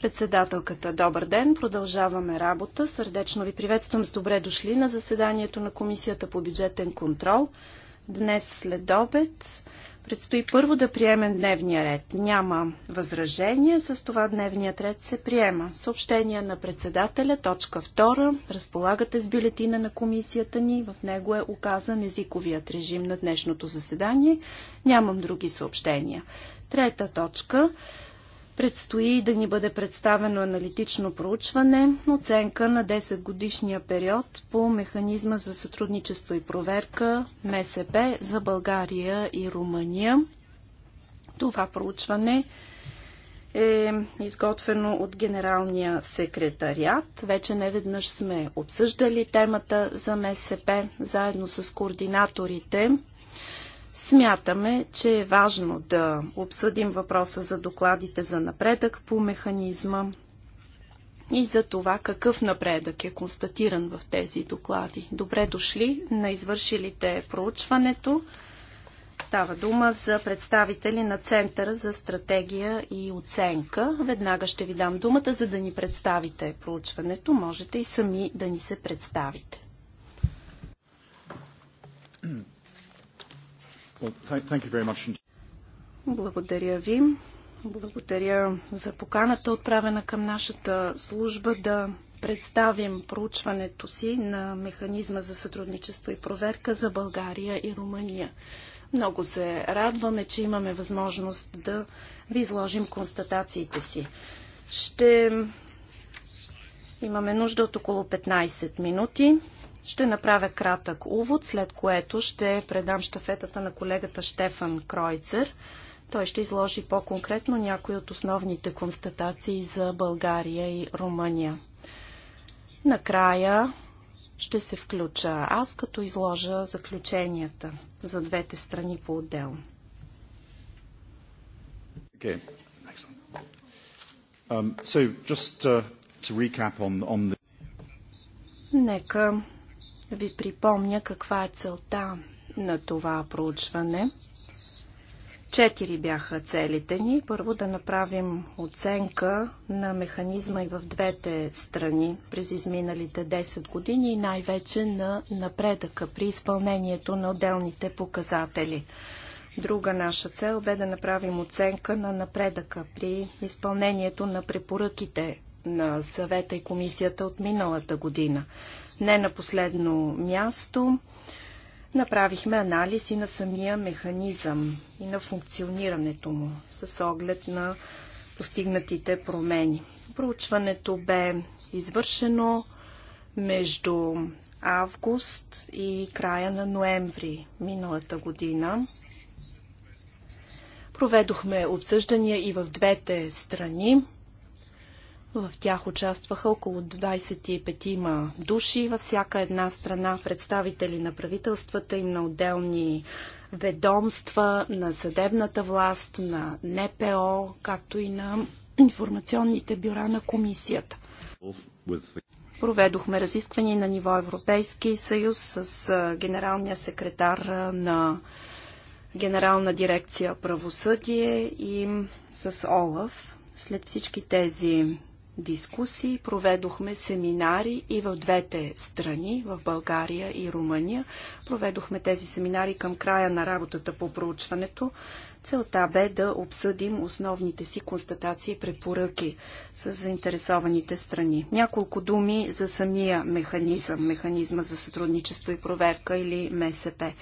Председателката, добър ден. Продължаваме работа. Сърдечно ви приветствам с добре дошли на заседанието на Комисията по бюджетен контрол. Днес след обед предстои първо да приемем дневния ред. Няма възражение, с това дневният ред се приема. Съобщение на председателя, точка 2. Разполагате с бюлетина на комисията ни. В него е указан езиковият режим на днешното заседание. Нямам други съобщения. Трета точка. Предстои да ни бъде представено аналитично проучване, оценка на 10 годишния период по механизма за сътрудничество и проверка МСП за България и Румъния. Това проучване е изготвено от Генералния секретариат. Вече не веднъж сме обсъждали темата за МСП заедно с координаторите Смятаме, че е важно да обсъдим въпроса за докладите за напредък по механизма и за това какъв напредък е констатиран в тези доклади. Добре дошли на извършилите проучването. Става дума за представители на Центъра за стратегия и оценка. Веднага ще ви дам думата, за да ни представите проучването. Можете и сами да ни се представите. Благодаря ви. Благодаря за поканата, отправена към нашата служба да представим проучването си на механизма за сътрудничество и проверка за България и Румъния. Много се радваме, че имаме възможност да ви изложим констатациите си. Ще имаме нужда от около 15 минути. Ще направя кратък увод, след което ще предам штафетата на колегата Штефан Кройцер. Той ще изложи по-конкретно някои от основните констатации за България и Румъния. Накрая ще се включа аз, като изложа заключенията за двете страни по отдел Okay. Um, so just, uh, on, on the... Нека ви припомня каква е целта на това проучване. Четири бяха целите ни. Първо да направим оценка на механизма и в двете страни през изминалите 10 години и най-вече на напредъка при изпълнението на отделните показатели. Друга наша цел бе да направим оценка на напредъка при изпълнението на препоръките на съвета и комисията от миналата година. Не на последно място направихме анализ и на самия механизъм и на функционирането му с оглед на постигнатите промени. Проучването бе извършено между август и края на ноември миналата година. Проведохме обсъждания и в двете страни. В тях участваха около 25 души във всяка една страна, представители на правителствата и на отделни ведомства, на съдебната власт, на НПО, както и на информационните бюра на комисията. Проведохме разисквания на ниво Европейски съюз с генералния секретар на Генерална дирекция правосъдие и с Олаф. След всички тези дискусии, проведохме семинари и в двете страни, в България и Румъния. Проведохме тези семинари към края на работата по проучването. Целта бе да обсъдим основните си констатации и препоръки с заинтересованите страни. Няколко думи за самия механизъм, механизма за сътрудничество и проверка или МСП.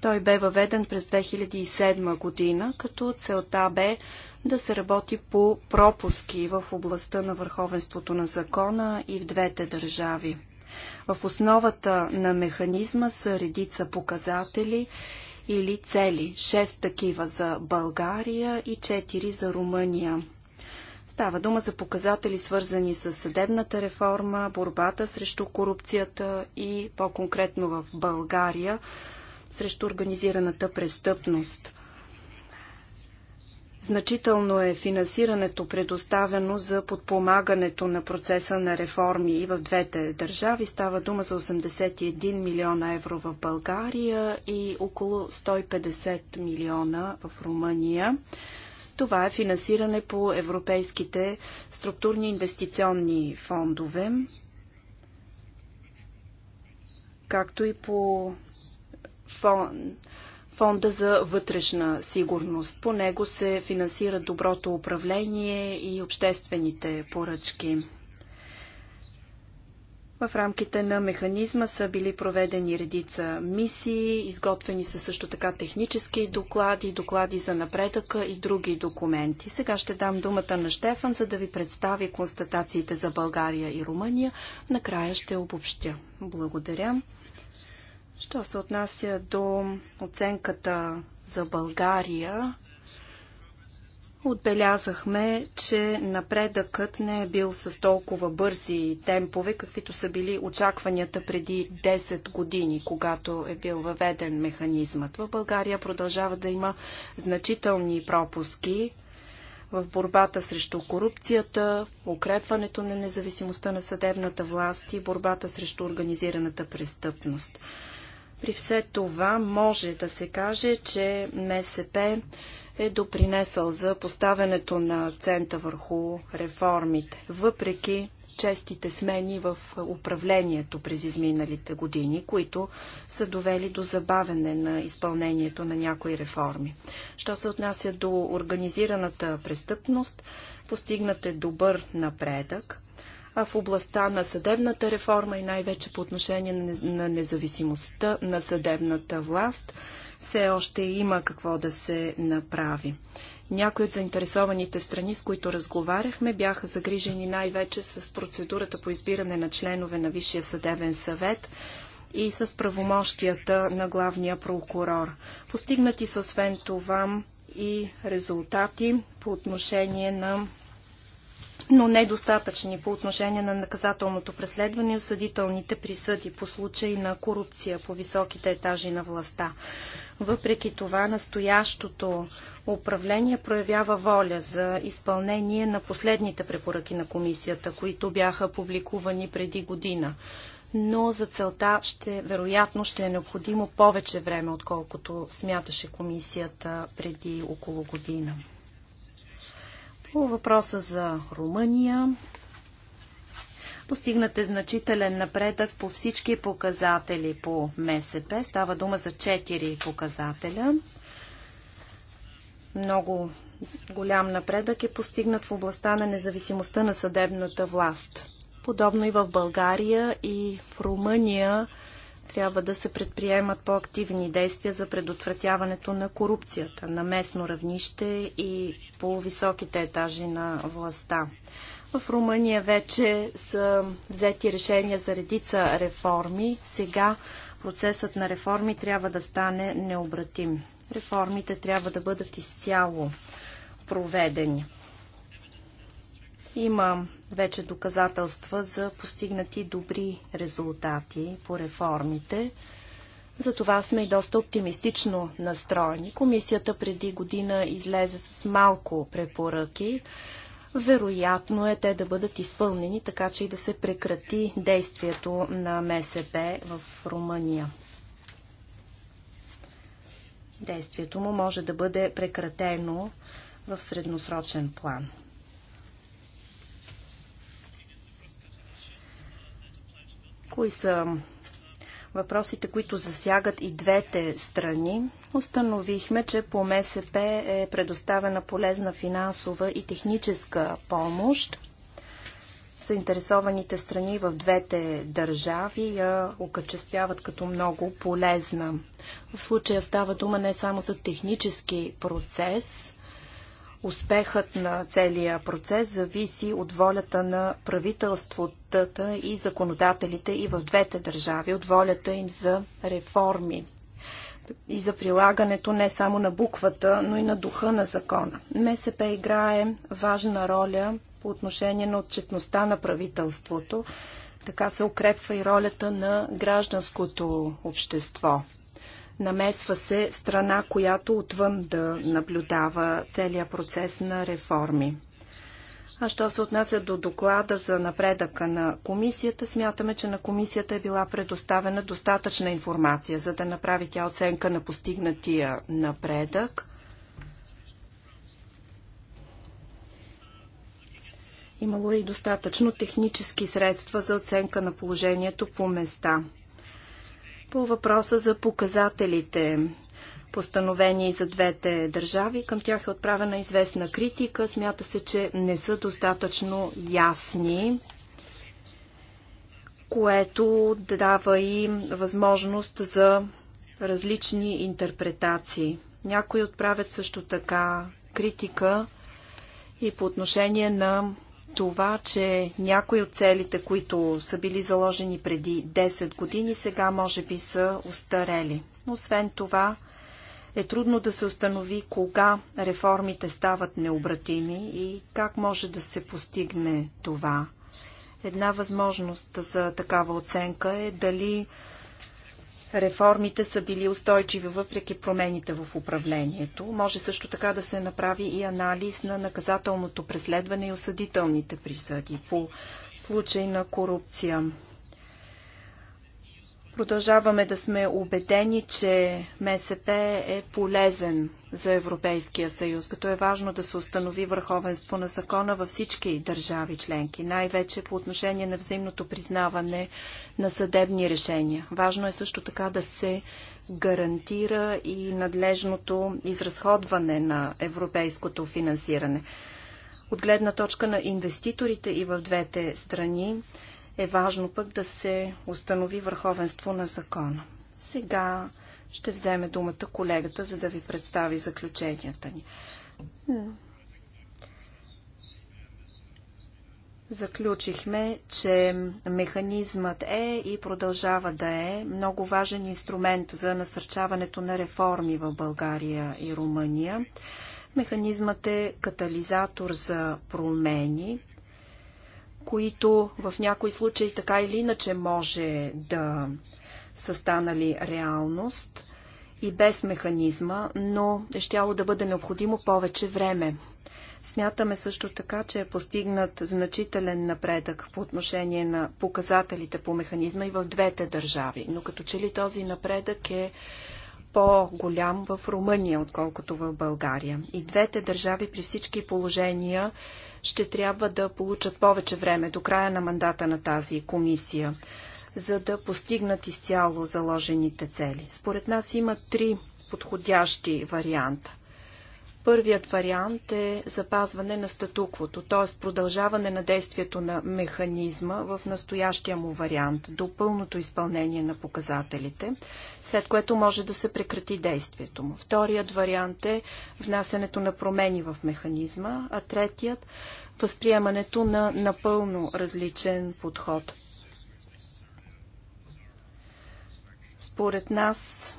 Той бе въведен през 2007 година, като целта бе да се работи по пропуски в областта на върховенството на закона и в двете държави. В основата на механизма са редица показатели или цели. Шест такива за България и четири за Румъния. Става дума за показатели, свързани с съдебната реформа, борбата срещу корупцията и по-конкретно в България срещу организираната престъпност. Значително е финансирането предоставено за подпомагането на процеса на реформи и в двете държави. Става дума за 81 милиона евро в България и около 150 милиона в Румъния. Това е финансиране по европейските структурни инвестиционни фондове, както и по фонд Фонда за вътрешна сигурност. По него се финансира доброто управление и обществените поръчки. В рамките на механизма са били проведени редица мисии, изготвени са също така технически доклади, доклади за напредъка и други документи. Сега ще дам думата на Штефан, за да ви представи констатациите за България и Румъния. Накрая ще обобщя. Благодаря. Що се отнася до оценката за България, отбелязахме, че напредъкът не е бил с толкова бързи темпове, каквито са били очакванията преди 10 години, когато е бил въведен механизмът. В България продължава да има значителни пропуски в борбата срещу корупцията, укрепването на независимостта на съдебната власт и борбата срещу организираната престъпност. При все това може да се каже, че МСП е допринесъл за поставянето на акцента върху реформите, въпреки честите смени в управлението през изминалите години, които са довели до забавене на изпълнението на някои реформи. Що се отнася до организираната престъпност, постигнат е добър напредък а в областта на съдебната реформа и най-вече по отношение на независимостта на съдебната власт все още има какво да се направи. Някои от заинтересованите страни, с които разговаряхме, бяха загрижени най-вече с процедурата по избиране на членове на Висшия съдебен съвет и с правомощията на главния прокурор. Постигнати са освен това и резултати по отношение на но недостатъчни по отношение на наказателното преследване и осъдителните присъди по случаи на корупция по високите етажи на властта. Въпреки това, настоящото управление проявява воля за изпълнение на последните препоръки на комисията, които бяха публикувани преди година. Но за целта ще, вероятно ще е необходимо повече време, отколкото смяташе комисията преди около година. По въпроса за Румъния, Постигнат е значителен напредък по всички показатели по МСП. Става дума за 4 показателя. Много голям напредък е постигнат в областта на независимостта на съдебната власт. Подобно и в България и в Румъния трябва да се предприемат по-активни действия за предотвратяването на корупцията на местно равнище и по високите етажи на властта. В Румъния вече са взети решения за редица реформи. Сега процесът на реформи трябва да стане необратим. Реформите трябва да бъдат изцяло проведени. Има вече доказателства за постигнати добри резултати по реформите. Затова сме и доста оптимистично настроени. Комисията преди година излезе с малко препоръки. Вероятно е те да бъдат изпълнени, така че и да се прекрати действието на МСП в Румъния. Действието му може да бъде прекратено в средносрочен план. Кои са въпросите, които засягат и двете страни? Установихме, че по МСП е предоставена полезна финансова и техническа помощ заинтересованите страни в двете държави я окачествяват като много полезна. В случая става дума не само за технически процес, Успехът на целия процес зависи от волята на правителствата и законодателите и в двете държави, от волята им за реформи и за прилагането не само на буквата, но и на духа на закона. МСП играе важна роля по отношение на отчетността на правителството. Така се укрепва и ролята на гражданското общество намесва се страна, която отвън да наблюдава целия процес на реформи. А що се отнася до доклада за напредъка на комисията, смятаме, че на комисията е била предоставена достатъчна информация, за да направи тя оценка на постигнатия напредък. Имало е и достатъчно технически средства за оценка на положението по места – по въпроса за показателите, постановени за двете държави, към тях е отправена известна критика. Смята се, че не са достатъчно ясни което дава и възможност за различни интерпретации. Някои отправят също така критика и по отношение на това, че някои от целите, които са били заложени преди 10 години, сега може би са устарели. Но освен това, е трудно да се установи кога реформите стават необратими и как може да се постигне това. Една възможност за такава оценка е дали реформите са били устойчиви въпреки промените в управлението. Може също така да се направи и анализ на наказателното преследване и осъдителните присъди по случай на корупция. Продължаваме да сме убедени, че МСП е полезен за Европейския съюз, като е важно да се установи върховенство на закона във всички държави членки, най-вече по отношение на взаимното признаване на съдебни решения. Важно е също така да се гарантира и надлежното изразходване на европейското финансиране. От гледна точка на инвеститорите и в двете страни, е важно пък да се установи върховенство на закона. Сега ще вземе думата колегата, за да ви представи заключенията ни. Заключихме, че механизмът е и продължава да е много важен инструмент за насърчаването на реформи в България и Румъния. Механизмът е катализатор за промени, които в някои случаи така или иначе може да са станали реалност и без механизма, но е щяло да бъде необходимо повече време. Смятаме също така, че е постигнат значителен напредък по отношение на показателите по механизма и в двете държави, но като че ли този напредък е по-голям в Румъния, отколкото в България. И двете държави при всички положения ще трябва да получат повече време до края на мандата на тази комисия, за да постигнат изцяло заложените цели. Според нас има три подходящи варианта. Първият вариант е запазване на статуквото, т.е. продължаване на действието на механизма в настоящия му вариант до пълното изпълнение на показателите, след което може да се прекрати действието му. Вторият вариант е внасянето на промени в механизма, а третият – възприемането на напълно различен подход. Според нас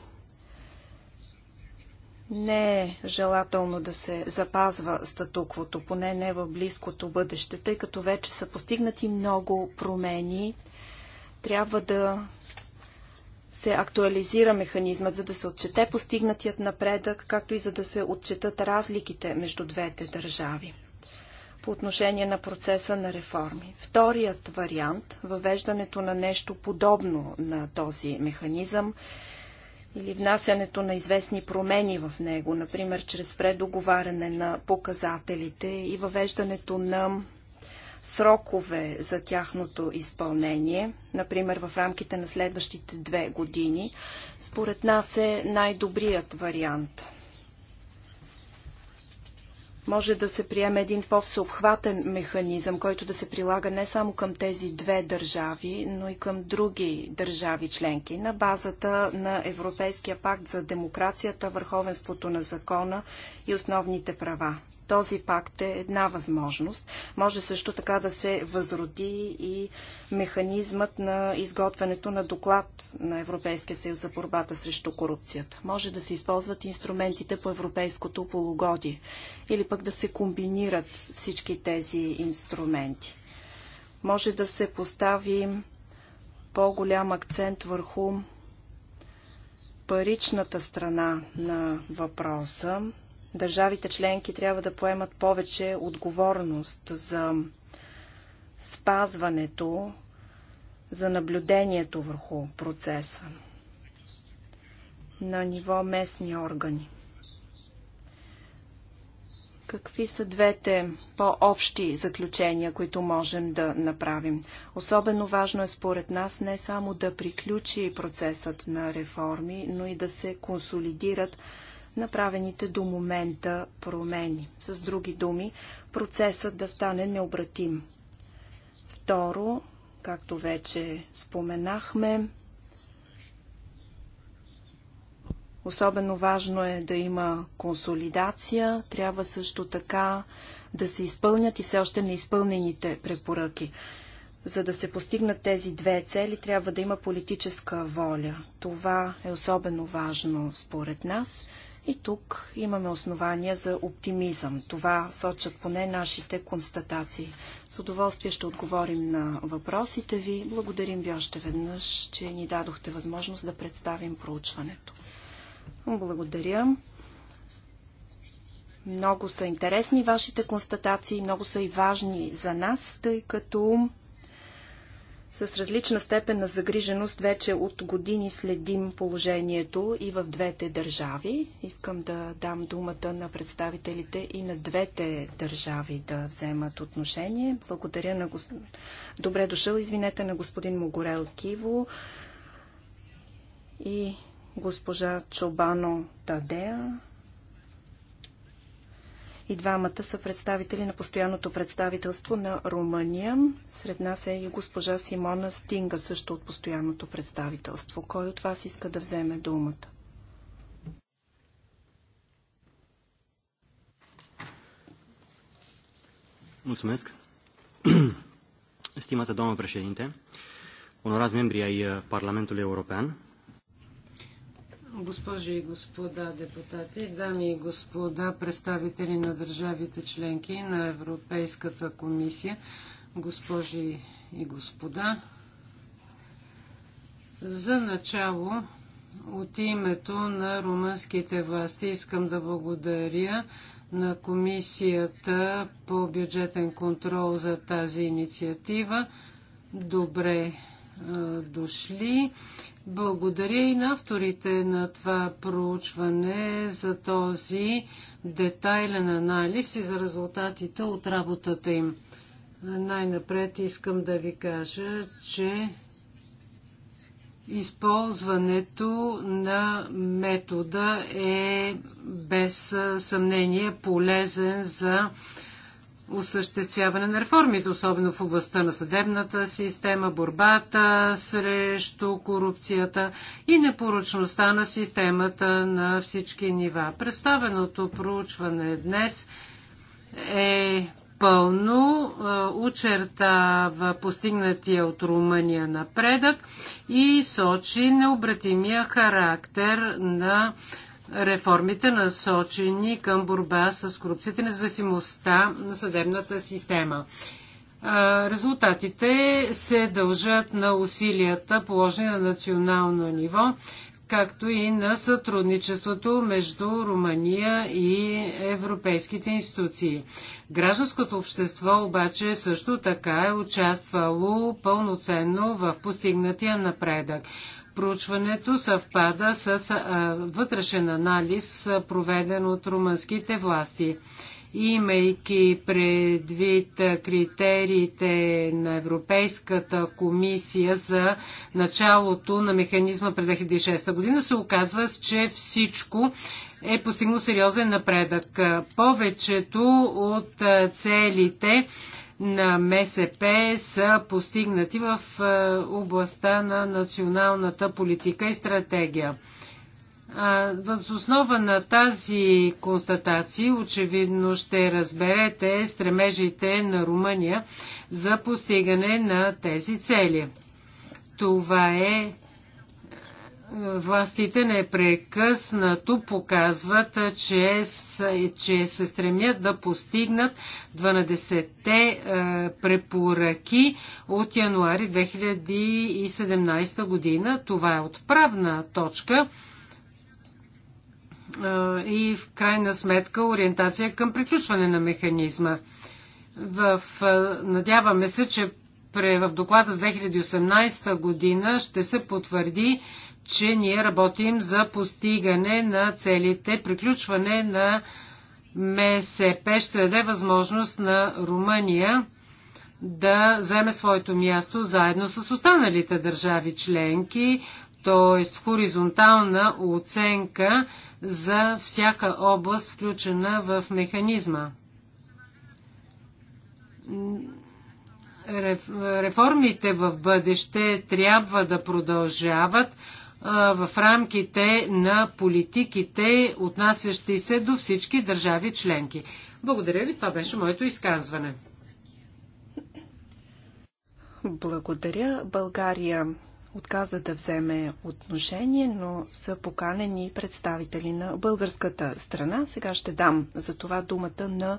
не е желателно да се запазва статуквото, поне не в близкото бъдеще, тъй като вече са постигнати много промени. Трябва да се актуализира механизмът, за да се отчете постигнатият напредък, както и за да се отчетат разликите между двете държави по отношение на процеса на реформи. Вторият вариант, въвеждането на нещо подобно на този механизъм, или внасянето на известни промени в него, например чрез предоговаряне на показателите и въвеждането на срокове за тяхното изпълнение, например в рамките на следващите две години, според нас е най-добрият вариант може да се приеме един по-всеобхватен механизъм, който да се прилага не само към тези две държави, но и към други държави членки на базата на Европейския пакт за демокрацията, върховенството на закона и основните права. Този пакт е една възможност. Може също така да се възроди и механизмът на изготвянето на доклад на Европейския съюз за борбата срещу корупцията. Може да се използват инструментите по европейското полугодие или пък да се комбинират всички тези инструменти. Може да се постави по-голям акцент върху паричната страна на въпроса, Държавите членки трябва да поемат повече отговорност за спазването, за наблюдението върху процеса на ниво местни органи. Какви са двете по-общи заключения, които можем да направим? Особено важно е според нас не само да приключи процесът на реформи, но и да се консолидират направените до момента промени. С други думи, процесът да стане необратим. Второ, както вече споменахме, Особено важно е да има консолидация. Трябва също така да се изпълнят и все още неизпълнените препоръки. За да се постигнат тези две цели, трябва да има политическа воля. Това е особено важно според нас. И тук имаме основания за оптимизъм. Това сочат поне нашите констатации. С удоволствие ще отговорим на въпросите ви. Благодарим ви още веднъж, че ни дадохте възможност да представим проучването. Благодаря. Много са интересни вашите констатации, много са и важни за нас, тъй като с различна степен на загриженост вече от години следим положението и в двете държави. Искам да дам думата на представителите и на двете държави да вземат отношение. Благодаря на гос... Добре дошъл, извинете, на господин Могорел Киво и госпожа Чобано Тадея. И двамата са представители на постоянното представителство на Румъния. Сред нас е и госпожа Симона Стинга, също от постоянното представителство. Кой от вас иска да вземе думата? Mulțumesc. Stimată doamnă președinte, onorați membri ai Parlamentului European, Госпожи и господа депутати, дами и господа представители на държавите членки на Европейската комисия, госпожи и господа, за начало от името на румънските власти искам да благодаря на Комисията по бюджетен контрол за тази инициатива. Добре дошли. Благодаря и на авторите на това проучване за този детайлен анализ и за резултатите от работата им. Най-напред искам да ви кажа, че използването на метода е без съмнение полезен за осъществяване на реформите, особено в областта на съдебната система, борбата срещу корупцията и непоръчността на системата на всички нива. Представеното проучване днес е пълно е, очертава постигнатия от Румъния напредък и сочи необратимия характер на реформите насочени към борба с корупцията и независимостта на съдебната система. Резултатите се дължат на усилията, положени на национално ниво, както и на сътрудничеството между Румъния и европейските институции. Гражданското общество обаче също така е участвало пълноценно в постигнатия напредък. Проучването съвпада с вътрешен анализ, проведен от румънските власти. Имайки предвид критериите на Европейската комисия за началото на механизма през 2006 година, се оказва, че всичко е постигнал сериозен напредък. Повечето от целите на МСП са постигнати в е, областта на националната политика и стратегия. Въз основа на тази констатация, очевидно ще разберете стремежите на Румъния за постигане на тези цели. Това е властите непрекъснато показват, че, че се стремят да постигнат 12-те е, препоръки от януари 2017 година. Това е отправна точка е, и в крайна сметка ориентация към приключване на механизма. В, е, надяваме се, че в доклада с 2018 година ще се потвърди че ние работим за постигане на целите, приключване на МСП ще даде възможност на Румъния да вземе своето място заедно с останалите държави членки, т.е. хоризонтална оценка за всяка област, включена в механизма. Реформите в бъдеще трябва да продължават в рамките на политиките, отнасящи се до всички държави членки. Благодаря ви, това беше моето изказване. Благодаря. България отказа да вземе отношение, но са поканени представители на българската страна. Сега ще дам за това думата на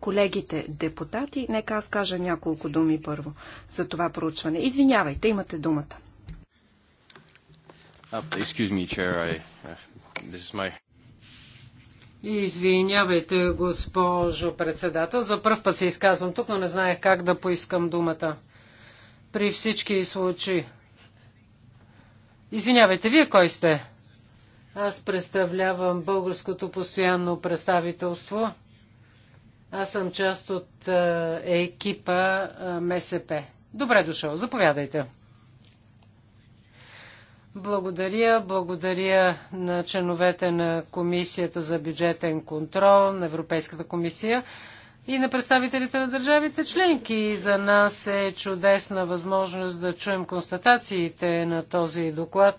колегите депутати. Нека аз кажа няколко думи първо за това проучване. Извинявайте, имате думата. Oh, excuse me, chair. I, uh, this is my... Извинявайте, госпожо председател. За първ път се изказвам тук, но не знаех как да поискам думата. При всички случаи. Извинявайте, вие кой сте? Аз представлявам Българското постоянно представителство. Аз съм част от е, екипа е, МСП. Добре дошъл, заповядайте. Благодаря. Благодаря на членовете на Комисията за бюджетен контрол, на Европейската комисия и на представителите на държавите членки. И за нас е чудесна възможност да чуем констатациите на този доклад.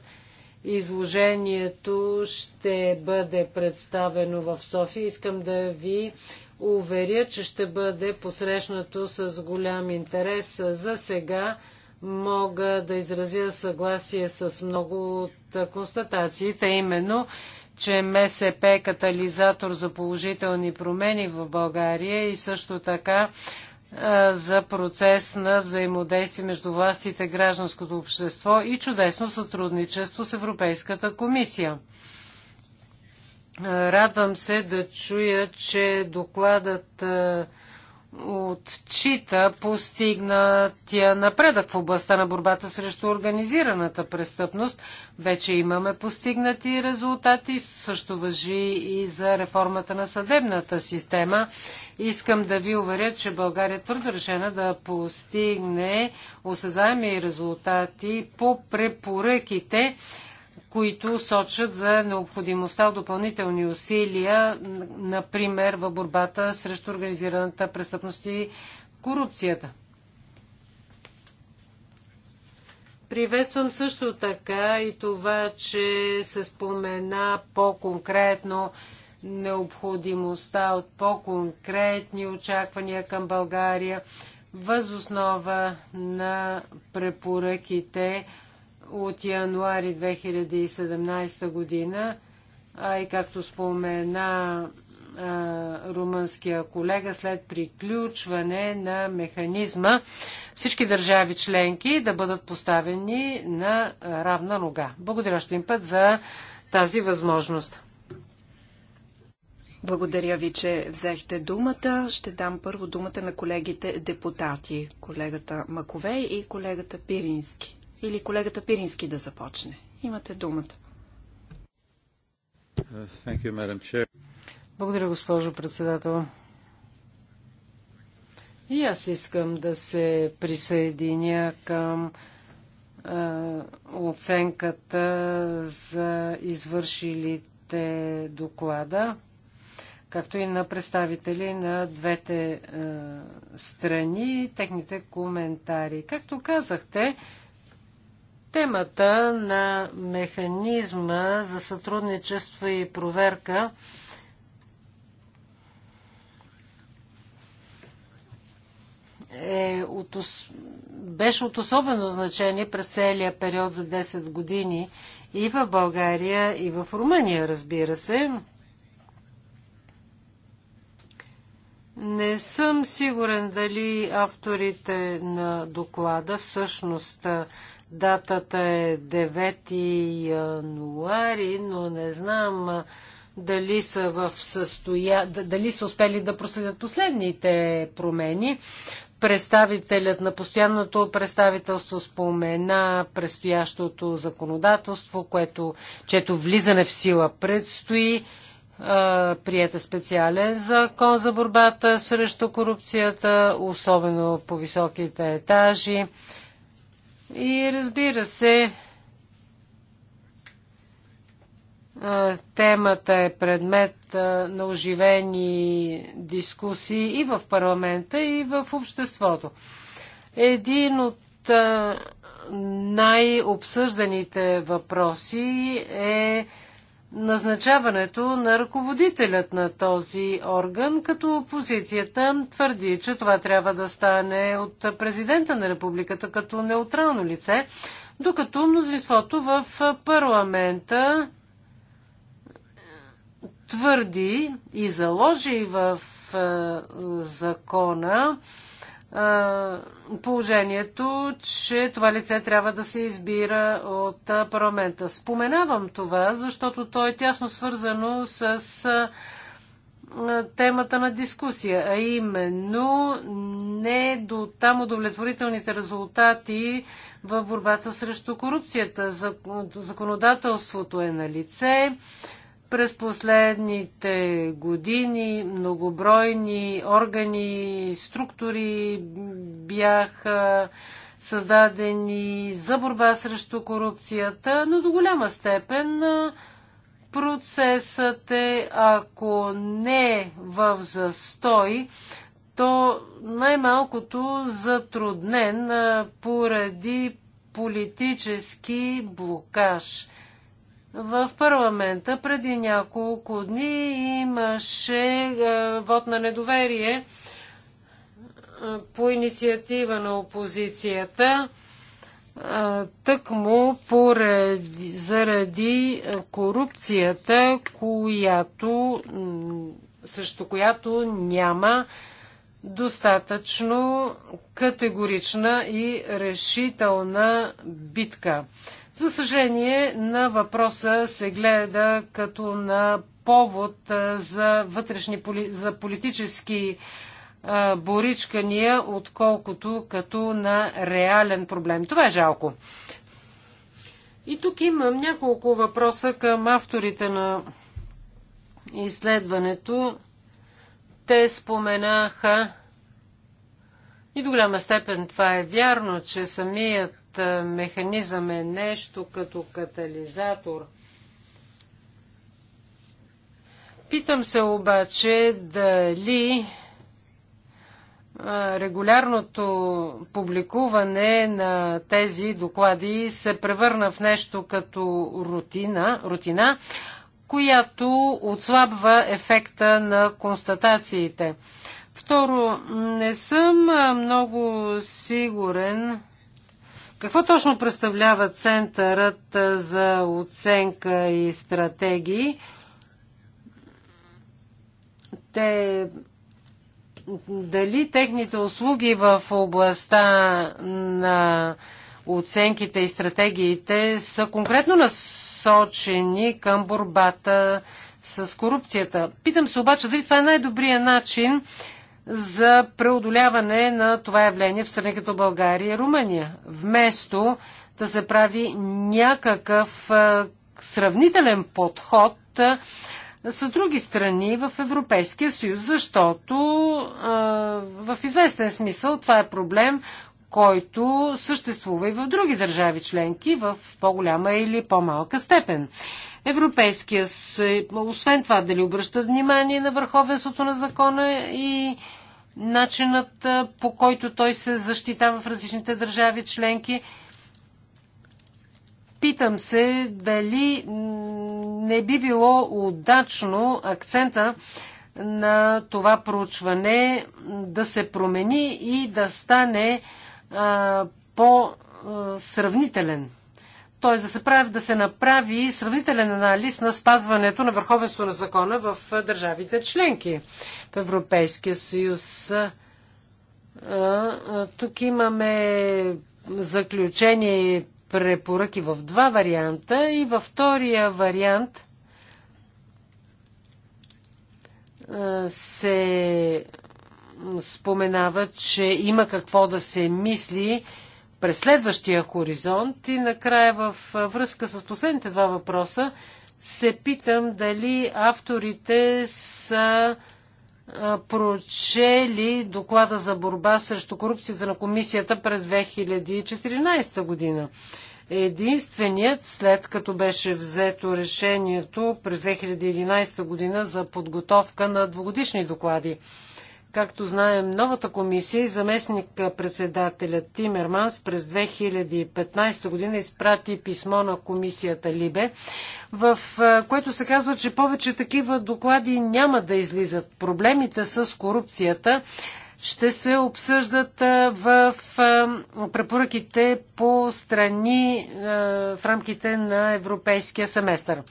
Изложението ще бъде представено в София. Искам да ви уверя, че ще бъде посрещнато с голям интерес за сега мога да изразя съгласие с много от констатациите, именно, че МСП е катализатор за положителни промени в България и също така за процес на взаимодействие между властите, гражданското общество и чудесно сътрудничество с Европейската комисия. Радвам се да чуя, че докладът отчита постигнатия напредък в областта на борбата срещу организираната престъпност. Вече имаме постигнати резултати, също въжи и за реформата на съдебната система. Искам да ви уверя, че България е твърдо решена да постигне осъзаеми резултати по препоръките които сочат за необходимостта от допълнителни усилия, например в борбата срещу организираната престъпност и корупцията. Приветствам също така и това, че се спомена по-конкретно необходимостта от по-конкретни очаквания към България, възоснова на препоръките от януари 2017 година, а и както спомена румънския колега, след приключване на механизма всички държави членки да бъдат поставени на равна нога. Благодаря ще им път за тази възможност. Благодаря ви, че взехте думата. Ще дам първо думата на колегите депутати, колегата Маковей и колегата Пирински или колегата Пирински да започне. Имате думата. Благодаря, госпожо председател. И аз искам да се присъединя към оценката за извършилите доклада, както и на представители на двете е, страни, техните коментари. Както казахте, Темата на механизма за сътрудничество и проверка е от, беше от особено значение през целия период за 10 години и в България, и в Румъния, разбира се. Не съм сигурен дали авторите на доклада всъщност Датата е 9 януари, но не знам дали са в състоя... дали са успели да проследят последните промени. Представителят на постоянното представителство спомена предстоящото законодателство, което, чето влизане в сила предстои. Приета специален закон за борбата срещу корупцията, особено по високите етажи. И разбира се, темата е предмет на оживени дискусии и в парламента, и в обществото. Един от най-обсъжданите въпроси е назначаването на ръководителят на този орган, като опозицията твърди, че това трябва да стане от президента на републиката като неутрално лице, докато мнозинството в парламента твърди и заложи в е, закона положението, че това лице трябва да се избира от парламента. Споменавам това, защото то е тясно свързано с темата на дискусия, а именно не до там удовлетворителните резултати в борбата срещу корупцията. Законодателството е на лице, през последните години многобройни органи, структури бяха създадени за борба срещу корупцията, но до голяма степен процесът е, ако не в застой, то най-малкото затруднен поради политически блокаж. В парламента преди няколко дни имаше е, вод на недоверие е, по инициатива на опозицията е, тъкмо поради, заради корупцията, която, също която няма достатъчно категорична и решителна битка. За съжаление, на въпроса се гледа като на повод за вътрешни за политически боричкания, отколкото като на реален проблем. Това е жалко. И тук имам няколко въпроса към авторите на изследването. Те споменаха и до голяма степен това е вярно, че самият механизъм е нещо като катализатор. Питам се обаче дали регулярното публикуване на тези доклади се превърна в нещо като рутина, рутина която отслабва ефекта на констатациите. Второ, не съм много сигурен какво точно представлява Центърът за оценка и стратегии? Те, дали техните услуги в областта на оценките и стратегиите са конкретно насочени към борбата с корупцията. Питам се обаче дали това е най-добрият начин за преодоляване на това явление в страни като България и Румъния. Вместо да се прави някакъв сравнителен подход с други страни в Европейския съюз, защото в известен смисъл това е проблем, който съществува и в други държави членки в по-голяма или по-малка степен. Европейския съюз, освен това, дали обръща внимание на върховенството на закона и начинът по който той се защитава в различните държави членки. Питам се дали не би било удачно акцента на това проучване да се промени и да стане по-сравнителен т.е. да се прави, да се направи сравнителен анализ на спазването на върховенство на закона в държавите членки в Европейския съюз. Тук имаме заключение и препоръки в два варианта и във втория вариант се споменава, че има какво да се мисли през следващия хоризонт и накрая в връзка с последните два въпроса се питам дали авторите са прочели доклада за борба срещу корупцията на комисията през 2014 година. Единственият, след като беше взето решението през 2011 година за подготовка на двогодишни доклади. Както знаем, новата комисия и заместник председателя Тимерманс през 2015 година изпрати писмо на комисията Либе, в което се казва, че повече такива доклади няма да излизат. Проблемите с корупцията ще се обсъждат в препоръките по страни в рамките на европейския семестър.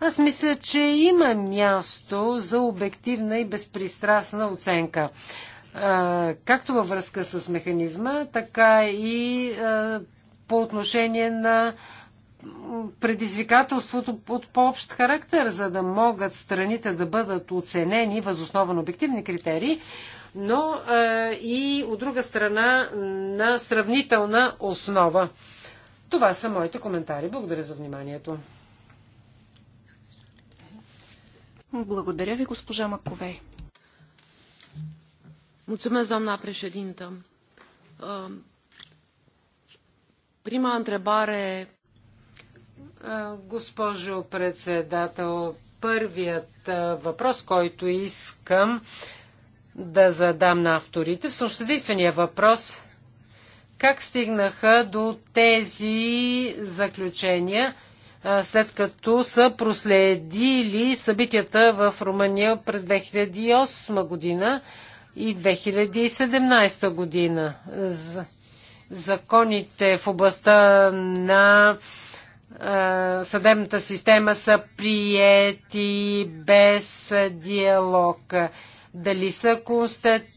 Аз мисля, че има място за обективна и безпристрастна оценка. Както във връзка с механизма, така и по отношение на предизвикателството от по-общ характер, за да могат страните да бъдат оценени възоснова на обективни критерии, но и от друга страна на сравнителна основа. Това са моите коментари. Благодаря за вниманието. Благодаря ви, госпожа Маковей. Mulțumesc, doamna președintă. Prima întrebare... Госпожо председател, първият въпрос, който искам да задам на авторите, всъщност е единствения въпрос, как стигнаха до тези заключения – след като са проследили събитията в Румъния през 2008 година и 2017 година. Законите в областта на съдебната система са приети без диалог дали са,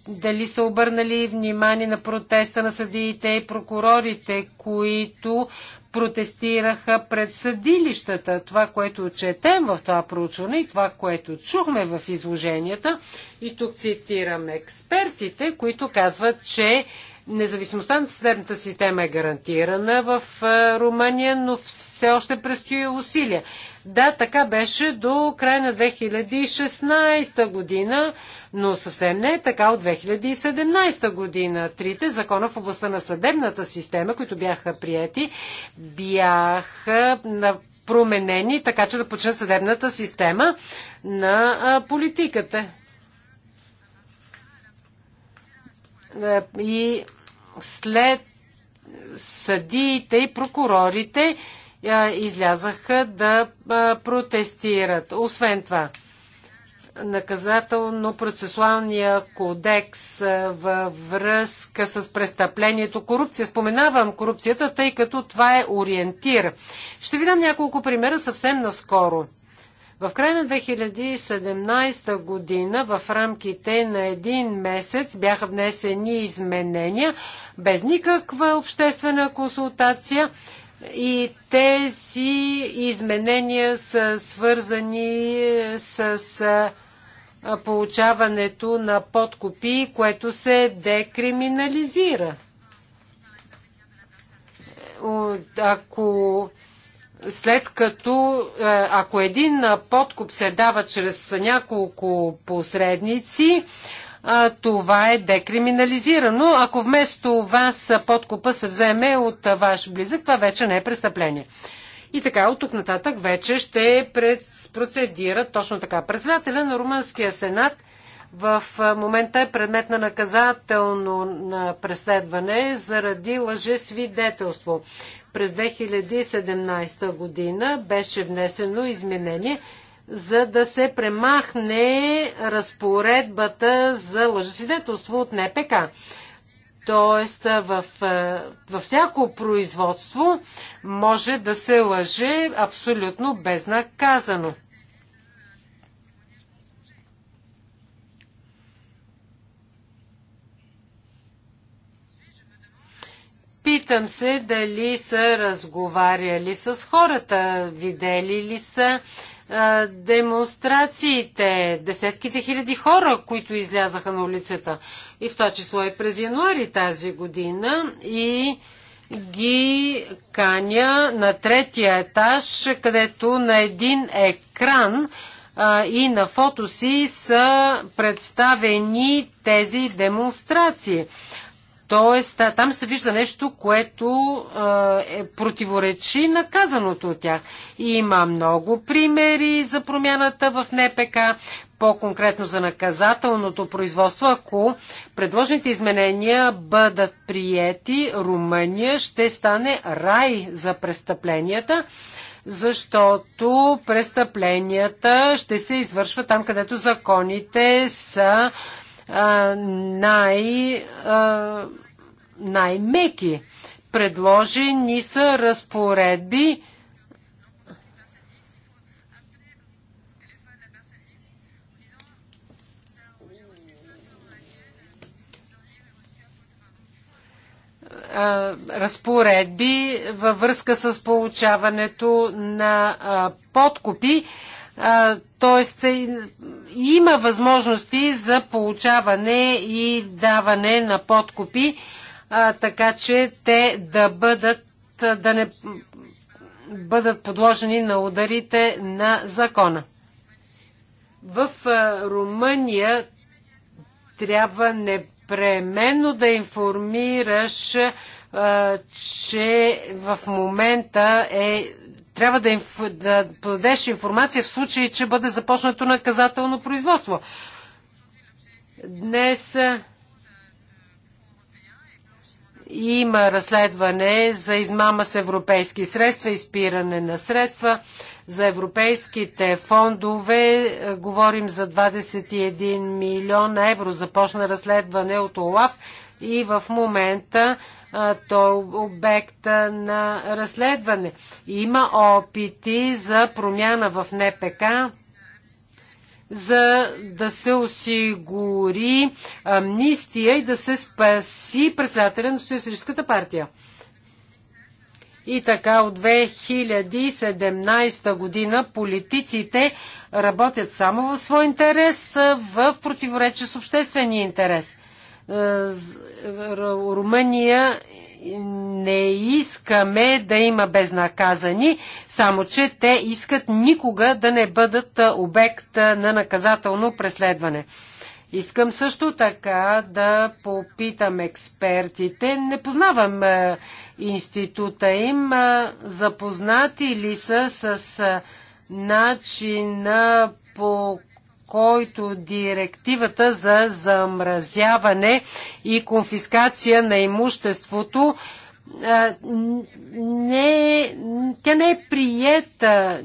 дали са обърнали внимание на протеста на съдиите и прокурорите, които протестираха пред съдилищата. Това, което четем в това проучване и това, което чухме в изложенията, и тук цитирам експертите, които казват, че независимостта на съдебната система е гарантирана в е, Румъния, но все още предстои усилия. Да, така беше до края на 2016 година, но съвсем не е така от 2017 година. Трите закона в областта на съдебната система, които бяха прияти, бяха на променени, така че да почне съдебната система на политиката. Е, и след съдиите и прокурорите излязаха да протестират. Освен това, наказателно-процесуалния кодекс във връзка с престъплението корупция. Споменавам корупцията, тъй като това е ориентир. Ще ви дам няколко примера съвсем наскоро. В края на 2017 година в рамките на един месец бяха внесени изменения без никаква обществена консултация и тези изменения са свързани с получаването на подкупи, което се декриминализира. Ако след като ако един подкуп се дава чрез няколко посредници, а, това е декриминализирано. Ако вместо вас подкупа се вземе от ваш близък, това вече не е престъпление. И така, от тук нататък вече ще процедира точно така. Председателя на Румънския сенат в момента е предмет на наказателно на преследване заради лъжесвидетелство. През 2017 година беше внесено изменение за да се премахне разпоредбата за лъжесвидетелство от НПК. Тоест, в, във всяко производство може да се лъже абсолютно безнаказано. Питам се дали са разговаряли с хората, видели ли са демонстрациите, десетките хиляди хора, които излязаха на улицата, и в това число и през януари тази година, и ги каня на третия етаж, където на един екран а, и на фото си са представени тези демонстрации. Тоест, там се вижда нещо, което е противоречи на казаното от тях. Има много примери за промяната в НПК, по-конкретно за наказателното производство. Ако предложените изменения бъдат приети, Румъния ще стане рай за престъпленията защото престъпленията ще се извършват там, където законите са най, най-меки. Предложени са разпоредби, разпоредби във връзка с получаването на подкупи. Тоест, има възможности за получаване и даване на подкупи, така че те да бъдат да не бъдат подложени на ударите на закона. В Румъния трябва непременно да информираш, че в момента е трябва да, инф... да подадеш информация в случай, че бъде започнато наказателно производство. Днес има разследване за измама с европейски средства, изпиране на средства. За европейските фондове говорим за 21 милиона евро. Започна разследване от ОЛАФ и в момента а, то е обект на разследване. Има опити за промяна в НПК, за да се осигури амнистия и да се спаси председателя на Социалистическата партия. И така от 2017 година политиците работят само в свой интерес, в противоречие с обществения интерес. Е, Румъния не искаме да има безнаказани, само че те искат никога да не бъдат е, обект е, на наказателно преследване. Искам също така да попитам експертите. Не познавам института им. Запознати ли са с начина по който директивата за замразяване и конфискация на имуществото не, тя не е приета.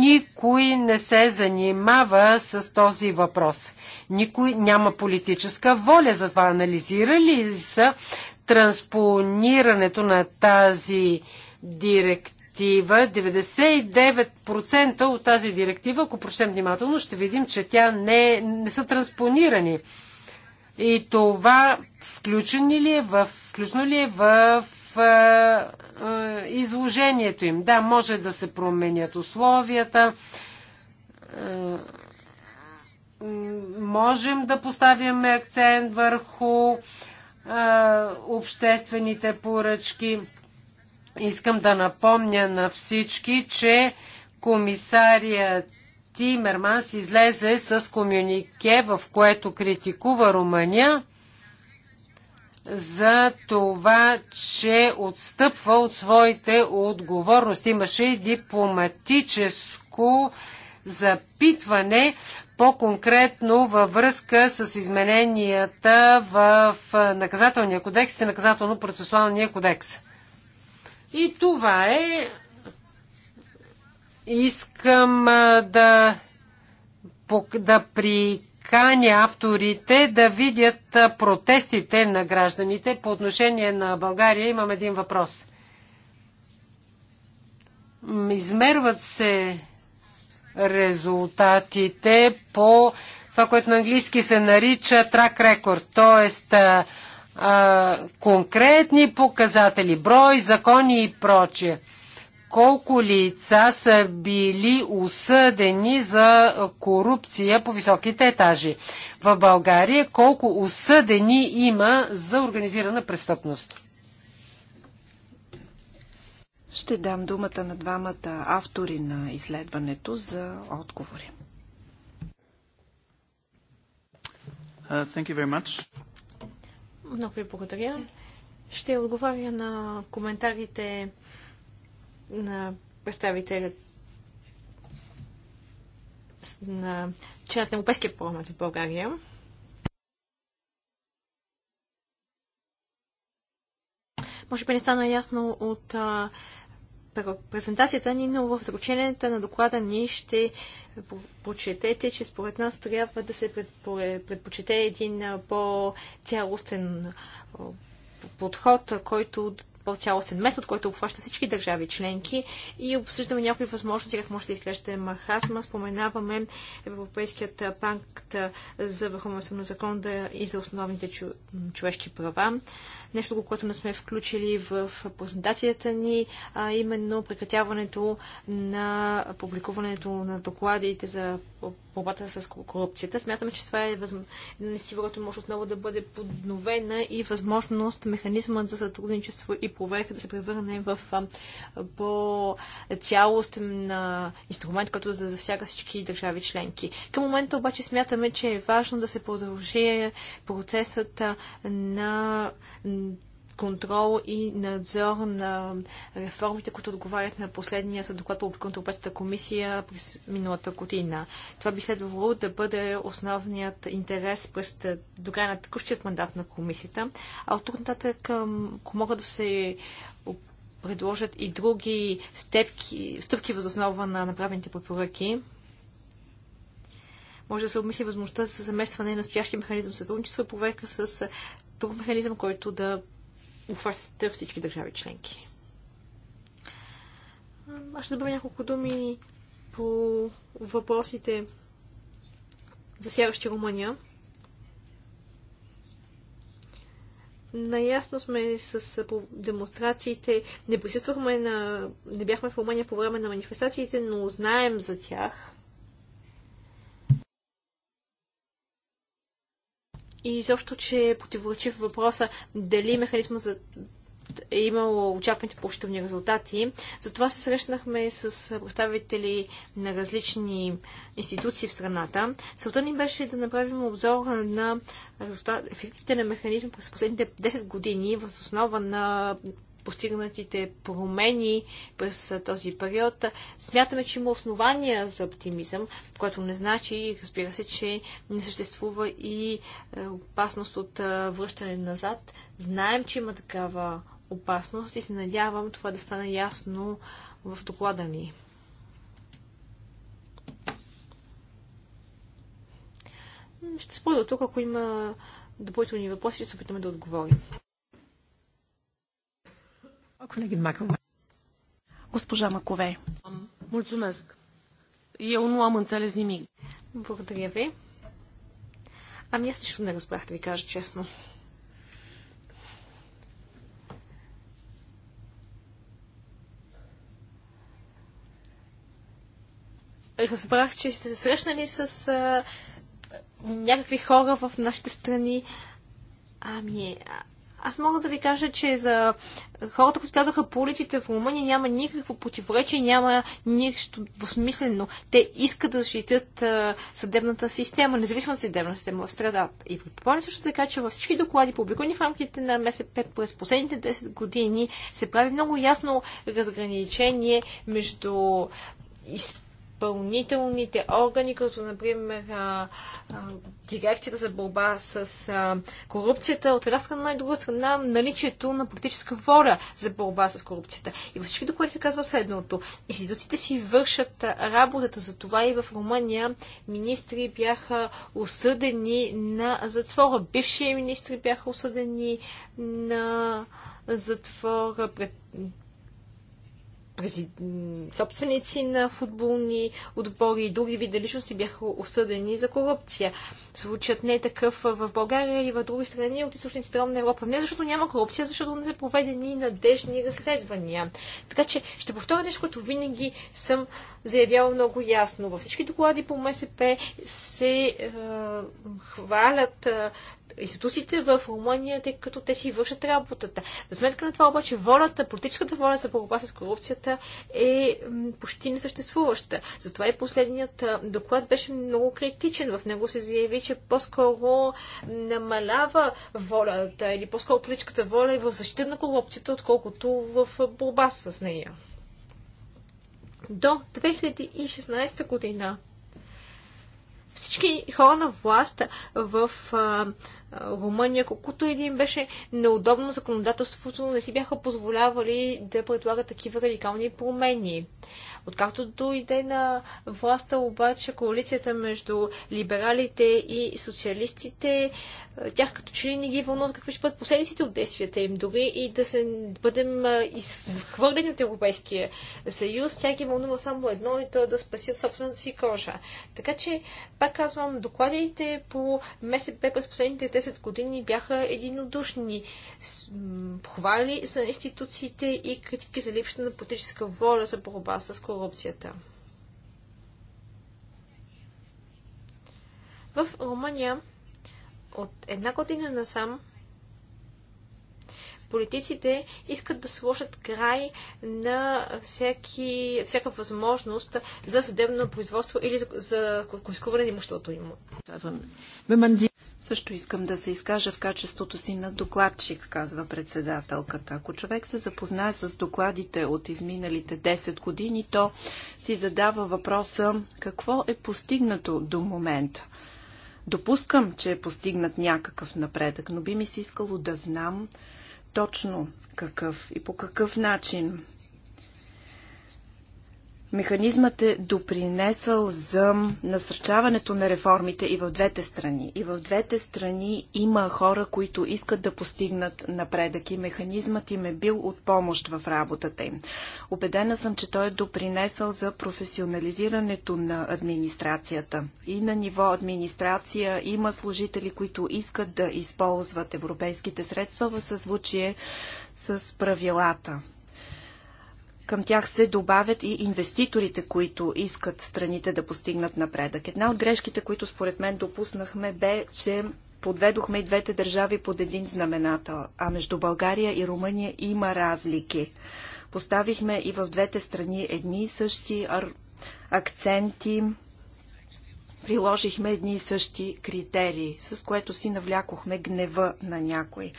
Никой не се занимава с този въпрос. Никой няма политическа воля за това. Анализирали са транспонирането на тази директива директива, 99% от тази директива, ако прочетем внимателно, ще видим, че тя не, не са транспонирани. И това включено ли е в, включено ли е в изложението им? Да, може да се променят условията. можем да поставяме акцент върху обществените поръчки. Искам да напомня на всички, че комисария Тимерманс излезе с комюнике, в което критикува Румъния за това, че отстъпва от своите отговорности. Имаше и дипломатическо запитване по-конкретно във връзка с измененията в наказателния кодекс и наказателно-процесуалния кодекс. И това е. Искам да, да приканя авторите да видят протестите на гражданите. По отношение на България имам един въпрос. Измерват се резултатите по това, което на английски се нарича track record, т.е а, конкретни показатели, брой, закони и прочие. Колко лица са били осъдени за корупция по високите етажи? В България колко осъдени има за организирана престъпност? Ще дам думата на двамата автори на изследването за отговори. Uh, много ви благодаря. Ще отговаря на коментарите на представителя. на членът на Европейския парламент в България. Може би не стана ясно от а, презентацията ни, но в заключенията на доклада ни ще прочетете, че според нас трябва да се предпочете един по-цялостен подход, който по-цялостен метод, който обхваща всички държави членки и обсъждаме някои възможности, как може да изглежда Махасма. Споменаваме Европейският панкт за върховенство на закон и за основните човешки права нещо, което не сме включили в презентацията ни, а именно прекратяването на публикуването на докладите за борбата с корупцията. Смятаме, че това е възм... може отново да бъде подновена и възможност механизмът за сътрудничество и проверка да се превърне в по-цялостен инструмент, който да засяга всички държави членки. Към момента обаче смятаме, че е важно да се продължи процесът на контрол и надзор на реформите, които отговарят на последния доклад по от комисия през миналата година. Това би следвало да бъде основният интерес през до края на текущият мандат на комисията. А от тук нататък, ако могат да се предложат и други степки, стъпки възоснова на направените препоръки, може да се обмисли възможността за заместване на настоящия механизъм сътрудничество и проверка с друг механизъм, който да обхваща всички държави членки. Аз ще добавя няколко думи по въпросите, засягащи Румъния. Наясно сме с демонстрациите. Не присъствахме на... Не бяхме в Румъния по време на манифестациите, но знаем за тях. и изобщо, че противоречи противоречив въпроса дали механизма за е имало очакваните положителни резултати. Затова се срещнахме с представители на различни институции в страната. Целта ни беше да направим обзор на резултат, ефектите на механизма през последните 10 години в основа на постигнатите промени през този период, смятаме, че има основания за оптимизъм, което не значи, разбира се, че не съществува и е, опасност от връщане назад. Знаем, че има такава опасност и се надявам това да стане ясно в доклада ни. Ще спра тук, ако има допълнителни въпроси, ще се опитаме да отговорим. Колегин Макова. Госпожа Макове. Мулцумеск. Eu nu am înțeles nimic. Благодаря ви. Ами аз нищо не разбрах, да ви кажа честно. Разбрах, че сте се срещнали с а, някакви хора в нашите страни. Ами, аз мога да ви кажа, че за хората, които казаха по улиците в Румъния, няма никакво противоречие, няма нищо двусмислено. Те искат да защитят съдебната система, независимата съдебна система в страдата. И припомня също така, че във всички доклади, публикувани в рамките на МСП през последните 10 години, се прави много ясно разграничение между изпълнителните органи, като например а, а, дирекцията за борба с а, корупцията, от една страна и друга страна наличието на политическа воля за борба с корупцията. И във всички доклади се казва следното. Институциите си вършат работата за това и в Румъния министри бяха осъдени на затвора. Бившия министри бяха осъдени на затвора пред собственици на футболни отбори и други вида личности бяха осъдени за корупция. Случаят не е такъв в България или в други страни от източници и Европа. Не защото няма корупция, защото не са проведени надежни разследвания. Така че ще повторя нещо, което винаги съм заявяла много ясно. Във всички доклади по МСП се е, хвалят е, институциите в Румъния, тъй като те си вършат работата. За сметка на това обаче волята, политическата воля за борба с корупцията е почти несъществуваща. Затова и последният доклад беше много критичен. В него се заяви, че по-скоро намалява волята или по-скоро политическата воля е в защита на корупцията, отколкото в борба с нея. До 2016 година всички хора на власт в а, Румъния, колкото един беше неудобно законодателството, не си бяха позволявали да предлагат такива радикални промени. Откакто дойде на властта обаче коалицията между либералите и социалистите, тях като че ли не ги вълнуват какви ще бъдат последиците от действията им, дори и да се бъдем изхвърлени от Европейския съюз, тя ги вълнува само едно и то е да спасят собствената си кожа. Така че, пак казвам, докладите по МСП през последните 10 години бяха единодушни. Хвали за институциите и критики за липсата на политическа воля за борба с корупцията. В Румъния от една година насам политиците искат да сложат край на всяки, всяка възможност за съдебно производство или за, за конфискуване на имуществото им. Също искам да се изкажа в качеството си на докладчик, казва председателката. Ако човек се запознае с докладите от изминалите 10 години, то си задава въпроса какво е постигнато до момента. Допускам, че е постигнат някакъв напредък, но би ми се искало да знам точно какъв и по какъв начин Механизмът е допринесъл за насърчаването на реформите и в двете страни. И в двете страни има хора, които искат да постигнат напредък и механизмът им е бил от помощ в работата им. Обедена съм, че той е допринесъл за професионализирането на администрацията. И на ниво администрация има служители, които искат да използват европейските средства в съзвучие с правилата. Към тях се добавят и инвеститорите, които искат страните да постигнат напредък. Една от грешките, които според мен допуснахме, бе, че подведохме и двете държави под един знаменател, а между България и Румъния има разлики. Поставихме и в двете страни едни и същи акценти, приложихме едни и същи критерии, с което си навлякохме гнева на някой.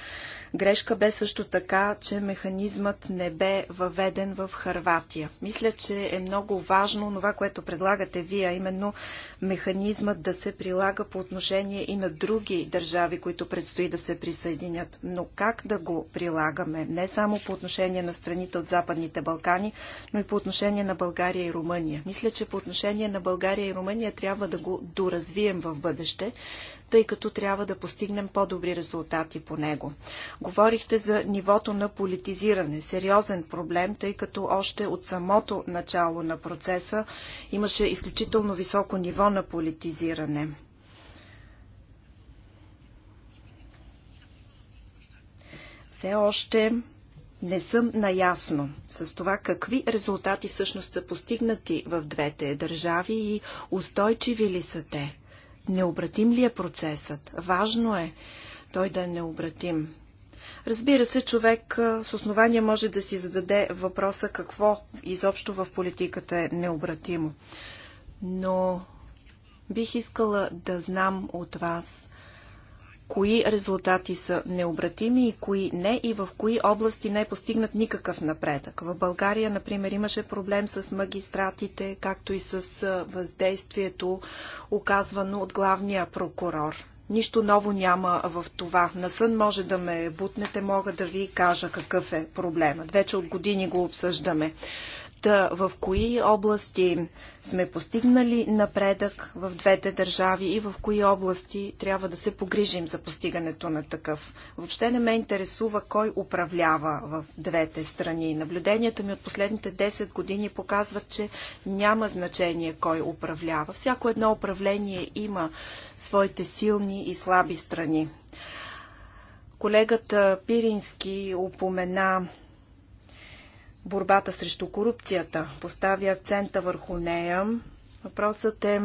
Грешка бе също така, че механизмът не бе въведен в Харватия. Мисля, че е много важно това, което предлагате вие, именно механизмът да се прилага по отношение и на други държави, които предстои да се присъединят. Но как да го прилагаме? Не само по отношение на страните от Западните Балкани, но и по отношение на България и Румъния. Мисля, че по отношение на България и Румъния трябва да го доразвием в бъдеще, тъй като трябва да постигнем по-добри резултати по него. Говорихте за нивото на политизиране. Сериозен проблем, тъй като още от самото начало на процеса имаше изключително високо ниво на политизиране. Все още не съм наясно с това какви резултати всъщност са постигнати в двете държави и устойчиви ли са те. Необратим ли е процесът? Важно е той да е необратим. Разбира се, човек с основание може да си зададе въпроса какво изобщо в политиката е необратимо. Но бих искала да знам от вас кои резултати са необратими и кои не и в кои области не е постигнат никакъв напредък. В България, например, имаше проблем с магистратите, както и с въздействието, оказвано от главния прокурор. Нищо ново няма в това. На сън може да ме бутнете, мога да ви кажа какъв е проблемът. Вече от години го обсъждаме. Та в кои области сме постигнали напредък в двете държави и в кои области трябва да се погрижим за постигането на такъв? Въобще не ме интересува кой управлява в двете страни. Наблюденията ми от последните 10 години показват, че няма значение кой управлява. Всяко едно управление има своите силни и слаби страни. Колегата Пирински упомена борбата срещу корупцията. Поставя акцента върху нея. Въпросът е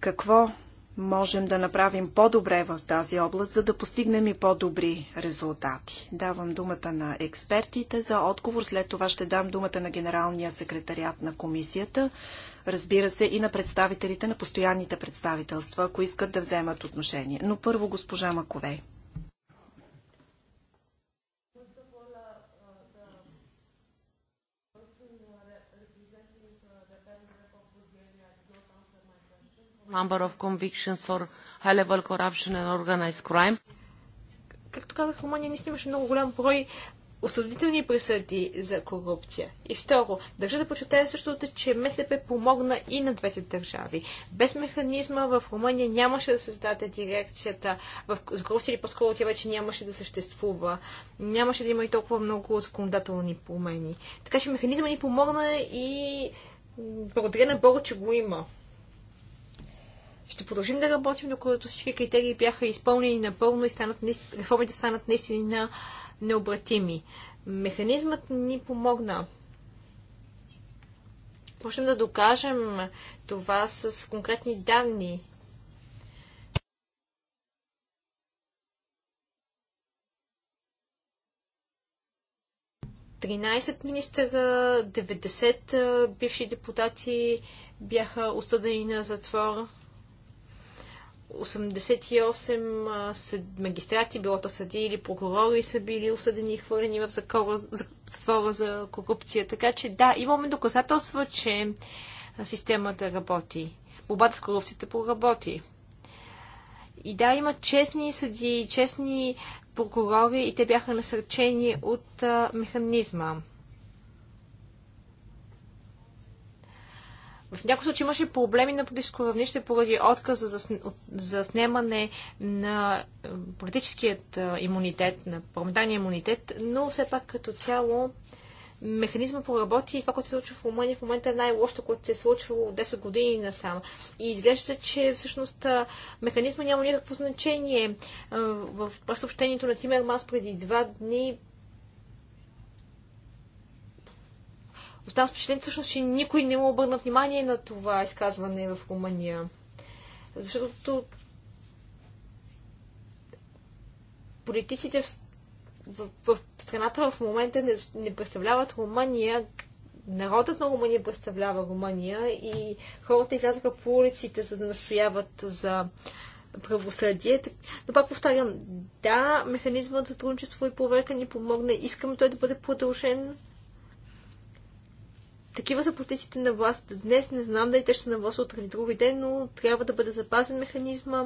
какво можем да направим по-добре в тази област, за да постигнем и по-добри резултати. Давам думата на експертите за отговор. След това ще дам думата на генералния секретариат на комисията. Разбира се и на представителите на постоянните представителства, ако искат да вземат отношение. Но първо госпожа Маковей. number of convictions for high-level corruption and organized crime. Както казах, Румъния наистина имаше много голям брой осъдителни присъди за корупция. И второ, държа да почетая същото, че МСП помогна и на двете държави. Без механизма в Румъния нямаше да създаде дирекцията в, за корупция или по-скоро тя вече нямаше да съществува. Нямаше да има и толкова много законодателни промени. Така че механизма ни помогна и благодаря на Бога, че го има. Ще продължим да работим, докато всички критерии бяха изпълнени напълно и станат, реформите станат наистина необратими. Механизмът ни помогна. Можем да докажем това с конкретни данни. Тринайсет министъра, 90 бивши депутати бяха осъдени на затвора. 88 магистрати, било то съди или прокурори, са били осъдени и хвърлени в закора, затвора за корупция. Така че да, имаме доказателства, че системата работи. Бобата с корупцията проработи. И да, има честни съди, честни прокурори и те бяха насърчени от механизма. В някои случаи имаше проблеми на политическо равнище поради отказа за, снимане снемане на е, политическият е, имунитет, на парламентарния имунитет, но все пак като цяло механизма поработи и това, което се случва в Румъния в момента е най-лошото, което се е случвало 10 години насам. И изглежда се, че всъщност е, механизма няма никакво значение. В съобщението на Тимермас преди два дни Оставам впечатление, всъщност, че никой не му обърна внимание на това изказване в Румъния. Защото политиците в, в, в страната в момента не, не представляват Румъния, народът на Румъния представлява Румъния и хората излязоха по улиците, за да настояват за правосъдие. Но пак повтарям, да, механизмът за трудничество и проверка ни помогне. Искам той да бъде продължен. Такива са политиците на власт днес. Не знам дали те ще са на власт утре или други ден, но трябва да бъде запазен механизма.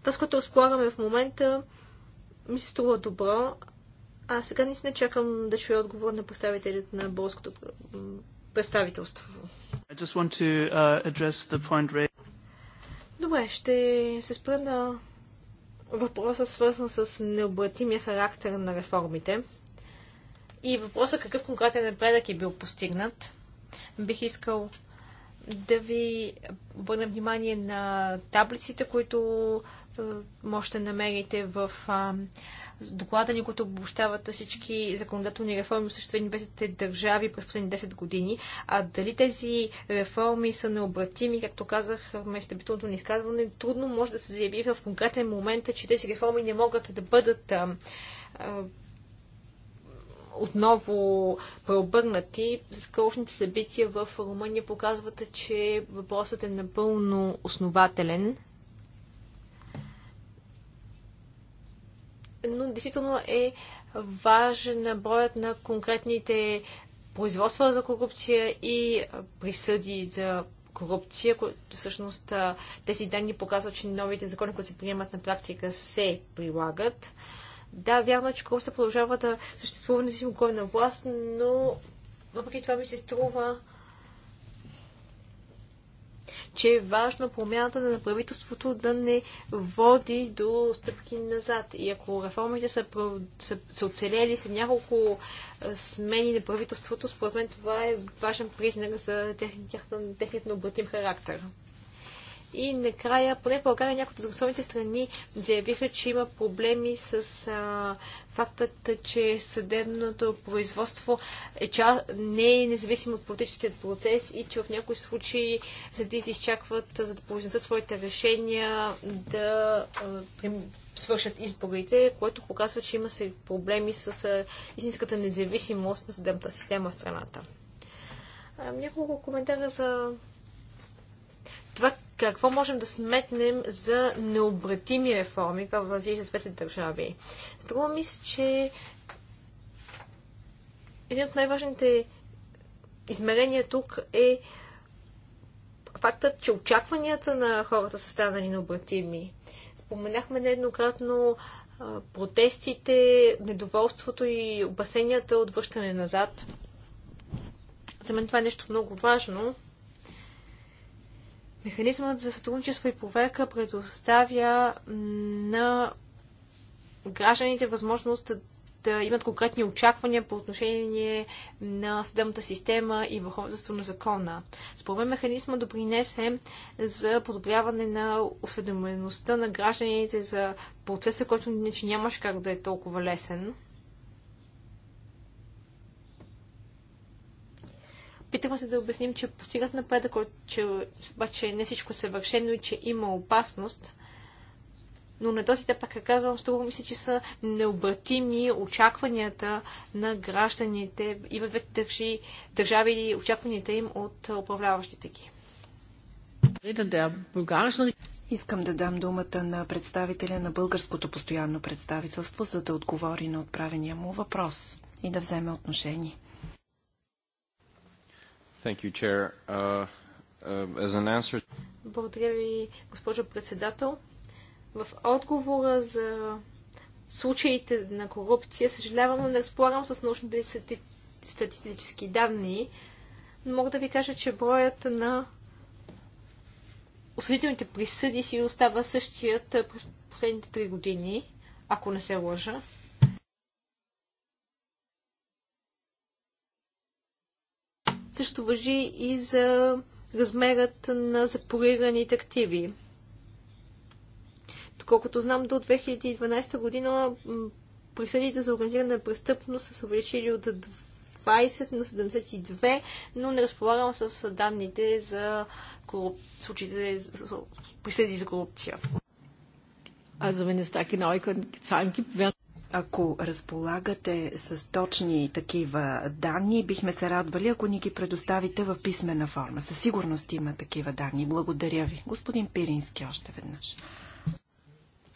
Това, с което разполагаме в момента, ми се струва добро. А сега не чакам да чуя отговор на представителите на българското представителство. Uh, point... Добре, ще се спра на въпроса, свързан с необратимия характер на реформите и въпроса какъв конкретен напредък е бил постигнат. Бих искал да ви обърна внимание на таблиците, които е, можете да намерите в доклада ни, които обобщават всички законодателни реформи, осъществени в двете държави през последните 10 години. А дали тези реформи са необратими, както казах в встъпителното ни изказване, трудно може да се заяви в конкретен момент, че тези реформи не могат да бъдат а, а, отново преобърнати. Скорошните събития в Румъния показват, че въпросът е напълно основателен. Но действително е важен броят на конкретните производства за корупция и присъди за корупция, които всъщност тези данни показват, че новите закони, които се приемат на практика, се прилагат. Да, вярно е, че корупция продължава да съществува независимо кой е на власт, но въпреки това ми се струва, че е важно промяната на правителството да не води до стъпки назад. И ако реформите са, са, са оцелели след няколко смени на правителството, според мен това е важен признак за техният необратим характер. И накрая, поне в България, някои от заинтересованите страни заявиха, че има проблеми с а, фактът, че съдебното производство е ча... не е независимо от политическият процес и че в някои случаи съдиите изчакват, за да произнесат своите решения, да а, свършат изборите, което показва, че има се проблеми с а, истинската независимост на съдебната система в страната. А, няколко коментара за това какво можем да сметнем за необратими реформи в различните държави. Струва ми се, че един от най-важните измерения тук е фактът, че очакванията на хората са станали необратими. Споменахме нееднократно протестите, недоволството и опасенията от връщане назад. За мен това е нещо много важно. Механизмът за сътрудничество и проверка предоставя на гражданите възможност да имат конкретни очаквания по отношение на съдебната система и върховенството на закона. Според мен механизма допринесе за подобряване на осведомеността на гражданите за процеса, който иначе нямаше как да е толкова лесен. Опитваме се да обясним, че постигнат напредък, че обаче не всичко е съвършено и че има опасност. Но на този пак казвам, струва ми се, че са необратими очакванията на гражданите и във държи, държави и очакванията им от управляващите ги. Искам да дам думата на представителя на Българското постоянно представителство, за да отговори на отправения му въпрос и да вземе отношение. Thank you, Chair. Uh, uh, as an answer... Благодаря ви, госпожо председател. В отговора за случаите на корупция, съжалявам, но не разполагам с научните статистически данни, но мога да ви кажа, че броят на осъдителните присъди си остава същият през последните три години, ако не се лъжа. Също въжи и за размерът на запорираните активи. Доколкото знам, до 2012 година присъдите за организирана престъпност са се увеличили от 20 на 72, но не разполагам с данните за коруп... случаите присъди за корупция. Also wenn es da genaue Zahlen gibt, werden ако разполагате с точни такива данни, бихме се радвали, ако ни ги предоставите в писмена форма. Със сигурност има такива данни. Благодаря ви. Господин Пирински, още веднъж.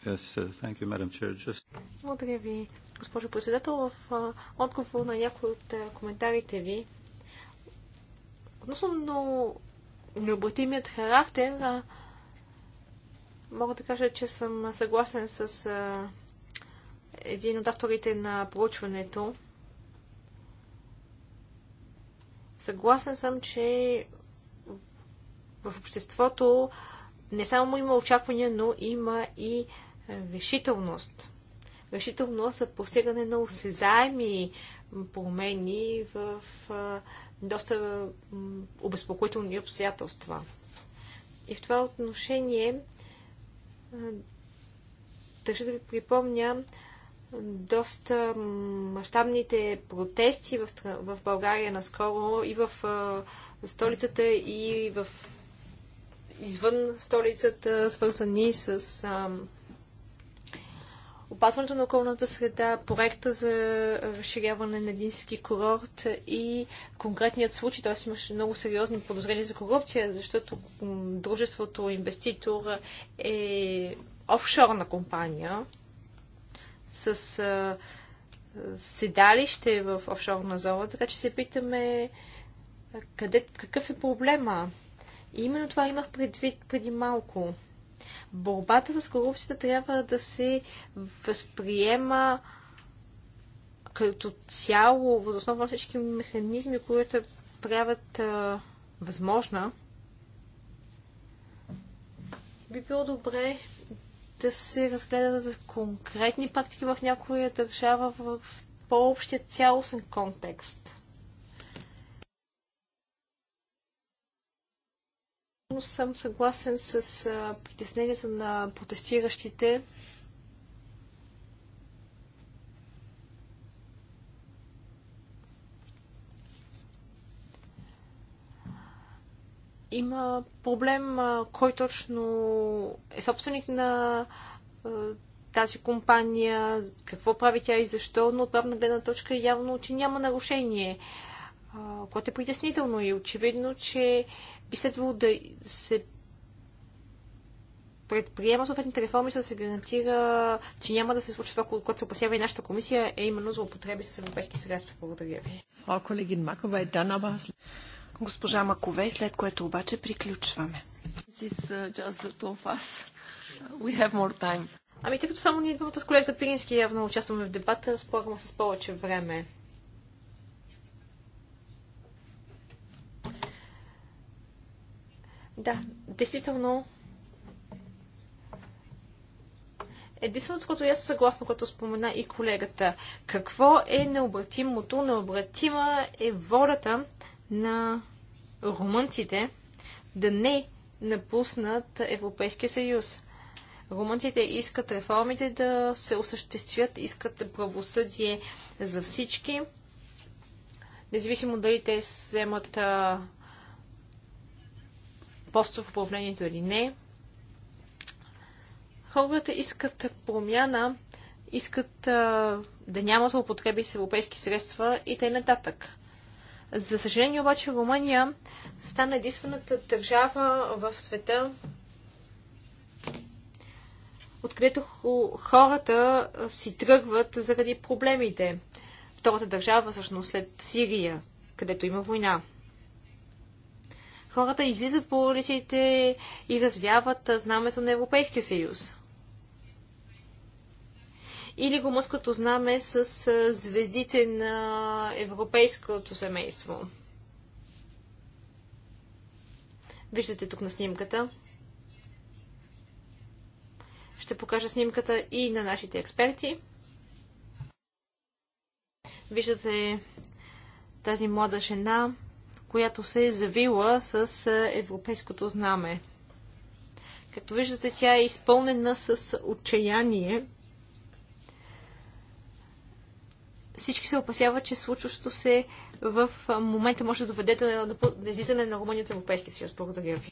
Yes, you, Just... Благодаря ви, госпожо председател. В отговор на някои от коментарите ви, относно необратимият характер, мога да кажа, че съм съгласен с един от авторите на проучването. Съгласен съм, че в обществото не само има очаквания, но има и е, решителност. Решителност за постигане на осезаеми промени в е, доста обезпокоителни обстоятелства. И в това отношение е, държа да ви припомня доста мащабните протести в, в България наскоро и в столицата и в извън столицата, свързани с а, опазването на околната среда, проекта за разширяване на едински курорт и конкретният случай, т.е. имаше много сериозни подозрения за корупция, защото дружеството инвеститор е офшорна компания, с а, седалище в офшорна зона, така че се питаме къде, какъв е проблема. И именно това имах предвид преди малко. Борбата с корупцията трябва да се възприема като цяло, възоснова на всички механизми, които правят а, възможна. Би било добре да се разгледат конкретни практики в някоя държава в по-общия цялостен контекст. съм съгласен с притесненията на протестиращите има проблем кой точно е собственик на тази компания, какво прави тя и защо, но от правна гледна точка е явно, че няма нарушение, което е притеснително и очевидно, че би следвало да се предприема съответните реформи, за да се гарантира, че няма да се случи това, което се опасява и нашата комисия, е именно злоупотреби с европейски средства. Благодаря ви госпожа Маковей, след което обаче приключваме. Ами тъй като само ние двамата с колегата Пирински явно участваме в дебата, спорваме с повече време. Да, действително Единственото, с което аз съм съгласна, което спомена и колегата, какво е необратимото? Необратима е волята на румънците да не напуснат Европейския съюз. Румънците искат реформите да се осъществят, искат правосъдие за всички, независимо дали те вземат пост в управлението или не. Хората искат промяна, искат да няма злоупотреби с европейски средства и т.н. нататък. За съжаление обаче Румъния стана единствената държава в света, откъдето хората си тръгват заради проблемите. Втората държава, всъщност след Сирия, където има война. Хората излизат по улиците и развяват знамето на Европейския съюз или румънското знаме с звездите на европейското семейство. Виждате тук на снимката. Ще покажа снимката и на нашите експерти. Виждате тази млада жена, която се е завила с европейското знаме. Като виждате, тя е изпълнена с отчаяние всички се опасяват, че случващото се в момента може да доведе до да, излизане на Румъния от Европейския съюз. Благодаря ви.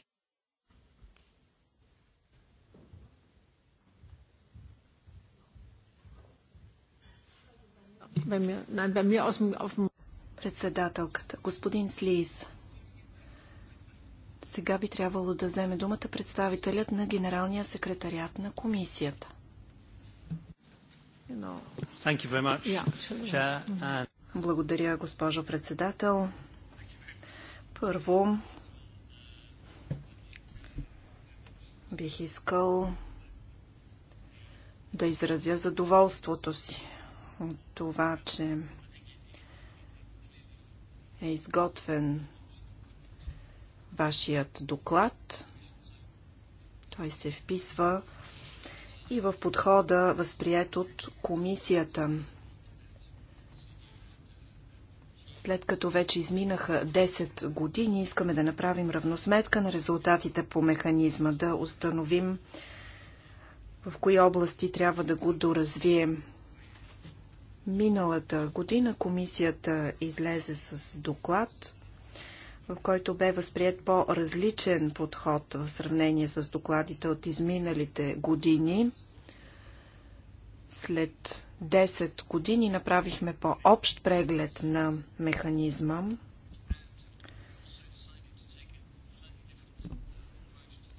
Председателката, господин Слиз. Сега би трябвало да вземе думата представителят на Генералния секретариат на комисията. Mm-hmm. Благодаря, госпожо председател. Първо, бих искал да изразя задоволството си от това, че е изготвен вашият доклад. Той се вписва и в подхода, възприят от комисията. След като вече изминаха 10 години, искаме да направим равносметка на резултатите по механизма, да установим в кои области трябва да го доразвием. Миналата година комисията излезе с доклад, в който бе възприят по-различен подход в сравнение с докладите от изминалите години. След 10 години направихме по-общ преглед на механизма.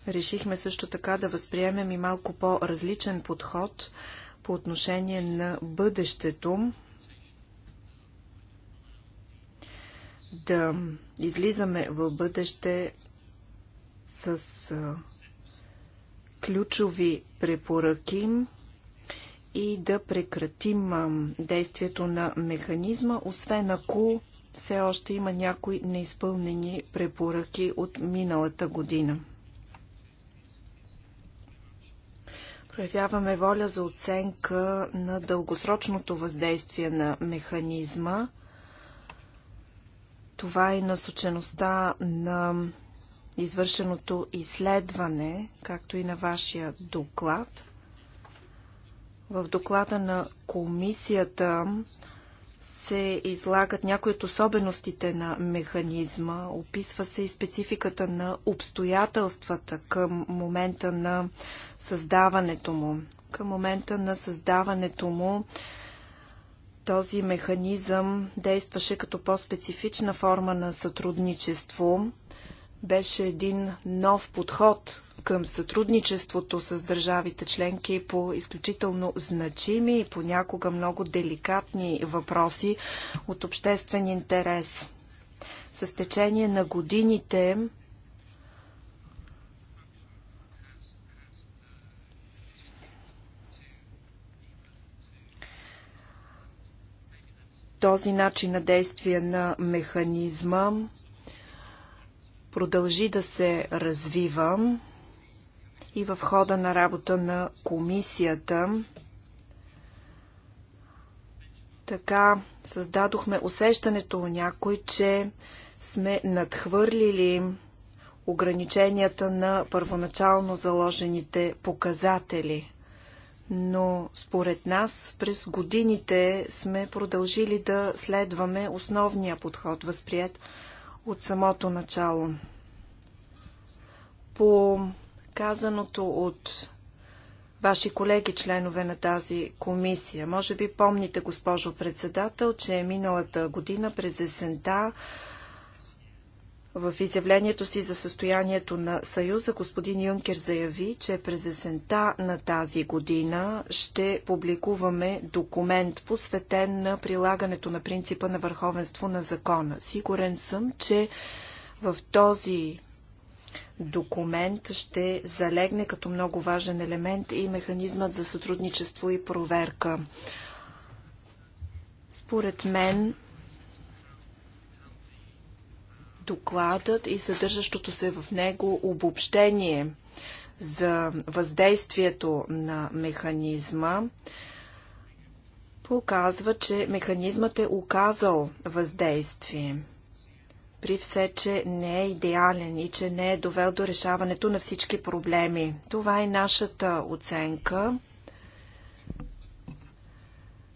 Решихме също така да възприемем и малко по-различен подход по отношение на бъдещето да излизаме в бъдеще с ключови препоръки и да прекратим действието на механизма, освен ако все още има някои неизпълнени препоръки от миналата година. Проявяваме воля за оценка на дългосрочното въздействие на механизма – това е насочеността на извършеното изследване, както и на вашия доклад. В доклада на комисията се излагат някои от особеностите на механизма, описва се и спецификата на обстоятелствата към момента на създаването му. Към момента на създаването му този механизъм действаше като по-специфична форма на сътрудничество. Беше един нов подход към сътрудничеството с държавите членки по изключително значими и понякога много деликатни въпроси от обществен интерес. С течение на годините Този начин на действие на механизма продължи да се развива и в хода на работа на комисията. Така създадохме усещането у някой, че сме надхвърлили ограниченията на първоначално заложените показатели но според нас през годините сме продължили да следваме основния подход, възприят от самото начало. По казаното от ваши колеги, членове на тази комисия. Може би помните, госпожо председател, че миналата година през есента в изявлението си за състоянието на Съюза господин Юнкер заяви, че през есента на тази година ще публикуваме документ, посветен на прилагането на принципа на върховенство на закона. Сигурен съм, че в този документ ще залегне като много важен елемент и механизмът за сътрудничество и проверка. Според мен докладът и съдържащото се в него обобщение за въздействието на механизма показва, че механизмът е оказал въздействие. При все, че не е идеален и че не е довел до решаването на всички проблеми. Това е нашата оценка.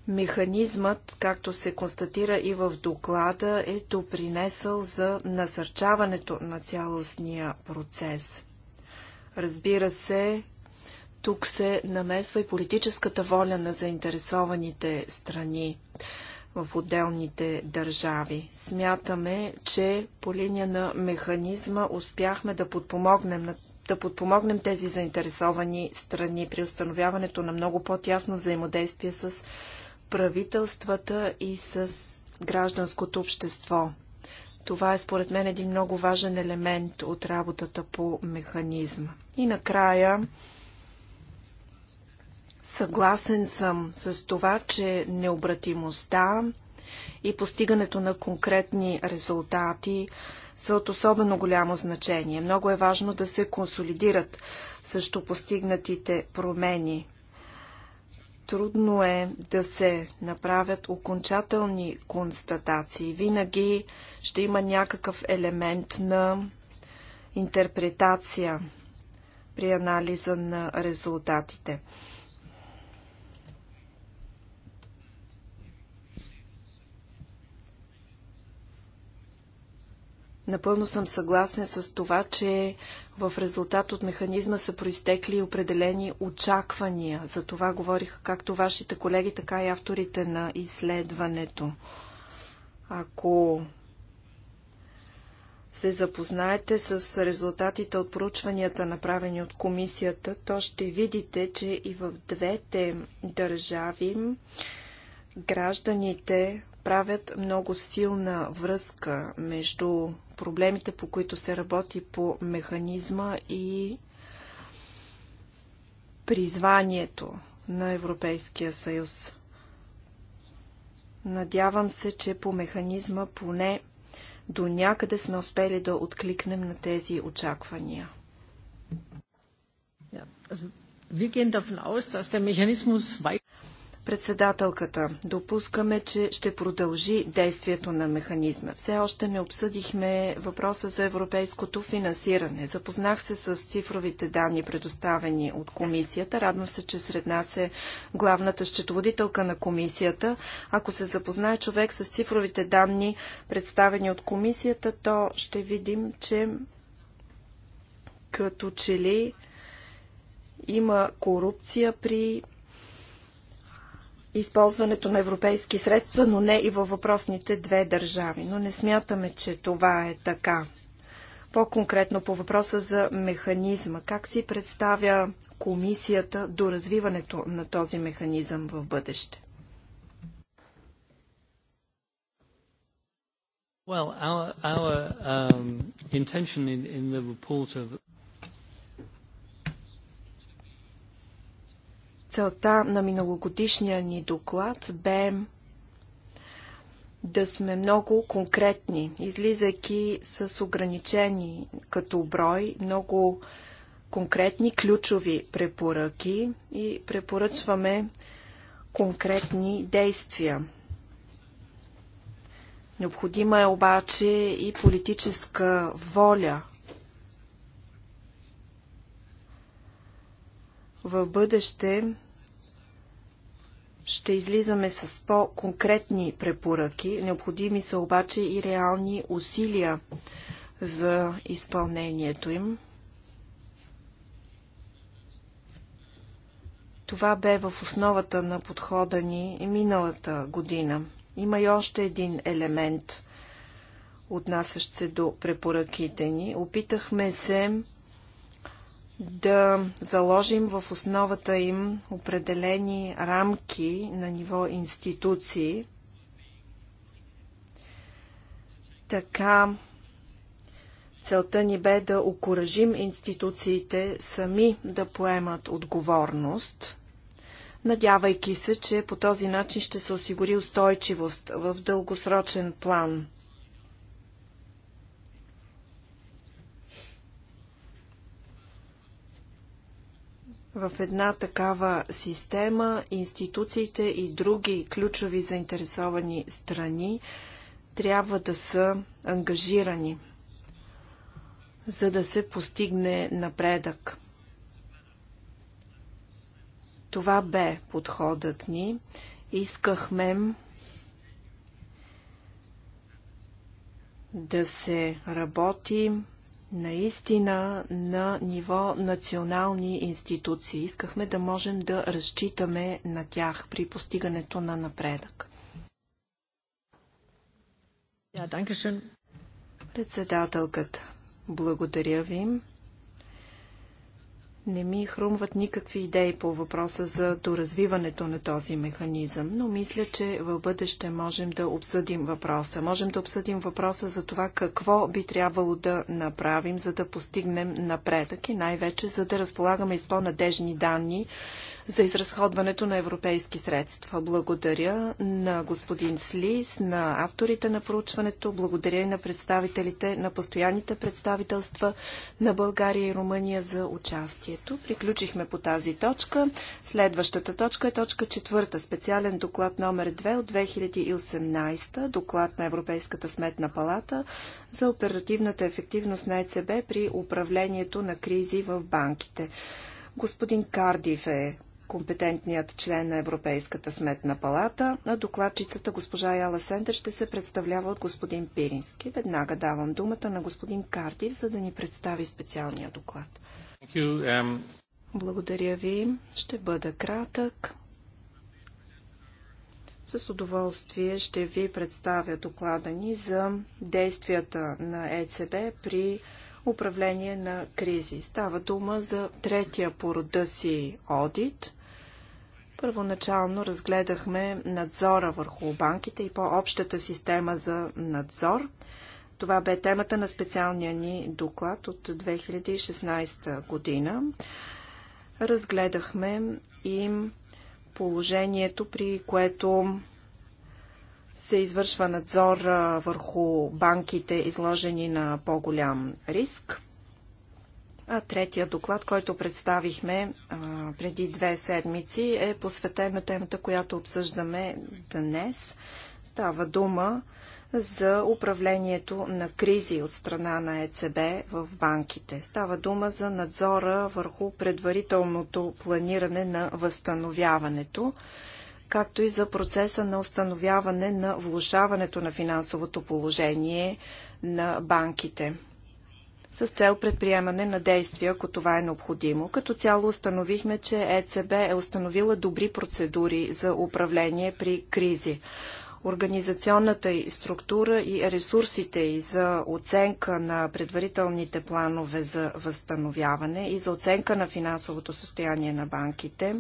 Механизмът, както се констатира и в доклада, е допринесъл за насърчаването на цялостния процес. Разбира се, тук се намесва и политическата воля на заинтересованите страни в отделните държави. Смятаме, че по линия на механизма успяхме да подпомогнем, да подпомогнем тези заинтересовани страни при установяването на много по-тясно взаимодействие с правителствата и с гражданското общество. Това е според мен един много важен елемент от работата по механизма. И накрая съгласен съм с това, че необратимостта и постигането на конкретни резултати са от особено голямо значение. Много е важно да се консолидират също постигнатите промени. Трудно е да се направят окончателни констатации. Винаги ще има някакъв елемент на интерпретация при анализа на резултатите. Напълно съм съгласен с това, че в резултат от механизма са проистекли определени очаквания. За това говориха както вашите колеги, така и авторите на изследването. Ако се запознаете с резултатите от проучванията, направени от комисията, то ще видите, че и в двете държави гражданите правят много силна връзка между проблемите, по които се работи по механизма и призванието на Европейския съюз. Надявам се, че по механизма поне до някъде сме успели да откликнем на тези очаквания. Also, wir gehen davon aus, dass der Mechanismus Председателката, допускаме, че ще продължи действието на механизма. Все още не обсъдихме въпроса за европейското финансиране. Запознах се с цифровите данни, предоставени от комисията. Радвам се, че сред нас е главната счетоводителка на комисията. Ако се запознае човек с цифровите данни, представени от комисията, то ще видим, че като че ли има корупция при използването на европейски средства, но не и във въпросните две държави. Но не смятаме, че това е така. По-конкретно по въпроса за механизма. Как си представя комисията до развиването на този механизъм в бъдеще? Well, our, our um, intention in, in the report of Целта на миналогодишния ни доклад бе да сме много конкретни, излизайки с ограничени като брой, много конкретни ключови препоръки и препоръчваме конкретни действия. Необходима е обаче и политическа воля. В бъдеще ще излизаме с по-конкретни препоръки. Необходими са обаче и реални усилия за изпълнението им. Това бе в основата на подхода ни миналата година. Има и още един елемент, отнасящ се до препоръките ни. Опитахме се да заложим в основата им определени рамки на ниво институции. Така целта ни бе да окоръжим институциите сами да поемат отговорност, надявайки се, че по този начин ще се осигури устойчивост в дългосрочен план – В една такава система институциите и други ключови заинтересовани страни трябва да са ангажирани, за да се постигне напредък. Това бе подходът ни. Искахме да се работи наистина на ниво национални институции. Искахме да можем да разчитаме на тях при постигането на напредък. Председателката, благодаря ви. Не ми хрумват никакви идеи по въпроса за доразвиването на този механизъм, но мисля, че в бъдеще можем да обсъдим въпроса. Можем да обсъдим въпроса за това какво би трябвало да направим, за да постигнем напредък и най-вече за да разполагаме с по-надежни данни за изразходването на европейски средства. Благодаря на господин Слис, на авторите на проучването, благодаря и на представителите на постоянните представителства на България и Румъния за участието. Приключихме по тази точка. Следващата точка е точка четвърта, специален доклад номер 2 от 2018, доклад на Европейската сметна палата за оперативната ефективност на ЕЦБ при управлението на кризи в банките. Господин Кардив е компетентният член на Европейската сметна палата, а докладчицата госпожа Яла Сендер ще се представлява от господин Пирински. Веднага давам думата на господин Кардив, за да ни представи специалния доклад. Um, Благодаря ви. Ще бъда кратък. С удоволствие ще ви представя доклада ни за действията на ЕЦБ при управление на кризи. Става дума за третия по рода си одит. Първоначално разгледахме надзора върху банките и по-общата система за надзор. Това бе темата на специалния ни доклад от 2016 година. Разгледахме и положението, при което се извършва надзор върху банките, изложени на по-голям риск. Третия доклад, който представихме преди две седмици, е посветен на темата, която обсъждаме днес. Става дума за управлението на кризи от страна на ЕЦБ в банките. Става дума за надзора върху предварителното планиране на възстановяването, както и за процеса на установяване на влушаването на финансовото положение на банките с цел предприемане на действия, ако това е необходимо. Като цяло установихме, че ЕЦБ е установила добри процедури за управление при кризи. Организационната и структура и ресурсите и за оценка на предварителните планове за възстановяване и за оценка на финансовото състояние на банките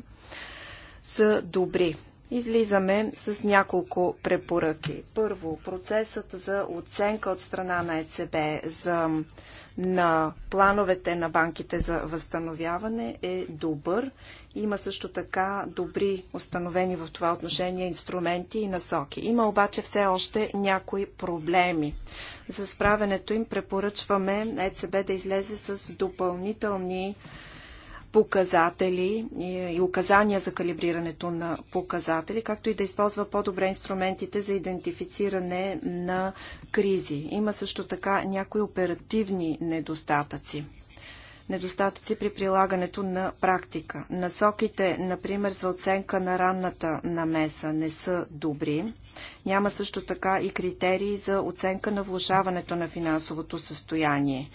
са добри. Излизаме с няколко препоръки. Първо, процесът за оценка от страна на ЕЦБ за, на плановете на банките за възстановяване е добър. Има също така добри установени в това отношение инструменти и насоки. Има обаче все още някои проблеми. За справенето им препоръчваме ЕЦБ да излезе с допълнителни показатели и указания за калибрирането на показатели, както и да използва по-добре инструментите за идентифициране на кризи. Има също така някои оперативни недостатъци недостатъци при прилагането на практика. Насоките, например, за оценка на ранната намеса не са добри. Няма също така и критерии за оценка на влушаването на финансовото състояние.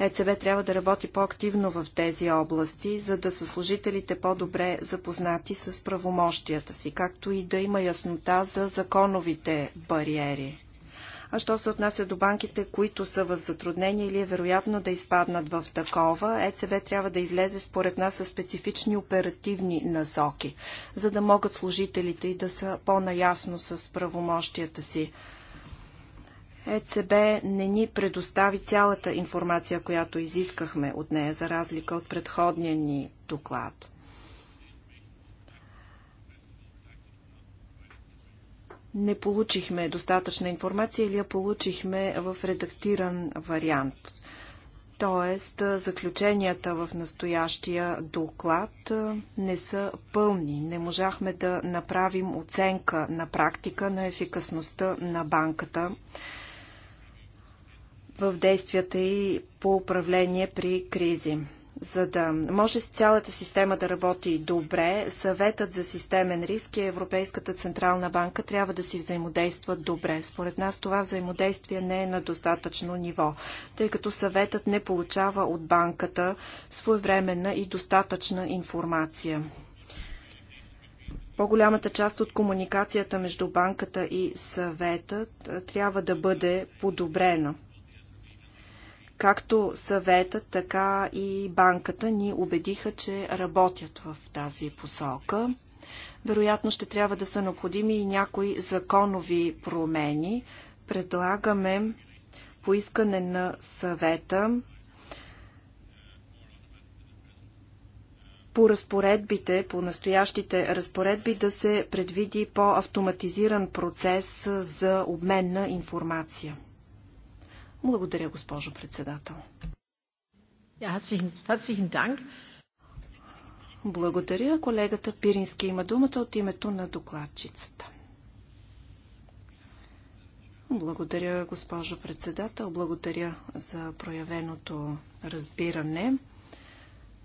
ЕЦБ трябва да работи по-активно в тези области, за да са служителите по-добре запознати с правомощията си, както и да има яснота за законовите бариери. А що се отнася до банките, които са в затруднение или е вероятно да изпаднат в такова, ЕЦБ трябва да излезе според нас със специфични оперативни насоки, за да могат служителите и да са по-наясно с правомощията си. ЕЦБ не ни предостави цялата информация, която изискахме от нея, за разлика от предходния ни доклад. не получихме достатъчна информация или я получихме в редактиран вариант. Тоест, заключенията в настоящия доклад не са пълни. Не можахме да направим оценка на практика на ефикасността на банката в действията и по управление при кризи. За да може цялата система да работи добре, съветът за системен риск и Европейската централна банка трябва да си взаимодействат добре. Според нас това взаимодействие не е на достатъчно ниво, тъй като съветът не получава от банката своевременна и достатъчна информация. По-голямата част от комуникацията между банката и съвета трябва да бъде подобрена. Както съвета, така и банката ни убедиха, че работят в тази посока. Вероятно ще трябва да са необходими и някои законови промени. Предлагаме поискане на съвета по разпоредбите, по настоящите разпоредби да се предвиди по-автоматизиран процес за обмен на информация. Благодаря, госпожо председател. Благодаря. Колегата Пирински има думата от името на докладчицата. Благодаря, госпожо председател. Благодаря за проявеното разбиране.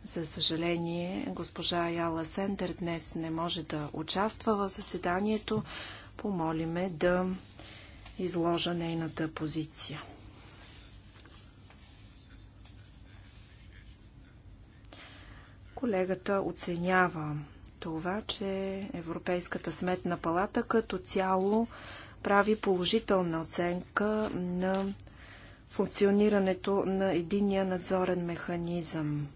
За съжаление, госпожа Яла Сендер днес не може да участва в заседанието. Помолиме да изложа нейната позиция. Колегата оценява това, че Европейската сметна палата като цяло прави положителна оценка на функционирането на единия надзорен механизъм.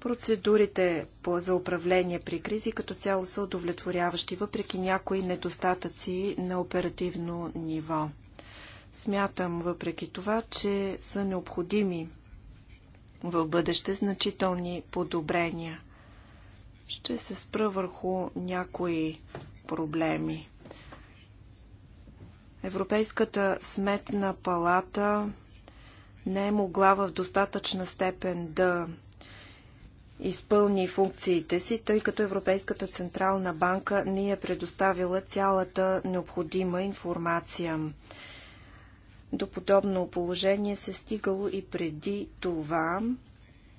Процедурите за управление при кризи като цяло са удовлетворяващи, въпреки някои недостатъци на оперативно ниво. Смятам въпреки това, че са необходими в бъдеще значителни подобрения. Ще се спра върху някои проблеми. Европейската сметна палата не е могла в достатъчна степен да изпълни функциите си, тъй като Европейската Централна банка ни е предоставила цялата необходима информация. До подобно положение се е стигало и преди това,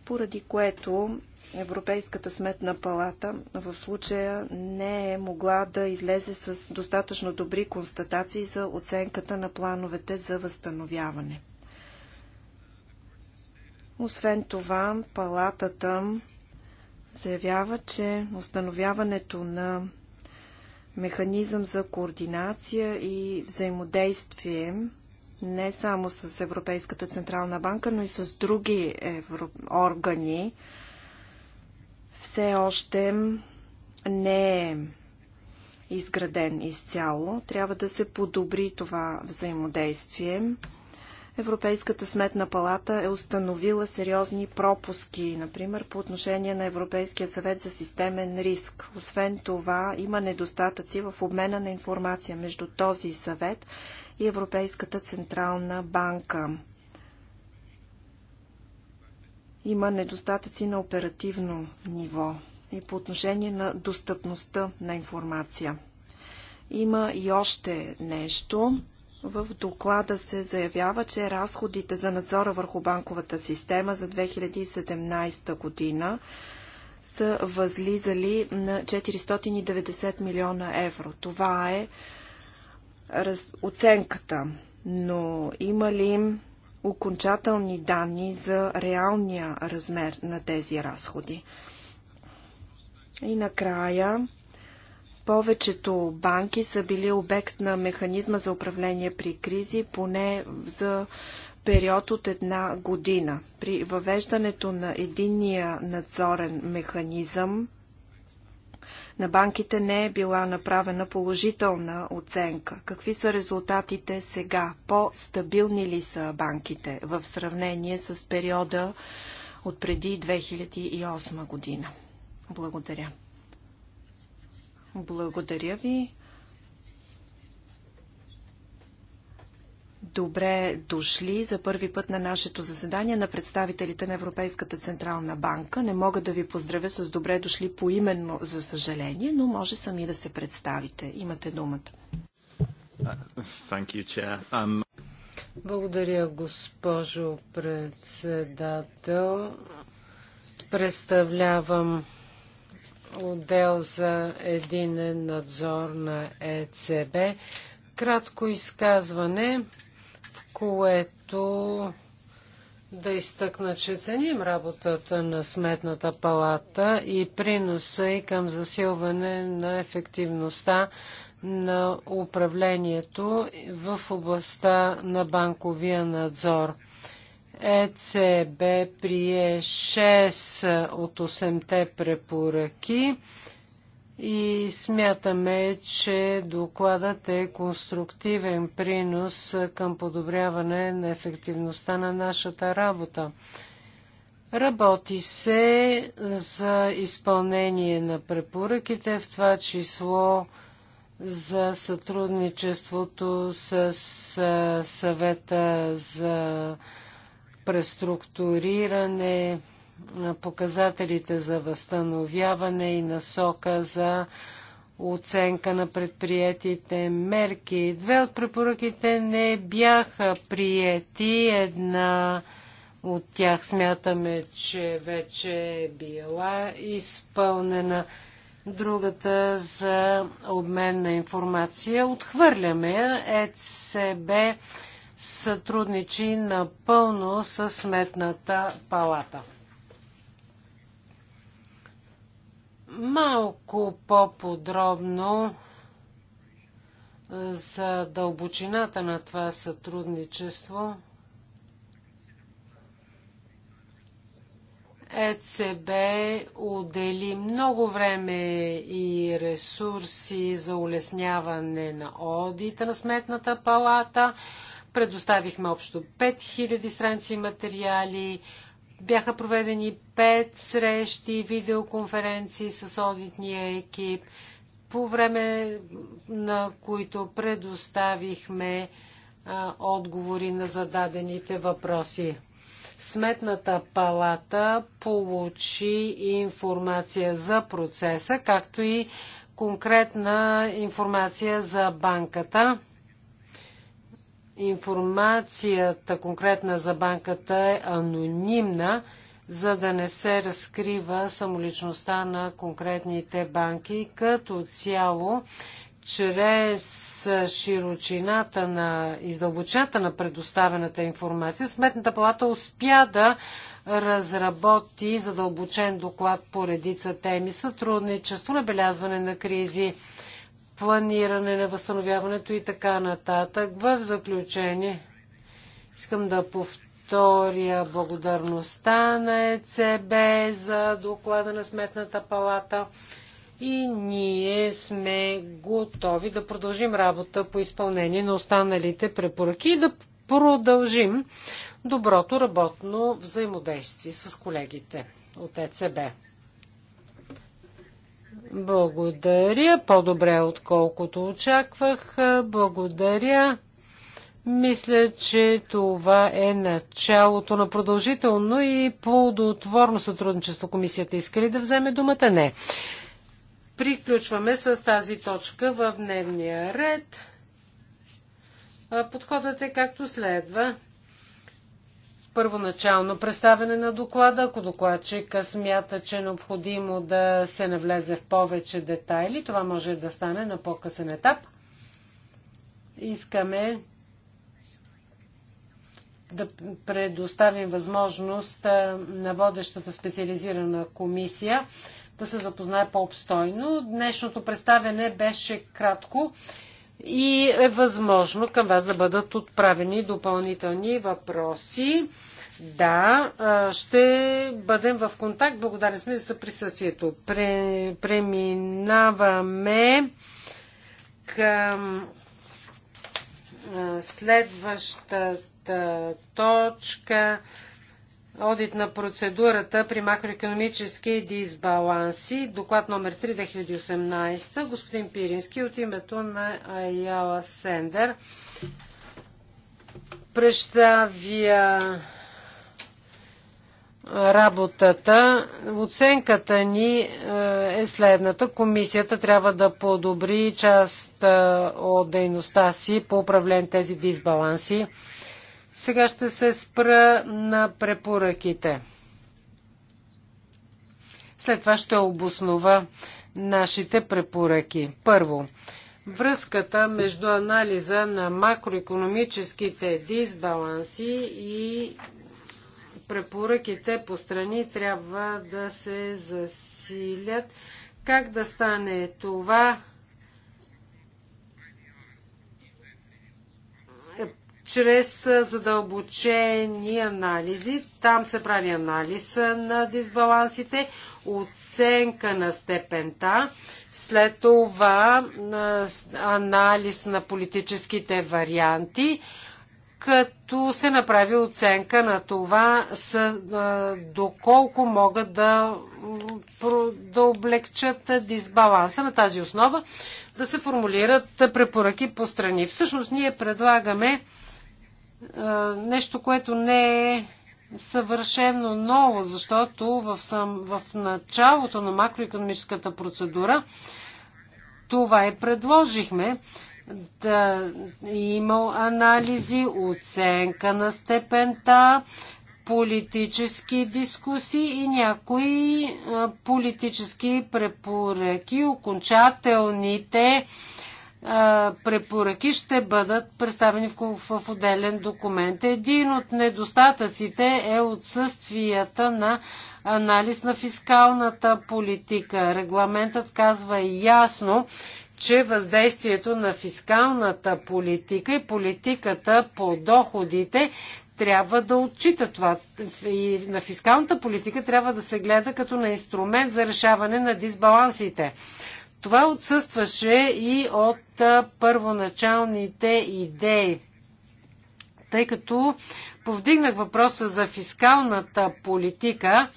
поради което Европейската сметна палата в случая не е могла да излезе с достатъчно добри констатации за оценката на плановете за възстановяване. Освен това, палатата заявява, че установяването на механизъм за координация и взаимодействие не само с Европейската Централна банка, но и с други евро... органи, все още не е изграден изцяло. Трябва да се подобри това взаимодействие. Европейската сметна палата е установила сериозни пропуски, например по отношение на Европейския съвет за системен риск. Освен това, има недостатъци в обмена на информация между този съвет и Европейската централна банка. Има недостатъци на оперативно ниво и по отношение на достъпността на информация. Има и още нещо. В доклада се заявява, че разходите за надзора върху банковата система за 2017 година са възлизали на 490 милиона евро. Това е раз, оценката, но има ли окончателни данни за реалния размер на тези разходи? И накрая, повечето банки са били обект на механизма за управление при кризи, поне за период от една година. При въвеждането на единния надзорен механизъм на банките не е била направена положителна оценка. Какви са резултатите сега? По-стабилни ли са банките в сравнение с периода от преди 2008 година? Благодаря. Благодаря ви. Добре дошли за първи път на нашето заседание на представителите на Европейската Централна банка. Не мога да ви поздравя с добре дошли поименно, за съжаление, но може сами да се представите. Имате думата. Uh, you, um... Благодаря, госпожо председател. Представлявам отдел за единен надзор на ЕЦБ. Кратко изказване което да изтъкна, че ценим работата на Сметната палата и приноса и към засилване на ефективността на управлението в областта на банковия надзор. ЕЦБ прие 6 от 8-те препоръки и смятаме, че докладът е конструктивен принос към подобряване на ефективността на нашата работа. Работи се за изпълнение на препоръките, в това число за сътрудничеството с съвета за преструктуриране, показателите за възстановяване и насока за оценка на предприятите мерки. Две от препоръките не бяха приети. Една от тях смятаме, че вече е била изпълнена. Другата за обмен на информация. Отхвърляме ЕЦБ сътрудничи напълно с Сметната палата. Малко по-подробно за дълбочината на това сътрудничество. ЕЦБ отдели много време и ресурси за улесняване на одита на Сметната палата. Предоставихме общо 5000 странци материали бяха проведени пет срещи, видеоконференции с одитния екип, по време на които предоставихме а, отговори на зададените въпроси. Сметната палата получи информация за процеса, както и конкретна информация за банката информацията конкретна за банката е анонимна, за да не се разкрива самоличността на конкретните банки. Като цяло, чрез широчината на издълбочината на предоставената информация, Сметната палата успя да разработи задълбочен доклад по редица теми, сътрудничество, набелязване на кризи, планиране на възстановяването и така нататък. В заключение искам да повторя благодарността на ЕЦБ за доклада на Сметната палата и ние сме готови да продължим работа по изпълнение на останалите препоръки и да продължим доброто работно взаимодействие с колегите от ЕЦБ. Благодаря. По-добре, отколкото очаквах. Благодаря. Мисля, че това е началото на продължително и плодотворно сътрудничество. Комисията иска ли да вземе думата? Не. Приключваме с тази точка в дневния ред. Подходът е както следва първоначално представяне на доклада. Ако докладчика смята, че е необходимо да се навлезе в повече детайли, това може да стане на по-късен етап. Искаме да предоставим възможност на водещата специализирана комисия да се запознае по-обстойно. Днешното представяне беше кратко и е възможно към вас да бъдат отправени допълнителни въпроси. Да, ще бъдем в контакт. Благодарен сме за присъствието. Преминаваме към следващата точка Одит на процедурата при макроекономически дисбаланси. Доклад номер 3 2018. Господин Пирински от името на Айала Сендер представя работата. Оценката ни е, е следната. Комисията трябва да подобри част е, от дейността си по управление тези дисбаланси сега ще се спра на препоръките. След това ще обоснова нашите препоръки. Първо, връзката между анализа на макроекономическите дисбаланси и препоръките по страни трябва да се засилят. Как да стане това? чрез задълбочени анализи. Там се прави анализ на дисбалансите, оценка на степента, след това анализ на политическите варианти, като се направи оценка на това са, доколко могат да, да облегчат дисбаланса на тази основа, да се формулират препоръки по страни. Всъщност ние предлагаме е, нещо, което не е съвършено ново, защото в, в началото на макроекономическата процедура това е предложихме да има анализи, оценка на степента, политически дискусии и някои е, политически препоръки, окончателните препоръки ще бъдат представени в, в отделен документ. Един от недостатъците е отсъствията на анализ на фискалната политика. Регламентът казва ясно, че въздействието на фискалната политика и политиката по доходите трябва да отчита това. И на фискалната политика трябва да се гледа като на инструмент за решаване на дисбалансите. Това отсъстваше и от първоначалните идеи. Тъй като повдигнах въпроса за фискалната политика,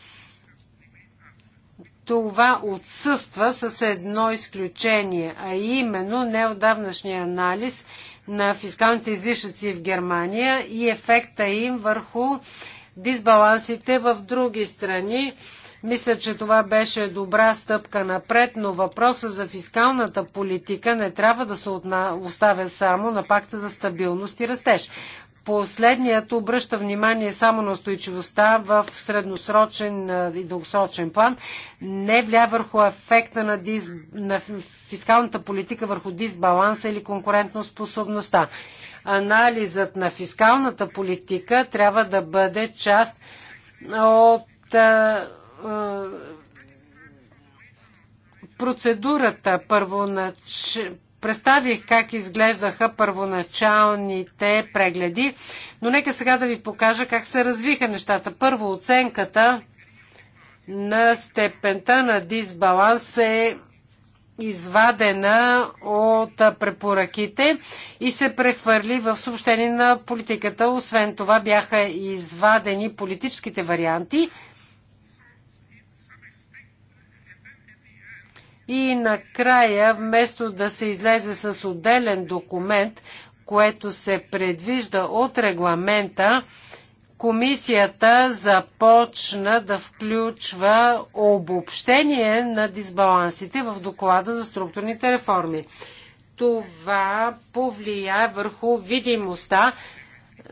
това отсъства с едно изключение, а именно неодавнашния анализ на фискалните излишъци в Германия и ефекта им върху дисбалансите в други страни. Мисля, че това беше добра стъпка напред, но въпросът за фискалната политика не трябва да се оставя само на пакта за стабилност и растеж. Последният обръща внимание само на устойчивостта в средносрочен и дългосрочен план, не вля върху ефекта на, дис... на фискалната политика върху дисбаланса или конкурентоспособността. Анализът на фискалната политика трябва да бъде част от процедурата първонач... Представих как изглеждаха първоначалните прегледи, но нека сега да ви покажа как се развиха нещата. Първо оценката на степента на дисбаланс е извадена от препоръките и се прехвърли в съобщение на политиката. Освен това бяха извадени политическите варианти – И накрая, вместо да се излезе с отделен документ, което се предвижда от регламента, комисията започна да включва обобщение на дисбалансите в доклада за структурните реформи. Това повлия върху видимостта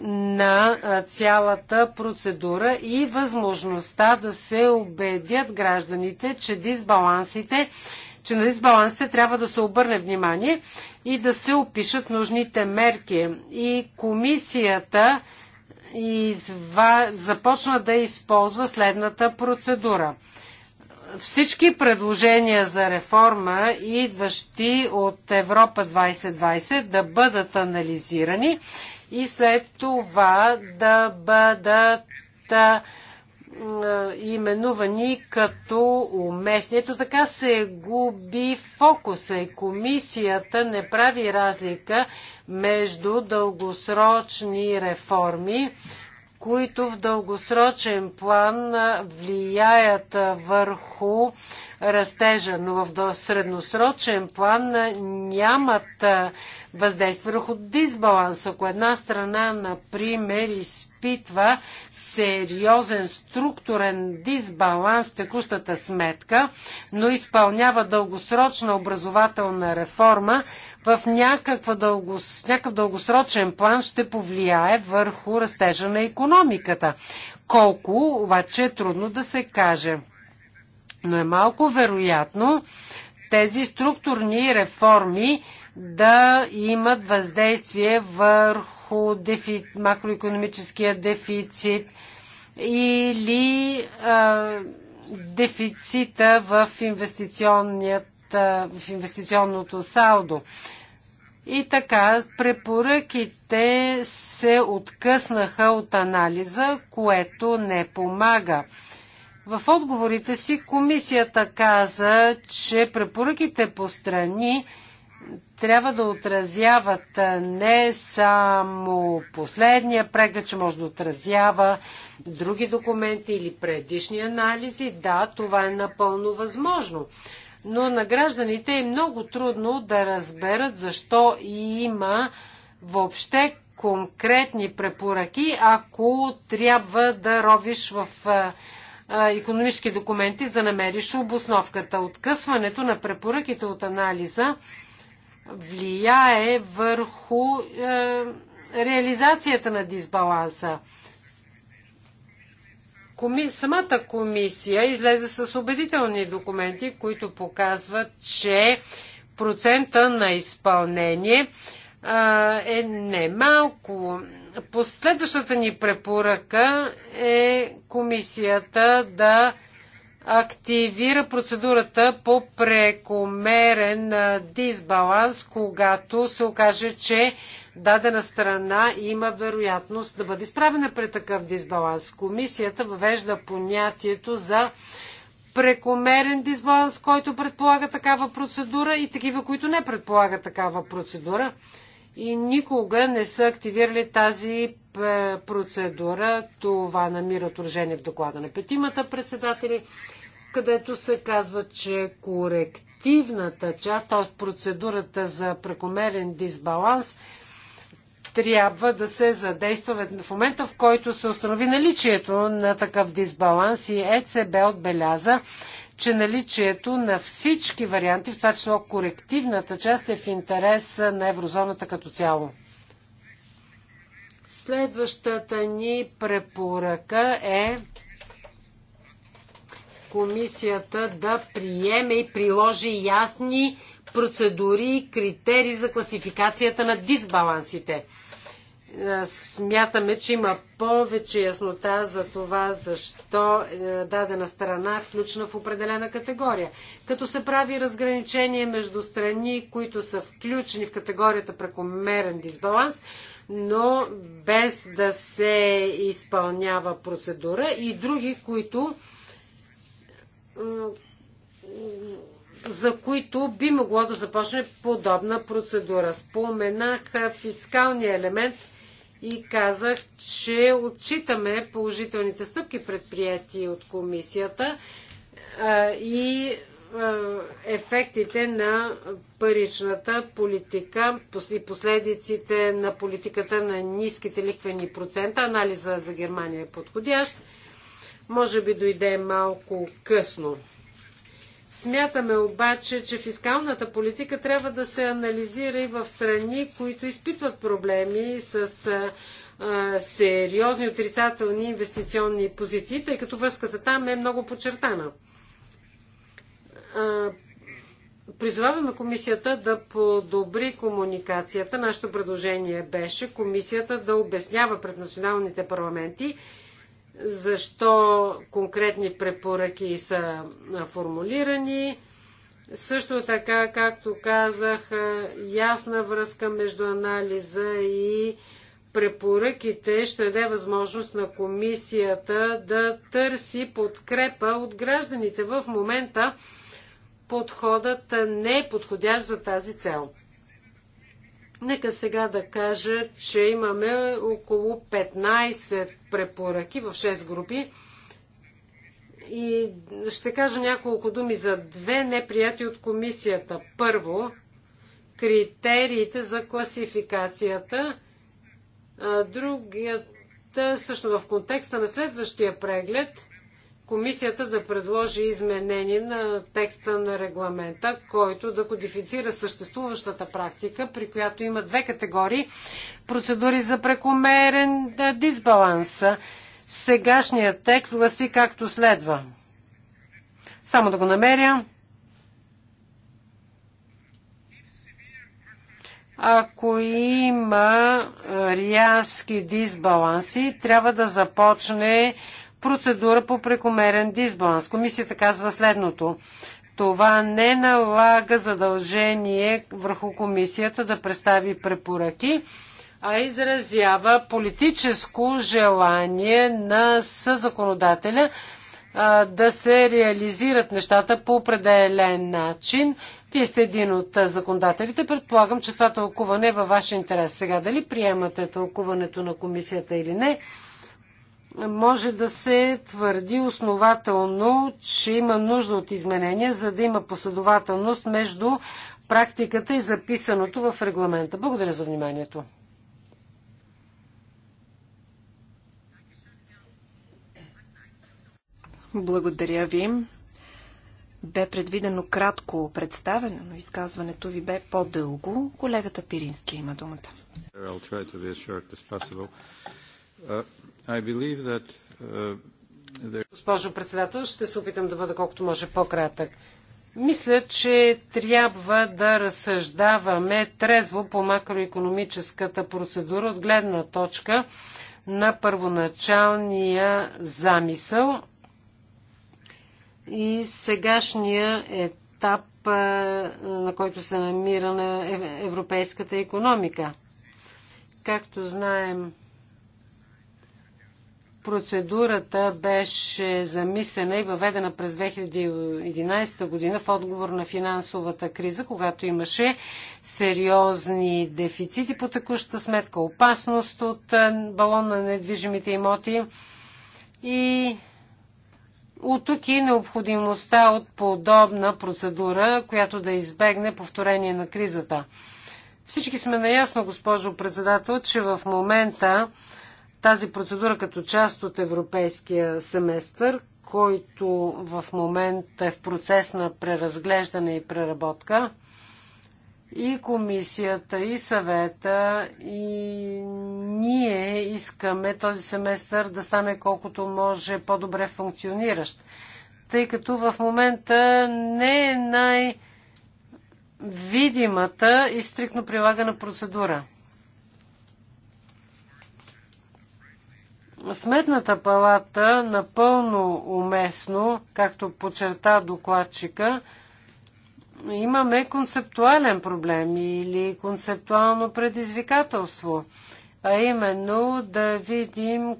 на цялата процедура и възможността да се убедят гражданите, че дисбалансите че на дисбалансите трябва да се обърне внимание и да се опишат нужните мерки. И комисията изва... започна да използва следната процедура. Всички предложения за реформа, идващи от Европа 2020, да бъдат анализирани и след това да бъдат именувани като уместни. Ето така се губи фокуса и комисията не прави разлика между дългосрочни реформи, които в дългосрочен план влияят върху растежа, но в средносрочен план нямат въздейства върху дисбаланс. Ако една страна, например, изпитва сериозен структурен дисбаланс в текущата сметка, но изпълнява дългосрочна образователна реформа, в дългос... някакъв дългосрочен план ще повлияе върху растежа на економиката. Колко, обаче е трудно да се каже. Но е малко вероятно тези структурни реформи да имат въздействие върху дефи... макроекономическия дефицит или а, дефицита в, в инвестиционното салдо. И така, препоръките се откъснаха от анализа, което не помага. В отговорите си комисията каза, че препоръките по страни трябва да отразяват не само последния преглед, че може да отразява други документи или предишни анализи. Да, това е напълно възможно. Но на гражданите е много трудно да разберат защо има въобще конкретни препоръки, ако трябва да ровиш в економически документи, за да намериш обосновката. Откъсването на препоръките от анализа влияе върху е, реализацията на дисбаланса. Коми... Самата комисия излезе с убедителни документи, които показват, че процента на изпълнение е е немалко. Последващата ни препоръка е комисията да активира процедурата по прекомерен дисбаланс, когато се окаже, че дадена страна има вероятност да бъде изправена пред такъв дисбаланс. Комисията въвежда понятието за прекомерен дисбаланс, който предполага такава процедура и такива, които не предполага такава процедура и никога не са активирали тази е, процедура. Това намира отражение в доклада на петимата председатели, където се казва, че корективната част, т.е. процедурата за прекомерен дисбаланс, трябва да се задейства в момента, в който се установи наличието на такъв дисбаланс и ЕЦБ отбеляза, че наличието на всички варианти, в това число корективната част, е в интерес на еврозоната като цяло. Следващата ни препоръка е комисията да приеме и приложи ясни процедури и критерии за класификацията на дисбалансите. Е, смятаме, че има повече яснота за това, защо е, дадена страна е включена в определена категория. Като се прави разграничение между страни, които са включени в категорията прекомерен дисбаланс, но без да се изпълнява процедура и други, които е, за които би могло да започне подобна процедура. Споменах фискалния елемент – и казах, че отчитаме положителните стъпки предприяти от комисията и ефектите на паричната политика и последиците на политиката на ниските лихвени процента. Анализа за Германия е подходящ. Може би дойде малко късно. Смятаме обаче, че фискалната политика трябва да се анализира и в страни, които изпитват проблеми с а, сериозни отрицателни инвестиционни позиции, тъй като връзката там е много подчертана. Призоваваме комисията да подобри комуникацията. Нашето предложение беше комисията да обяснява пред националните парламенти защо конкретни препоръки са формулирани. Също така, както казах, ясна връзка между анализа и препоръките ще даде възможност на комисията да търси подкрепа от гражданите. В момента подходът не е подходящ за тази цел. Нека сега да кажа, че имаме около 15 препоръки в 6 групи. И ще кажа няколко думи за две неприяти от комисията. Първо, критериите за класификацията. Другият, също, в контекста на следващия преглед, комисията да предложи изменение на текста на регламента, който да кодифицира съществуващата практика, при която има две категории процедури за прекомерен дисбаланс. Сегашният текст гласи както следва. Само да го намеря. Ако има рязки дисбаланси, трябва да започне процедура по прекомерен дисбаланс. Комисията казва следното. Това не налага задължение върху комисията да представи препоръки, а изразява политическо желание на съзаконодателя да се реализират нещата по определен начин. Вие сте един от законодателите. Предполагам, че това тълкуване е във ваш интерес. Сега дали приемате тълкуването на комисията или не, може да се твърди основателно, че има нужда от изменения, за да има последователност между практиката и записаното в регламента. Благодаря за вниманието. Благодаря ви. Бе предвидено кратко представене, но изказването ви бе по-дълго. Колегата Пирински има думата. Uh, Госпожо председател, ще се опитам да бъда колкото може по-кратък. Мисля, че трябва да разсъждаваме трезво по макроекономическата процедура от гледна точка на първоначалния замисъл и сегашния етап, на който се намира на европейската економика. Както знаем, Процедурата беше замислена и въведена през 2011 година в отговор на финансовата криза, когато имаше сериозни дефицити по текущата сметка, опасност от балон на недвижимите имоти и от тук и необходимостта от подобна процедура, която да избегне повторение на кризата. Всички сме наясно, госпожо председател, че в момента тази процедура като част от европейския семестър, който в момента е в процес на преразглеждане и преработка. И комисията, и съвета, и ние искаме този семестър да стане колкото може по-добре функциониращ. Тъй като в момента не е най- видимата и стрикно прилагана процедура. Сметната палата напълно уместно, както подчерта докладчика, имаме концептуален проблем или концептуално предизвикателство, а именно да видим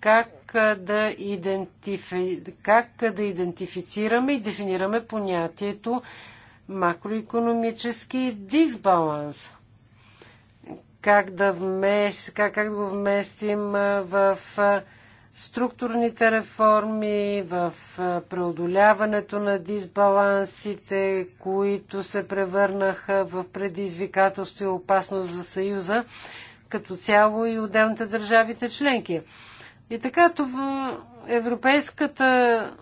как да, идентифи... как да идентифицираме и дефинираме понятието макроекономически дисбаланс как да, вмеш, как, как да го вместим в структурните реформи, в преодоляването на дисбалансите, които се превърнаха в предизвикателство и опасност за Съюза, като цяло и отделните държавите членки. И така това Европейската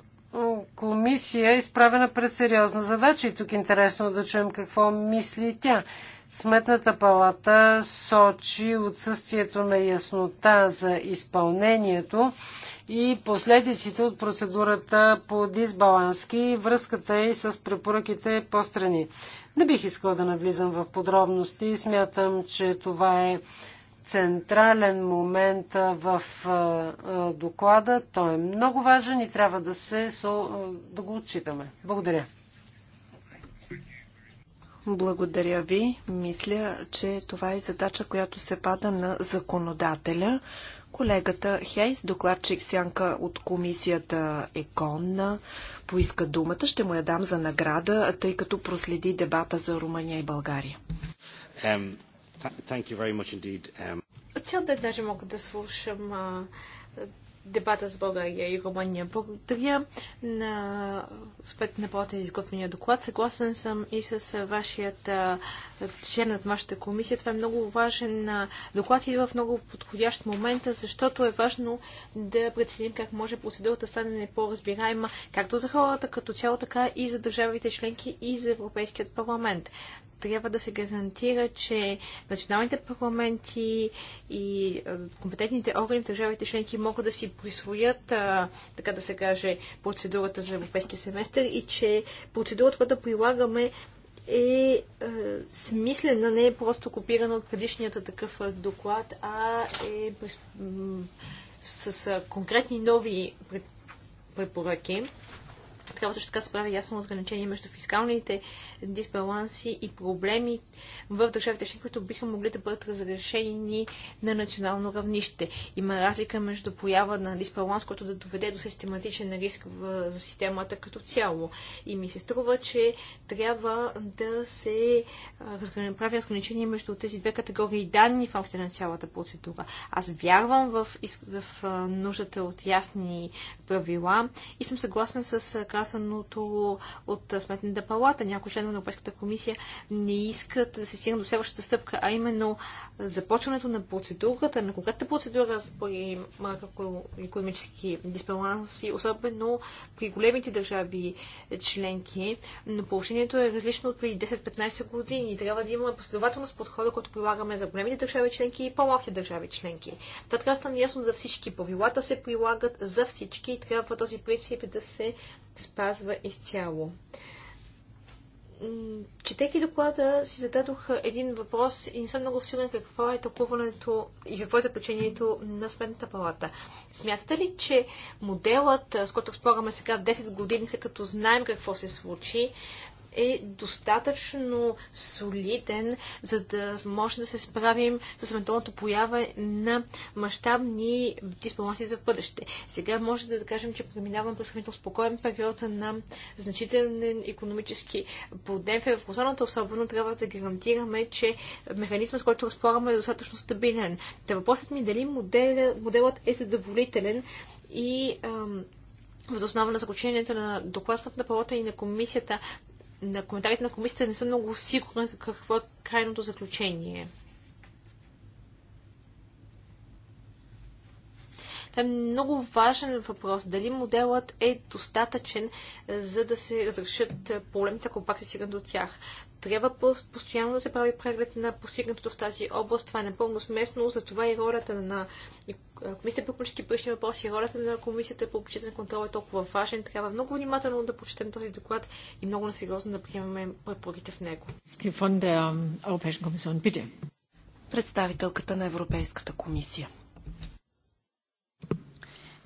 комисия е изправена пред сериозна задача и тук е интересно да чуем какво мисли тя. Сметната палата сочи отсъствието на яснота за изпълнението и последиците от процедурата по дисбалански и връзката е и с препоръките по страни. Не бих искала да навлизам в подробности. Смятам, че това е централен момент в доклада. Той е много важен и трябва да, се, да го отчитаме. Благодаря. Благодаря ви. Мисля, че това е задача, която се пада на законодателя. Колегата Хейс, докладчик сянка от комисията ЕКОН, поиска думата. Ще му я дам за награда, тъй като проследи дебата за Румъния и България. Um, Цял ден даже мога да слушам а, дебата с България и Румъния. Благодаря на съответно работа за изготвения доклад. Съгласен съм и с вашият член на вашата комисия. Това е много важен доклад и е в много подходящ момент, защото е важно да преценим как може процедурата да стане по-разбираема както за хората като цяло, така и за държавите членки и за Европейският парламент трябва да се гарантира, че националните парламенти и компетентните органи в държавите членки могат да си присвоят, така да се каже, процедурата за европейския семестър и че процедурата, която прилагаме, е, е смислена, не е просто копирана от предишният такъв доклад, а е с конкретни нови препоръки. Трябва също така да се прави ясно разграничение между фискалните дисбаланси и проблеми в държавите които биха могли да бъдат разрешени на национално равнище. Има разлика между поява на дисбаланс, който да доведе до систематичен риск в, за системата като цяло. И ми се струва, че трябва да се разграни, прави разграничение между тези две категории данни в рамките на цялата процедура. Аз вярвам в, в, в нуждата от ясни правила и съм съгласен с казаното от Сметната палата. Някои членове на Европейската комисия не искат да се стигне до следващата стъпка, а именно започването на процедурата, на конкретната процедура за макроекономически дисбаланси, особено при големите държави членки. Но положението е различно от преди 10-15 години. Трябва да имаме последователност подхода, който прилагаме за големите държави членки и по-малките държави членки. Та трябва да стане ясно за всички. Повилата се прилагат за всички и трябва този принцип да се спазва изцяло. Четейки доклада, си зададох един въпрос и не съм много сигурен какво е тълкуването и какво е заключението на Сметната палата. Смятате ли, че моделът, с който спораме сега 10 години, след като знаем какво се случи, е достатъчно солиден, за да може да се справим с евентуалното поява на мащабни дисбаланси за бъдеще. Сега може да кажем, че преминавам през хранително спокоен период на значителен економически подем. В еврозоната особено трябва да гарантираме, че механизмът, с който разполагаме е достатъчно стабилен. Та въпросът ми е дали моделът е задоволителен и Въз основа на заключенията на докладната палата и на комисията на коментарите на комисията не съм много сигурна какво е крайното заключение. Това е много важен въпрос. Дали моделът е достатъчен, за да се разрешат проблемите, ако пак се стигна до тях трябва постоянно да се прави преглед на постигнатото в тази област. Това е напълно сместно. Затова и ролята на Комисията по економически парични въпроси и ролята на Комисията по обучителен контрол е толкова важен. Трябва много внимателно да почетем този доклад и много насериозно да приемаме препоръките в него. Представителката на Европейската комисия.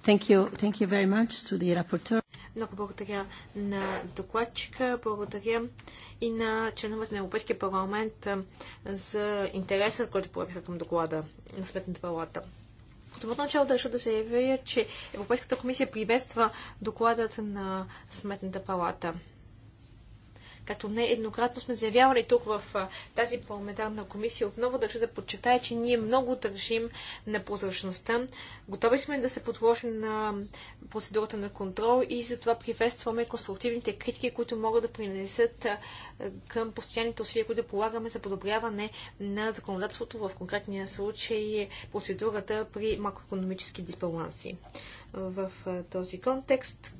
Thank you. Thank you very much to the rapporteur. Много благодаря на докладчика, благодаря и на членовете на Европейския парламент за интереса, който проявиха към доклада на Сметната палата. От самото начало държа да заявя, че Европейската комисия приветства докладът на Сметната палата. Като не еднократно сме заявявали тук в тази парламентарна комисия, отново държа да подчертая, че ние много държим на прозрачността. Готови сме да се подложим на процедурата на контрол и затова приветстваме конструктивните критики, които могат да принесат към постоянните усилия, които полагаме за подобряване на законодателството в конкретния случай е процедурата при макроекономически дисбаланси. В този контекст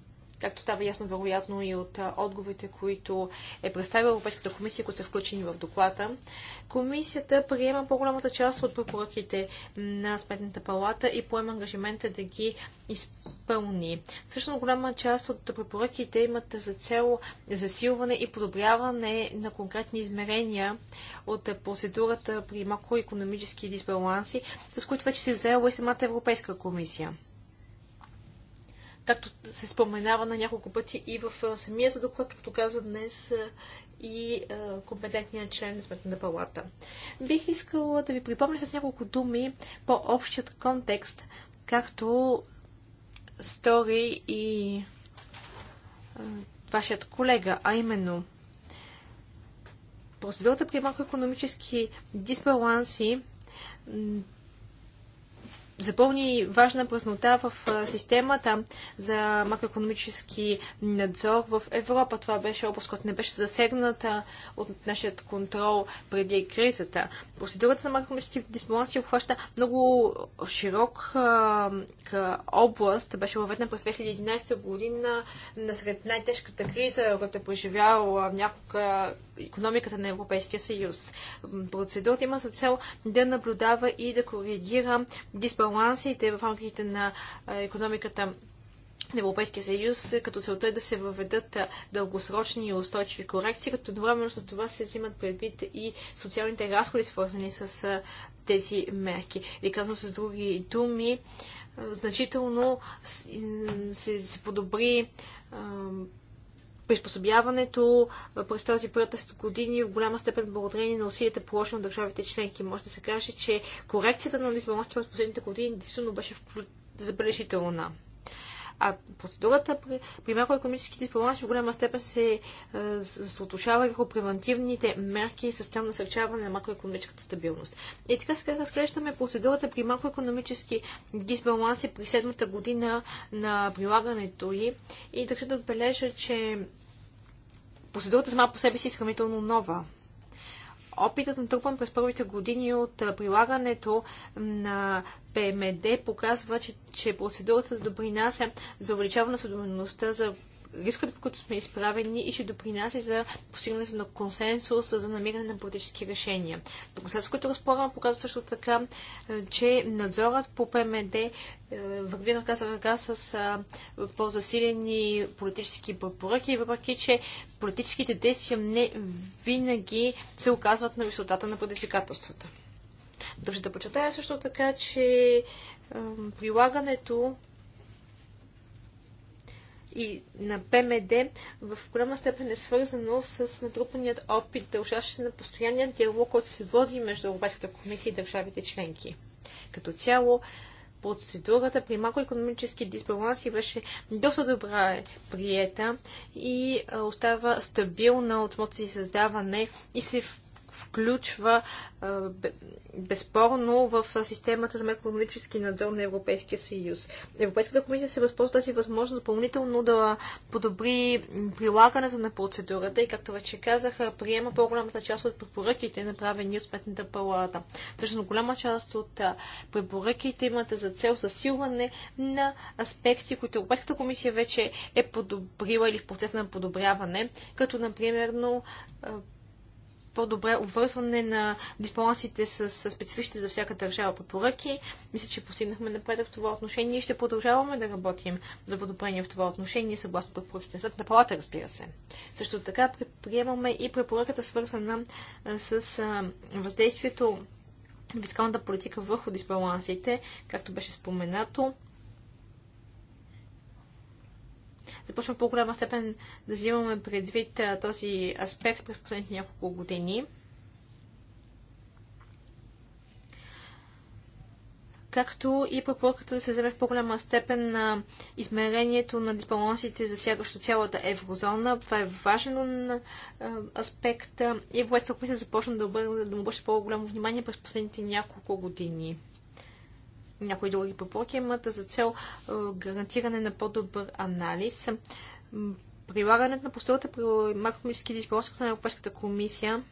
както става ясно вероятно и от отговорите, които е представила Европейската комисия, които са включени в доклада. Комисията приема по-голямата част от препоръките на Сметната палата и поема ангажимента да ги изпълни. Всъщност голяма част от препоръките имат за цел засилване и подобряване на конкретни измерения от процедурата при макроекономически дисбаланси, с които вече се е заела и самата Европейска комисия както се споменава на няколко пъти и в самията доклад, както каза днес и компетентният член на Сметната палата. Бих искала да ви припомня с няколко думи по-общият контекст, както стори и вашият колега, а именно процедурата при макроекономически дисбаланси запълни важна празнота в системата за макроекономически надзор в Европа. Това беше област, която не беше засегната от нашия контрол преди кризата. Процедурата за макроекономически дисбаланси обхваща много широк област. Беше въведена през 2011 година насред най-тежката криза, която е преживяла някога економиката на Европейския съюз. Процедурата има за цел да наблюдава и да коригира дисбаланси дисбалансите в рамките на економиката на Европейския съюз, като целта е да се въведат дългосрочни и устойчиви корекции, като едновременно с това се взимат предвид и социалните разходи, свързани с тези мерки. Или казвам с други думи, значително се подобри приспособяването през този период с години в голяма степен благодарение на усилията положени от държавите членки. Може да се каже, че корекцията на несбалансите през последните години действително беше забележителна. А процедурата при, при макроекономическите дисбаланси в голяма степен се е, съотношава върху превентивните мерки с цел насърчаване на макроекономическата стабилност. И така сега разглеждаме процедурата при макроекономически дисбаланси при седмата година на прилагането й. И държа да отбележа, че процедурата сама по себе си е сравнително нова опитът на тръпвам през първите години от прилагането на ПМД показва, че, че процедурата допринася за увеличаване на съдобността за рисковете, по които сме изправени и ще допринася за постигането на консенсус за намиране на политически решения. Докладът, което показва също така, е, че надзорът по ПМД е, върви ръка за ръка с по-засилени политически препоръки, въпреки че политическите действия не винаги се оказват на висотата на предизвикателствата. Държа да почетая също така, че прилагането и на ПМД в голяма степен е свързано с натрупаният опит, дължащ се на постоянния диалог, който се води между Европейската комисия и държавите членки. Като цяло, процедурата при макроекономически дисбаланси беше доста добра е приета и остава стабилна от моци създаване и се включва безспорно в системата за макроекономически надзор на Европейския съюз. Европейската комисия се възползва тази възможност допълнително да подобри прилагането на процедурата и, както вече казах, приема по-голямата част от препоръките, направени от Сметната палата. Всъщност, голяма част от препоръките имат за цел засилване на аспекти, които Европейската комисия вече е подобрила или в процес на подобряване, като, например, по-добре обвързване на диспонсите с, с специфичните за всяка държава препоръки. Мисля, че постигнахме напредък в това отношение и ще продължаваме да работим за подобрение в това отношение, съгласно препоръките на на палата, разбира се. Също така приемаме и препоръката, свързана с а, въздействието фискалната политика върху дисбалансите, както беше споменато. започва по-голяма степен да взимаме предвид този аспект през последните няколко години. както и препоръката да се вземе в по-голяма степен на измерението на дисбалансите, засягащо цялата еврозона. Това е важен аспект и Европейската комисия започна да, обърна, да му обръща по-голямо внимание през последните няколко години. Някои други препоръки имат за цел е, гарантиране на по-добър анализ. Прилагането на постелата при макроекономически въпросите на Европейската комисия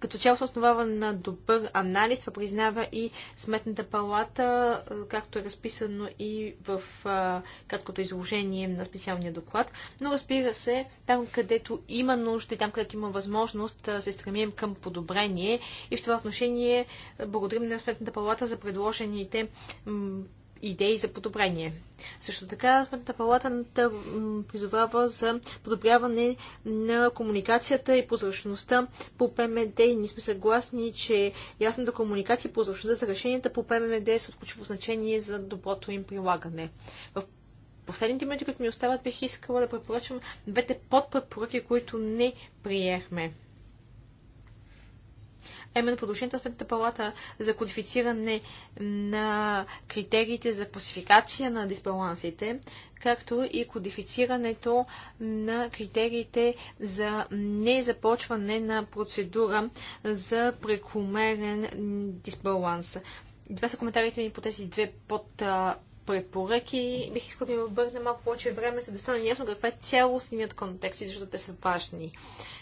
като цяло се основава на добър анализ. Това признава и Сметната палата, е, както е разписано и в е, краткото изложение на специалния доклад. Но разбира се, там където има нужда, и там където има възможност, е, се стремим към подобрение. И в това отношение благодарим на Сметната палата за предложените идеи за подобрение. Също така Сметната палата призовава за подобряване на комуникацията и прозрачността по ПМД и ние сме съгласни, че ясната комуникация и прозрачността за решенията по ПМД са от ключово значение за доброто им прилагане. В последните минути, които ми остават, бих искала да препоръчам двете подпрепоръки, които не приехме. Е, именно продължението на Сметната палата за кодифициране на критериите за класификация на дисбалансите, както и кодифицирането на критериите за незапочване на процедура за прекомерен дисбаланс. Два са коментарите ми по тези две под препоръки. Бих искал да им обърна малко повече време, за да стане ясно каква е цялостният контекст, защото те са важни.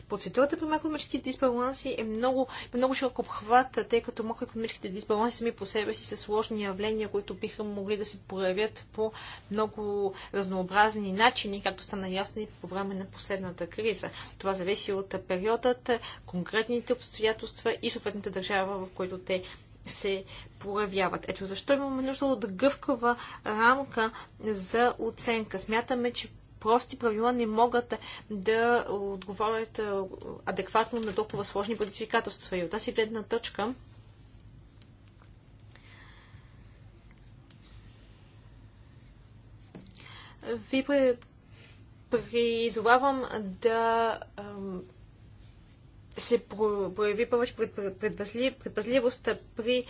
Процедурата при макроекономическите дисбаланси е много, много широк обхват, тъй като макроекономическите дисбаланси сами по себе си са сложни явления, които биха могли да се проявят по много разнообразни начини, както стана ясно и по време на последната криза. Това зависи от периодът, конкретните обстоятелства и съответната държава, в които те се проявяват. Ето защо имаме нужда от гъвкава рамка за оценка. Смятаме, че прости правила не могат да отговорят е, адекватно на толкова сложни предизвикателства. И от тази гледна точка ви призовавам да се прояви повече предпазливост при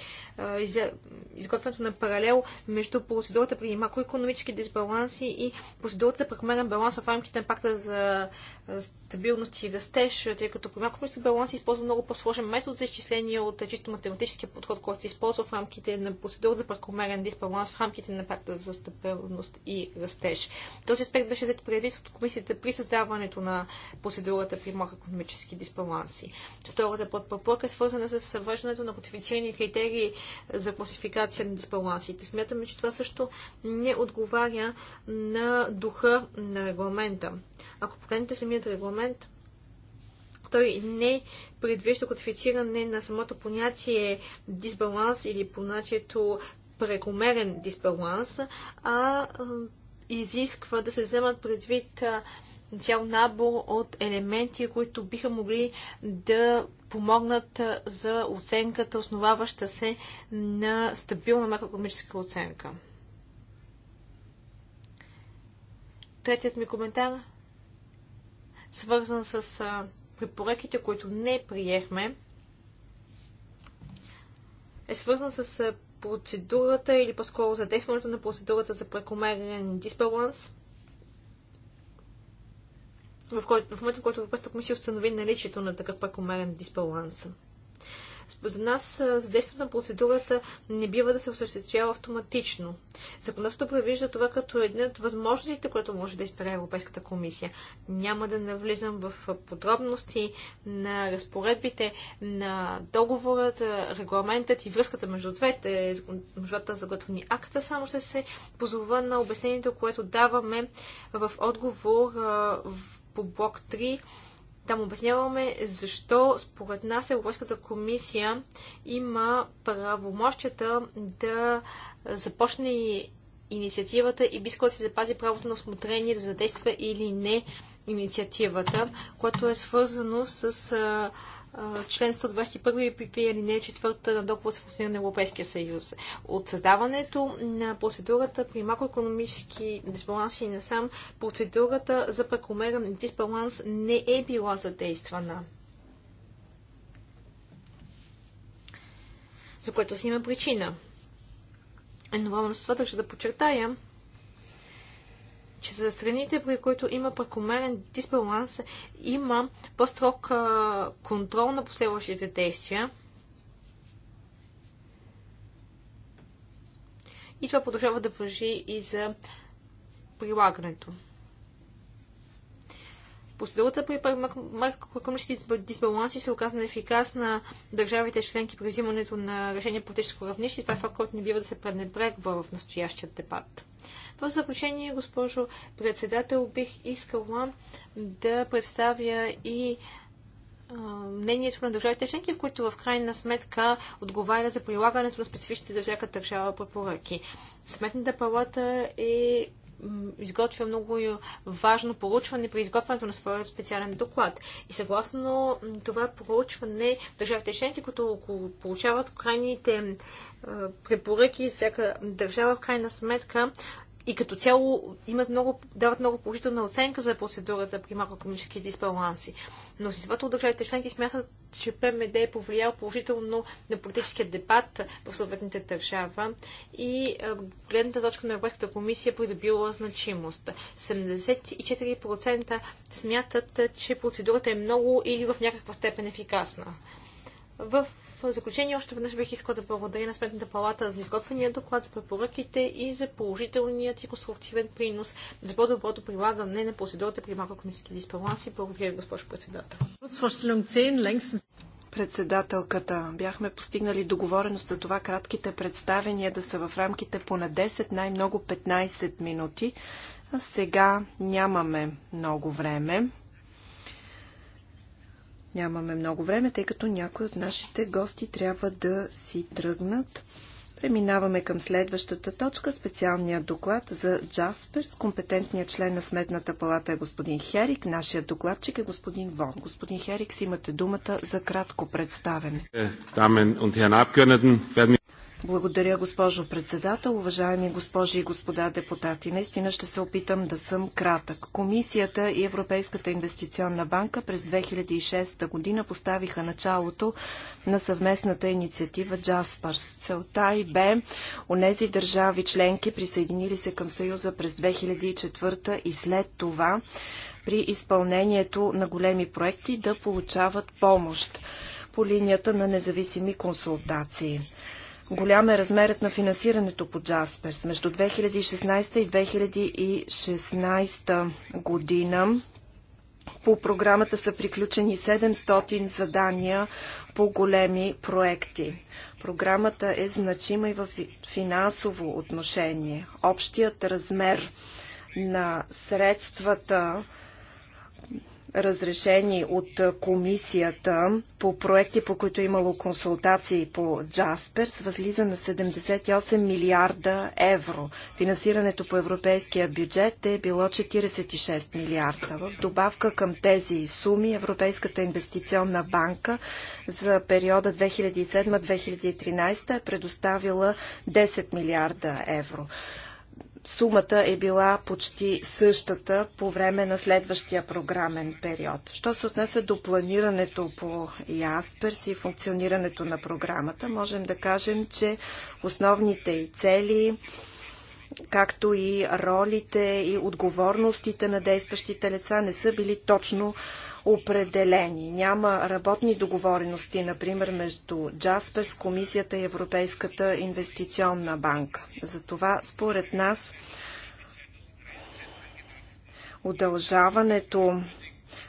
изготвянето на паралел между процедурата при макроекономически дисбаланси и процедурата за прекомерен баланс в рамките на пакта за стабилност и растеж, тъй като при макроекономически баланси използва много по-сложен метод за изчисление от чисто математическия подход, който се използва в рамките на процедурата за прекомерен дисбаланс в рамките на пакта за стабилност и растеж. Този аспект беше взет предвид от комисията при създаването на процедурата при макроекономически дисбаланс си. Втората подпопорка е свързана с съвършването на кодифицирани критерии за класификация на дисбалансите. Смятаме, че това също не отговаря на духа на регламента. Ако погледнете самият регламент, той не предвижда кодифициране на самото понятие дисбаланс или понятието прекомерен дисбаланс, а изисква да се вземат предвид цял набор от елементи, които биха могли да помогнат за оценката, основаваща се на стабилна макроекономическа оценка. Третият ми коментар, свързан с препоръките, които не приехме, е свързан с процедурата или по-скоро задействането на процедурата за прекомерен дисбаланс – в, който, в момента, в който Европейската комисия установи наличието на такъв прекомерен дисбаланс. За нас задействието на процедурата не бива да се осъществява автоматично. Законодателството предвижда това като една от възможностите, което може да изпере Европейската комисия. Няма да навлизам в подробности на разпоредбите на договорът, регламентът и връзката между двете, между двата законодателни акта, само ще се позова на обяснението, което даваме в отговор в по блок 3. Там обясняваме защо според нас Европейската комисия има правомощията да започне инициативата и би искала да си запази правото на осмотрение да задейства или не инициативата, което е свързано с член 121 е при или не 4 на договор за функциониране на Европейския съюз. От създаването на процедурата при макроекономически дисбаланси и насам процедурата за прекомерен дисбаланс не е била задействана. За което си има причина. Едновременно с това държа да подчертая, че за страните, при които има прекомерен дисбаланс, има по-строг контрол на последващите действия. И това продължава да въжи и за прилагането. Процедурата при макроекономически дисбаланси се оказа неефикасна на държавите членки при взимането на решение по тежко равнище и това е факт, който не бива да се пренебрегва в настоящия дебат. В заключение, госпожо председател, бих искала да представя и мнението на държавите членки, в които в крайна сметка отговарят за прилагането на специфичните за всяка държава препоръки. Сметната палата е изготвя много е, важно поручване при изготвянето на своя специален доклад. И съгласно това поручване, държавите членки, които получават крайните препоръки всяка държава, в крайна сметка и като цяло имат много, дават много положителна оценка за процедурата при макроекономически дисбаланси. Но си от държавите членки смятат, че ПМД е повлиял положително на политическия дебат в съответните държава и е, гледната точка на Европейската комисия придобила значимост. 74% смятат, че процедурата е много или в някаква степен ефикасна. В заключение още веднъж бих искала да благодаря на Сметната палата за изготвения доклад, за препоръките и за положителният и конструктивен принос за по-доброто прилагане на процедурата при макроекономически дисбаланси. Благодаря ви, госпожо председател. Председателката, бяхме постигнали договореност за това кратките представения да са в рамките по на 10, най-много 15 минути. А сега нямаме много време. Нямаме много време, тъй като някои от нашите гости трябва да си тръгнат. Преминаваме към следващата точка, Специалният доклад за Джасперс. Компетентният член на Сметната палата е господин Херик. Нашият докладчик е господин Вон. Господин Херик, си имате думата за кратко представене. Е, благодаря, госпожо председател. Уважаеми госпожи и господа депутати, наистина ще се опитам да съм кратък. Комисията и Европейската инвестиционна банка през 2006 година поставиха началото на съвместната инициатива Jaspers. Целта и бе нези държави членки присъединили се към Съюза през 2004 и след това при изпълнението на големи проекти да получават помощ по линията на независими консултации. Голям е размерът на финансирането по Джасперс. Между 2016 и 2016 година по програмата са приключени 700 задания по големи проекти. Програмата е значима и в финансово отношение. Общият размер на средствата разрешени от комисията по проекти, по които е имало консултации по Джасперс, възлиза на 78 милиарда евро. Финансирането по европейския бюджет е било 46 милиарда. В добавка към тези суми Европейската инвестиционна банка за периода 2007-2013 е предоставила 10 милиарда евро сумата е била почти същата по време на следващия програмен период. Що се отнесе до планирането по Ясперс и функционирането на програмата, можем да кажем, че основните и цели, както и ролите и отговорностите на действащите лица не са били точно определени. Няма работни договорености, например, между Джаспес, Комисията и Европейската инвестиционна банка. Затова, според нас, удължаването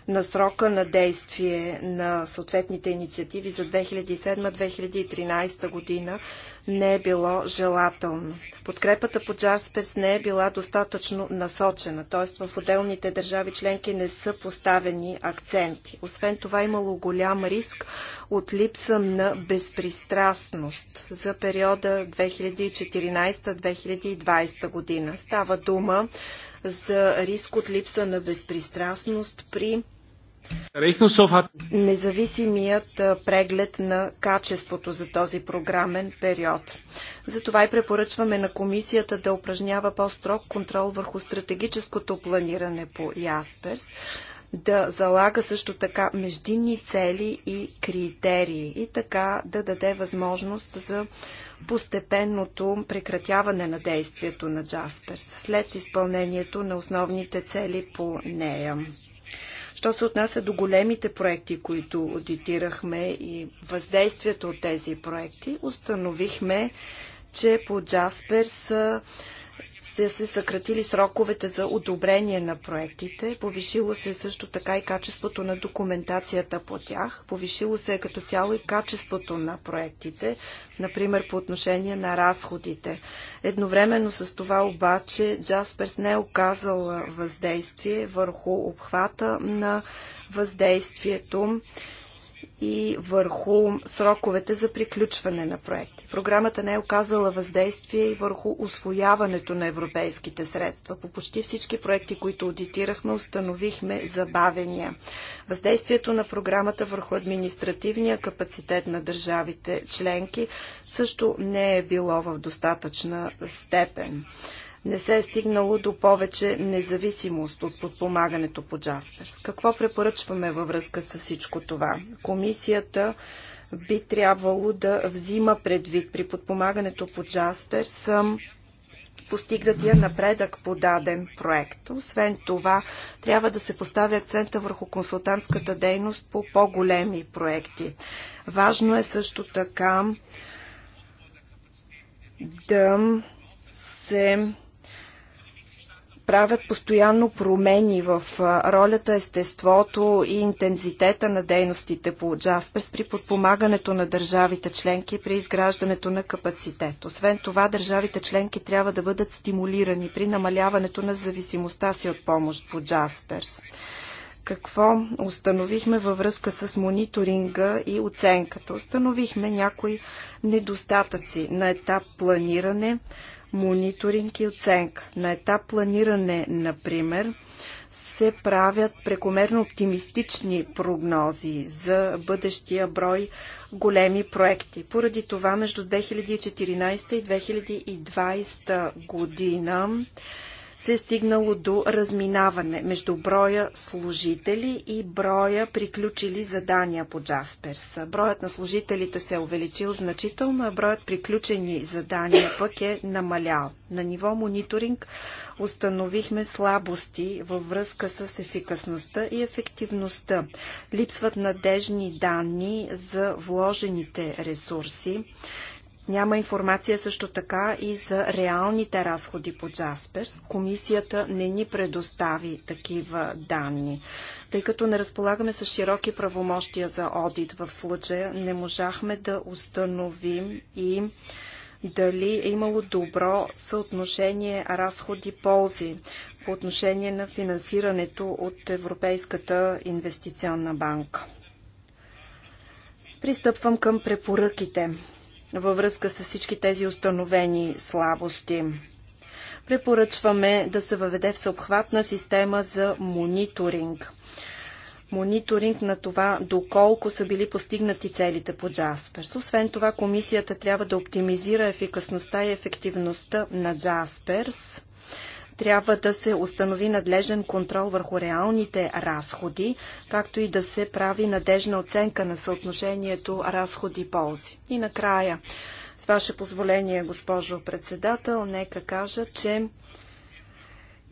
на срока на действие на съответните инициативи за 2007-2013 година не е било желателно. Подкрепата по Джасперс не е била достатъчно насочена, т.е. в отделните държави членки не са поставени акценти. Освен това имало голям риск от липса на безпристрастност за периода 2014-2020 година. Става дума за риск от липса на безпристрастност при Независимият преглед на качеството за този програмен период. Затова и препоръчваме на комисията да упражнява по-строг контрол върху стратегическото планиране по Ясперс, да залага също така междинни цели и критерии и така да даде възможност за постепенното прекратяване на действието на Джасперс след изпълнението на основните цели по нея. Що се отнася до големите проекти, които аудитирахме и въздействието от тези проекти, установихме, че по Джаспер са са се съкратили сроковете за одобрение на проектите, повишило се също така и качеството на документацията по тях, повишило се е като цяло и качеството на проектите, например по отношение на разходите. Едновременно с това обаче Джасперс не е оказал въздействие върху обхвата на въздействието и върху сроковете за приключване на проекти. Програмата не е оказала въздействие и върху освояването на европейските средства. По почти всички проекти, които аудитирахме, установихме забавения. Въздействието на програмата върху административния капацитет на държавите членки също не е било в достатъчна степен не се е стигнало до повече независимост от подпомагането по Джасперс. Какво препоръчваме във връзка с всичко това? Комисията би трябвало да взима предвид при подпомагането по Джасперс постигнатия напредък по даден проект. Освен това, трябва да се постави акцента върху консултантската дейност по по-големи проекти. Важно е също така да се правят постоянно промени в ролята, естеството и интензитета на дейностите по Джаспес при подпомагането на държавите членки при изграждането на капацитет. Освен това, държавите членки трябва да бъдат стимулирани при намаляването на зависимостта си от помощ по Джасперс какво установихме във връзка с мониторинга и оценката. Установихме някои недостатъци на етап планиране, мониторинг и оценка. На етап планиране, например, се правят прекомерно оптимистични прогнози за бъдещия брой големи проекти. Поради това между 2014 и 2020 година се е стигнало до разминаване между броя служители и броя приключили задания по Джасперс. Броят на служителите се е увеличил значително, а броят приключени задания пък е намалял. На ниво мониторинг установихме слабости във връзка с ефикасността и ефективността. Липсват надежни данни за вложените ресурси няма информация също така и за реалните разходи по Джасперс. Комисията не ни предостави такива данни. Тъй като не разполагаме с широки правомощия за одит в случая, не можахме да установим и дали е имало добро съотношение разходи-ползи по отношение на финансирането от Европейската инвестиционна банка. Пристъпвам към препоръките във връзка с всички тези установени слабости. Препоръчваме да се въведе всеобхватна система за мониторинг. Мониторинг на това доколко са били постигнати целите по Джасперс. Освен това, комисията трябва да оптимизира ефикасността и ефективността на Джасперс трябва да се установи надлежен контрол върху реалните разходи, както и да се прави надежна оценка на съотношението разходи-ползи. И накрая, с ваше позволение, госпожо председател, нека кажа, че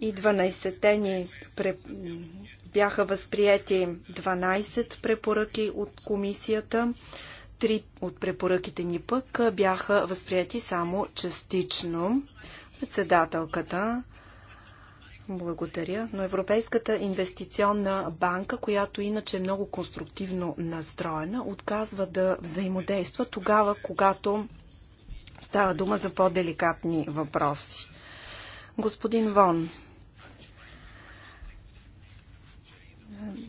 и 12-те ни преп... бяха възприяти 12 препоръки от комисията. Три от препоръките ни пък бяха възприяти само частично. Председателката, благодаря. Но Европейската инвестиционна банка, която иначе е много конструктивно настроена, отказва да взаимодейства тогава, когато става дума за по-деликатни въпроси. Господин Вон,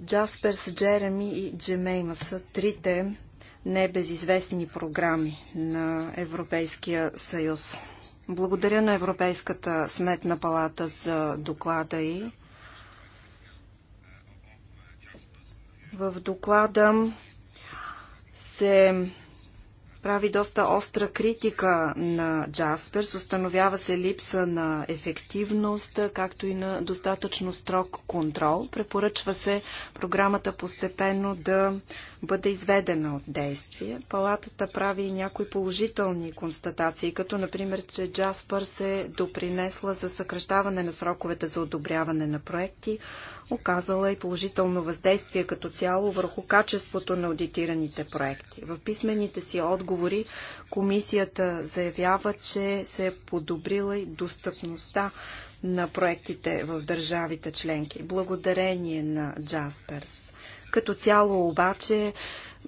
Джасперс, Джереми и Джемейма са трите небезизвестни програми на Европейския съюз. Благодаря на Европейската сметна палата за доклада и В доклада се прави доста остра критика на Джасперс. Установява се липса на ефективност, както и на достатъчно строг контрол. Препоръчва се програмата постепенно да бъде изведена от действие. Палатата прави и някои положителни констатации, като например, че Джаспър се е допринесла за съкръщаване на сроковете за одобряване на проекти, оказала и положително въздействие като цяло върху качеството на аудитираните проекти. В писмените си отговори комисията заявява, че се е подобрила и достъпността на проектите в държавите членки, благодарение на Джасперс. Като цяло обаче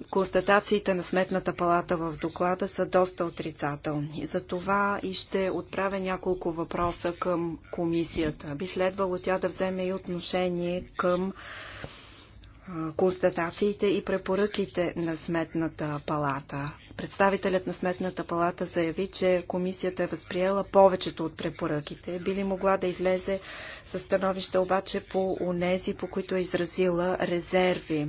констатациите на Сметната палата в доклада са доста отрицателни. Затова и ще отправя няколко въпроса към комисията. Би следвало тя да вземе и отношение към констатациите и препоръките на Сметната палата. Представителят на Сметната палата заяви, че комисията е възприела повечето от препоръките. Би ли могла да излезе със становище обаче по унези, по които е изразила резерви?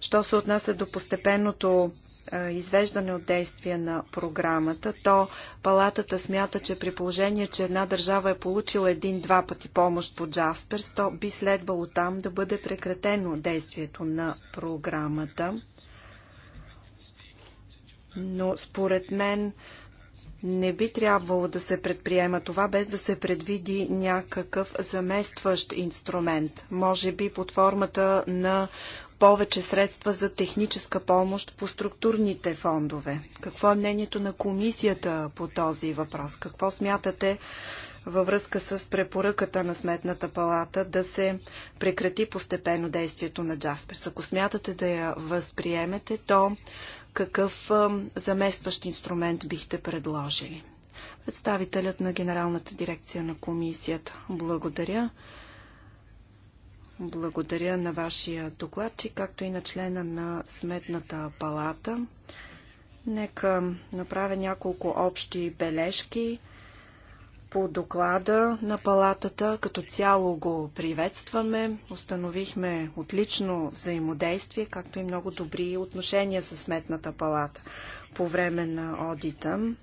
Що се отнася до постепенното е, извеждане от действие на програмата, то палатата смята, че при положение, че една държава е получила един-два пъти помощ по Джасперс, то би следвало там да бъде прекратено действието на програмата но според мен не би трябвало да се предприема това без да се предвиди някакъв заместващ инструмент. Може би под формата на повече средства за техническа помощ по структурните фондове. Какво е мнението на комисията по този въпрос? Какво смятате във връзка с препоръката на Сметната палата да се прекрати постепенно действието на Джасперс? Ако смятате да я възприемете, то какъв заместващ инструмент бихте предложили? Представителят на Генералната дирекция на комисията. Благодаря. Благодаря на вашия докладчик, както и на члена на Сметната палата. Нека направя няколко общи бележки по доклада на палатата. Като цяло го приветстваме. Установихме отлично взаимодействие, както и много добри отношения с Сметната палата по време на одита.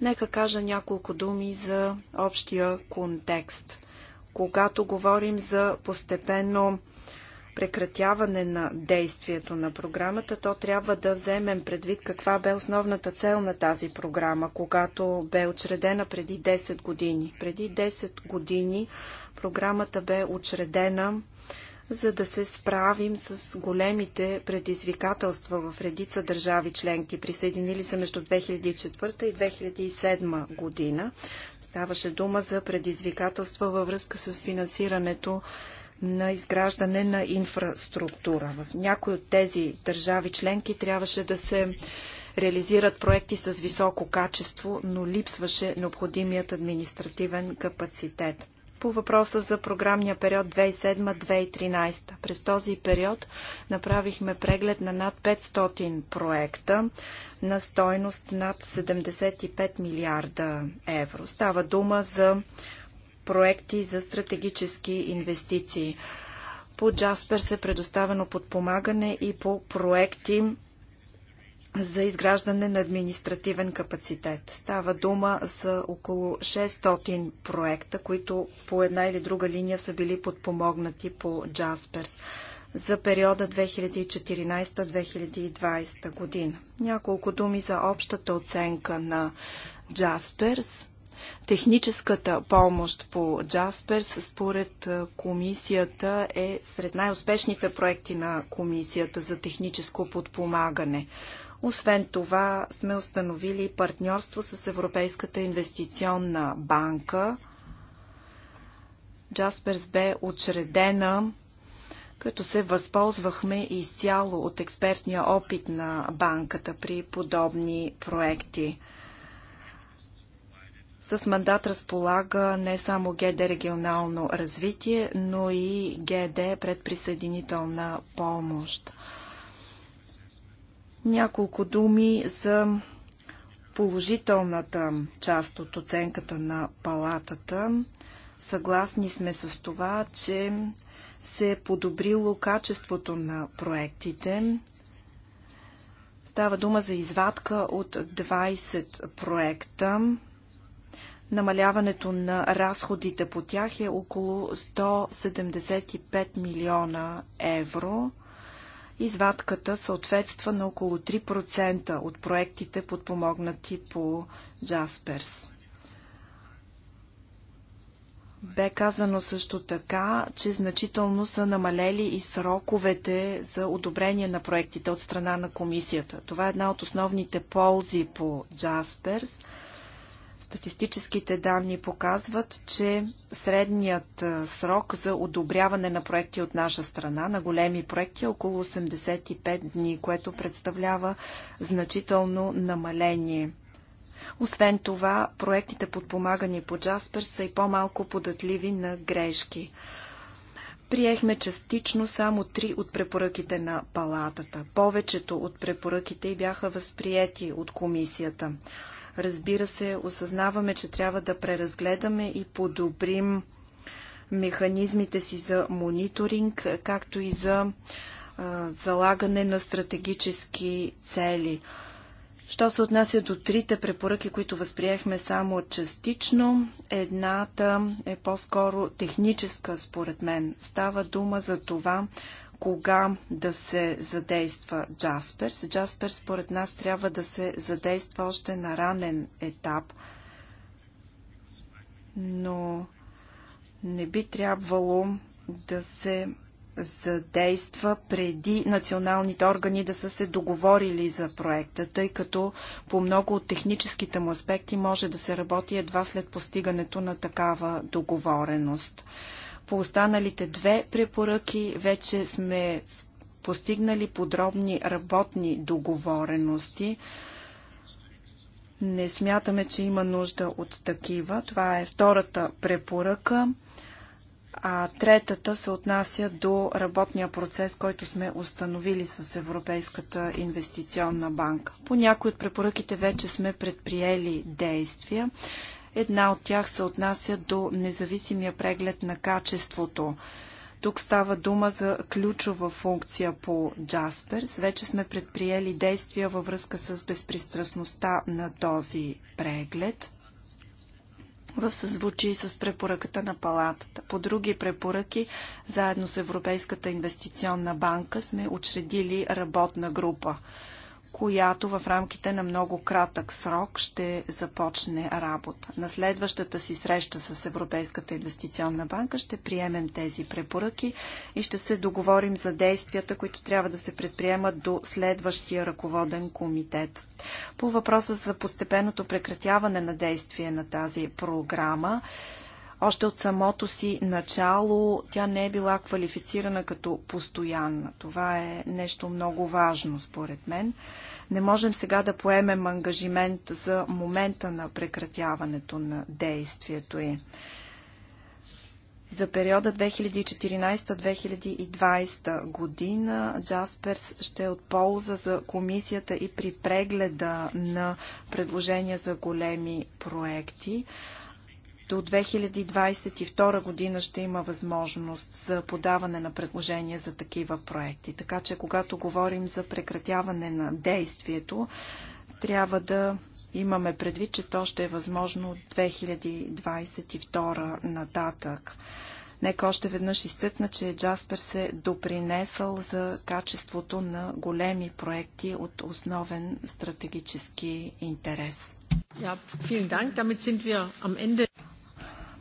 Нека кажа няколко думи за общия контекст. Когато говорим за постепенно прекратяване на действието на програмата, то трябва да вземем предвид каква бе основната цел на тази програма, когато бе учредена преди 10 години. Преди 10 години програмата бе учредена за да се справим с големите предизвикателства в редица държави членки. Присъединили се между 2004 и 2007 година. Ставаше дума за предизвикателства във връзка с финансирането на изграждане на инфраструктура. В някои от тези държави членки трябваше да се реализират проекти с високо качество, но липсваше необходимият административен капацитет. По въпроса за програмния период 2007-2013. През този период направихме преглед на над 500 проекта на стойност над 75 милиарда евро. Става дума за проекти за стратегически инвестиции. По Джасперс е предоставено подпомагане и по проекти за изграждане на административен капацитет. Става дума за около 600 проекта, които по една или друга линия са били подпомогнати по Джасперс за периода 2014-2020 година. Няколко думи за общата оценка на Джасперс. Техническата помощ по Джаспер, според комисията е сред най-успешните проекти на комисията за техническо подпомагане. Освен това сме установили партньорство с Европейската инвестиционна банка. Джасперс бе учредена като се възползвахме изцяло от експертния опит на банката при подобни проекти. С мандат разполага не само ГД регионално развитие, но и ГД предприсъединителна помощ. Няколко думи за положителната част от оценката на палатата. Съгласни сме с това, че се е подобрило качеството на проектите. Става дума за извадка от 20 проекта. Намаляването на разходите по тях е около 175 милиона евро. Извадката съответства на около 3% от проектите, подпомогнати по Jaspers. Бе казано също така, че значително са намалели и сроковете за одобрение на проектите от страна на комисията. Това е една от основните ползи по Jaspers – Статистическите данни показват, че средният срок за одобряване на проекти от наша страна, на големи проекти е около 85 дни, което представлява значително намаление. Освен това, проектите подпомагани по Джаспер са и по-малко податливи на грешки. Приехме частично само три от препоръките на палатата. Повечето от препоръките й бяха възприяти от комисията. Разбира се, осъзнаваме, че трябва да преразгледаме и подобрим механизмите си за мониторинг, както и за а, залагане на стратегически цели. Що се отнася до трите препоръки, които възприехме само частично, едната е по-скоро техническа, според мен. Става дума за това кога да се задейства Джасперс. Джасперс според нас трябва да се задейства още на ранен етап, но не би трябвало да се задейства преди националните органи да са се договорили за проекта, тъй като по много от техническите му аспекти може да се работи едва след постигането на такава договореност. По останалите две препоръки вече сме постигнали подробни работни договорености. Не смятаме, че има нужда от такива. Това е втората препоръка. А третата се отнася до работния процес, който сме установили с Европейската инвестиционна банка. По някои от препоръките вече сме предприели действия. Една от тях се отнася до независимия преглед на качеството. Тук става дума за ключова функция по Джасперс. Вече сме предприели действия във връзка с безпристрастността на този преглед в съзвучие с препоръката на палатата. По други препоръки, заедно с Европейската инвестиционна банка, сме учредили работна група която в рамките на много кратък срок ще започне работа. На следващата си среща с Европейската инвестиционна банка ще приемем тези препоръки и ще се договорим за действията, които трябва да се предприемат до следващия ръководен комитет. По въпроса за постепенното прекратяване на действие на тази програма, още от самото си начало тя не е била квалифицирана като постоянна. Това е нещо много важно, според мен. Не можем сега да поемем ангажимент за момента на прекратяването на действието й. За периода 2014-2020 година Джасперс ще е от полза за комисията и при прегледа на предложения за големи проекти. До 2022 година ще има възможност за подаване на предложения за такива проекти. Така че, когато говорим за прекратяване на действието, трябва да имаме предвид, че то ще е възможно от 2022 нататък. Нека още веднъж изтъкна, че Джаспер се допринесъл за качеството на големи проекти от основен стратегически интерес.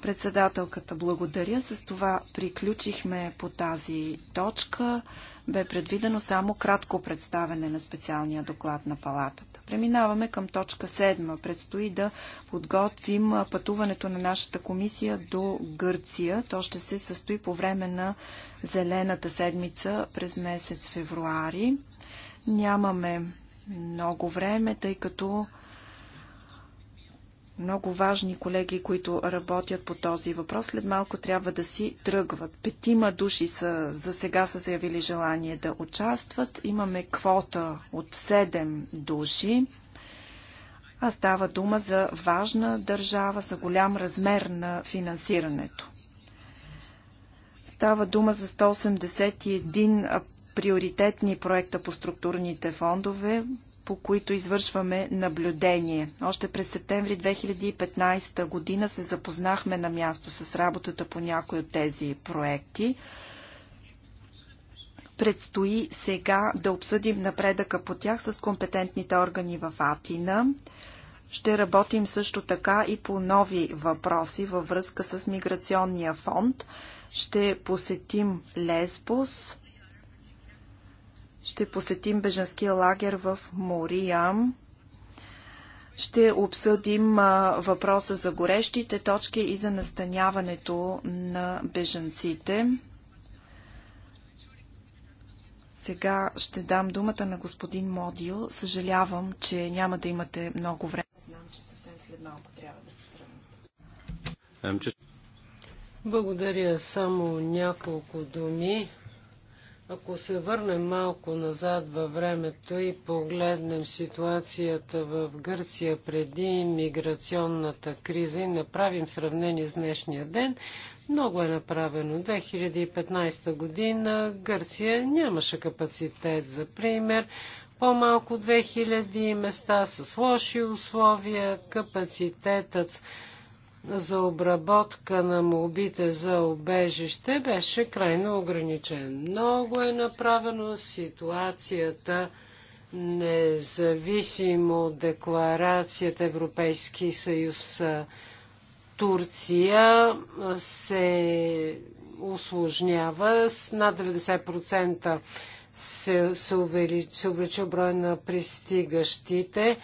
Председателката благодаря. С това приключихме по тази точка бе предвидено само кратко представене на специалния доклад на палатата. Преминаваме към точка 7. Предстои да подготвим пътуването на нашата комисия до Гърция. То ще се състои по време на Зелената седмица през месец февруари. Нямаме много време, тъй като много важни колеги, които работят по този въпрос. След малко трябва да си тръгват. Петима души са, за сега са заявили желание да участват. Имаме квота от 7 души. А става дума за важна държава, за голям размер на финансирането. Става дума за 181 приоритетни проекта по структурните фондове, по които извършваме наблюдение. Още през септември 2015 година се запознахме на място с работата по някои от тези проекти. Предстои сега да обсъдим напредъка по тях с компетентните органи в Атина. Ще работим също така и по нови въпроси във връзка с миграционния фонд. Ще посетим Лесбос, ще посетим беженския лагер в Мориям. Ще обсъдим въпроса за горещите точки и за настаняването на беженците. Сега ще дам думата на господин Модио. Съжалявам, че няма да имате много време. Знам, че съвсем след малко трябва да се тръгнете. Благодаря. Само няколко думи. Ако се върнем малко назад във времето и погледнем ситуацията в Гърция преди миграционната криза и направим сравнение с днешния ден, много е направено. 2015 година Гърция нямаше капацитет за пример. По-малко 2000 места с лоши условия, капацитетът за обработка на молбите за обежище беше крайно ограничен. Много е направено ситуацията, независимо от декларацията Европейски съюз Турция се усложнява с над 90% се, се увеличи броя на пристигащите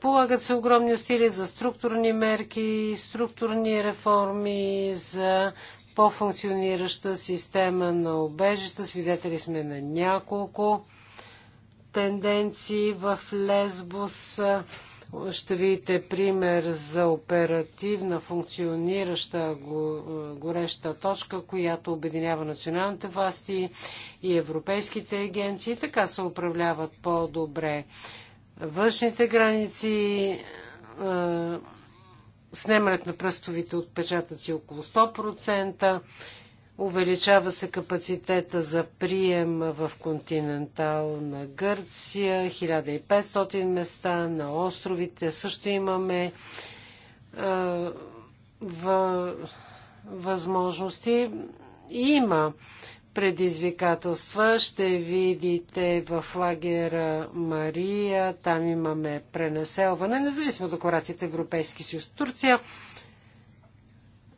Полагат се огромни усилия за структурни мерки, структурни реформи, за по-функционираща система на обежища. Свидетели сме на няколко тенденции в Лесбос. Ще видите пример за оперативна функционираща гореща точка, която обединява националните власти и европейските агенции. Така се управляват по-добре външните граници, снемането на пръстовите отпечатъци около 100%, увеличава се капацитета за прием в континентална Гърция, 1500 места, на островите също имаме в възможности. Има предизвикателства. Ще видите в лагера Мария, там имаме пренаселване, независимо от декларацията Европейски съюз Турция.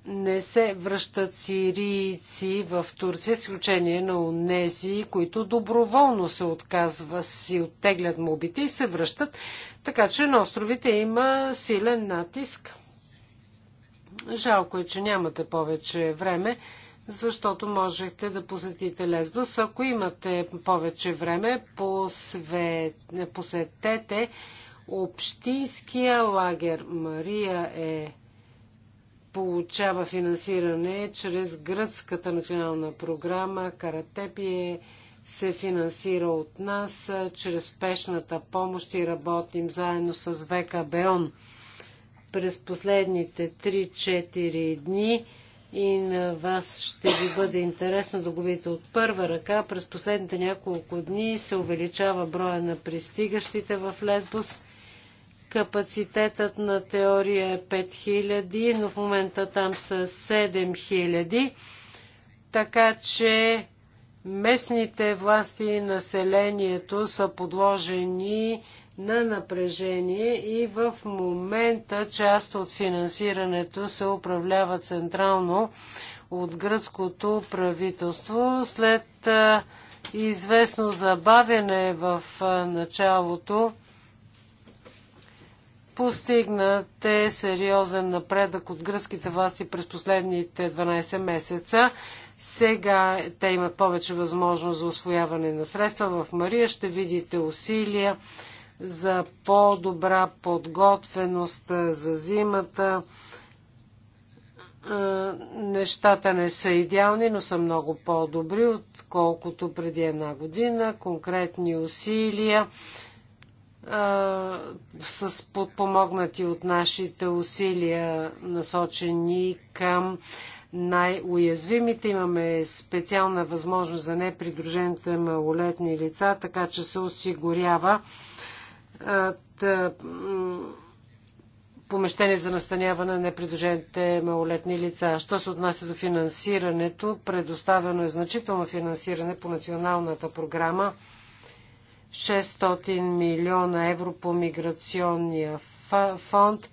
Не се връщат сирийци в Турция, с изключение на унези, които доброволно се отказва, си оттеглят мобите и се връщат. Така че на островите има силен натиск. Жалко е, че нямате повече време защото можете да посетите Лесбос. Ако имате повече време, посвет... посетете общинския лагер. Мария е получава финансиране чрез гръцката национална програма. Каратепие се финансира от нас чрез спешната помощ и работим заедно с ВКБОН. През последните 3-4 дни и на вас ще ви бъде интересно да го видите от първа ръка. През последните няколко дни се увеличава броя на пристигащите в Лесбос. Капацитетът на теория е 5000, но в момента там са 7000. Така че местните власти и населението са подложени на напрежение и в момента част от финансирането се управлява централно от гръцкото правителство. След известно забавяне в началото постигнате сериозен напредък от гръцките власти през последните 12 месеца. Сега те имат повече възможност за освояване на средства. В Мария ще видите усилия за по-добра подготвеност за зимата. Е, нещата не са идеални, но са много по-добри, отколкото преди една година. Конкретни усилия е, с подпомогнати от нашите усилия, насочени към най-уязвимите. Имаме специална възможност за непридружените малолетни лица, така че се осигурява е, помещение за настаняване на непридружените малолетни лица. Що се отнася до финансирането, предоставено е значително финансиране по националната програма 600 милиона евро по миграционния фонд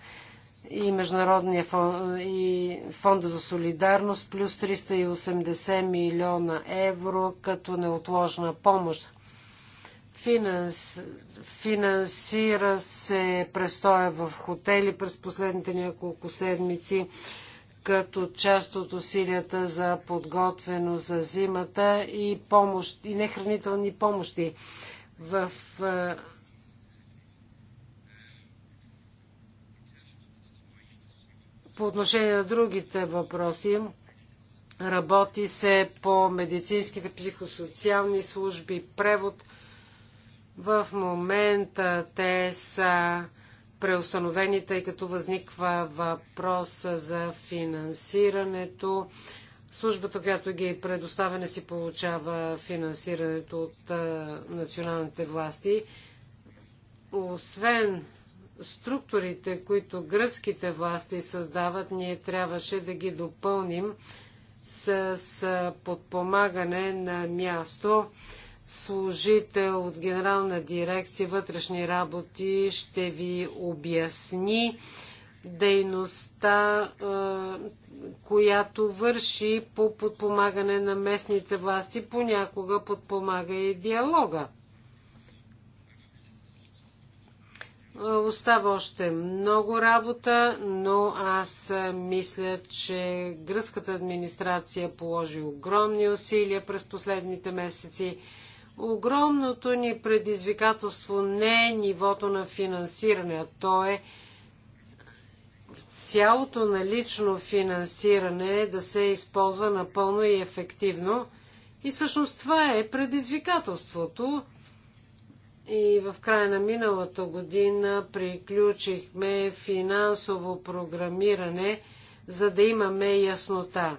и Международния фонд, и фонда за солидарност плюс 380 милиона евро като неотложна помощ. Финанс... Финансира се престоя в хотели през последните няколко седмици като част от усилията за подготвено за зимата и, помощ, и нехранителни помощи. В По отношение на другите въпроси, работи се по медицинските психосоциални служби, превод – в момента те са преустановени, тъй като възниква въпрос за финансирането. Службата, която ги предоставя, не си получава финансирането от националните власти. Освен структурите, които гръцките власти създават, ние трябваше да ги допълним с подпомагане на място служител от Генерална дирекция вътрешни работи ще ви обясни дейността, е, която върши по подпомагане на местните власти, понякога подпомага и диалога. Е, остава още много работа, но аз мисля, че гръцката администрация положи огромни усилия през последните месеци Огромното ни предизвикателство не е нивото на финансиране, а то е цялото налично финансиране да се използва напълно и ефективно. И всъщност това е предизвикателството. И в края на миналата година приключихме финансово програмиране, за да имаме яснота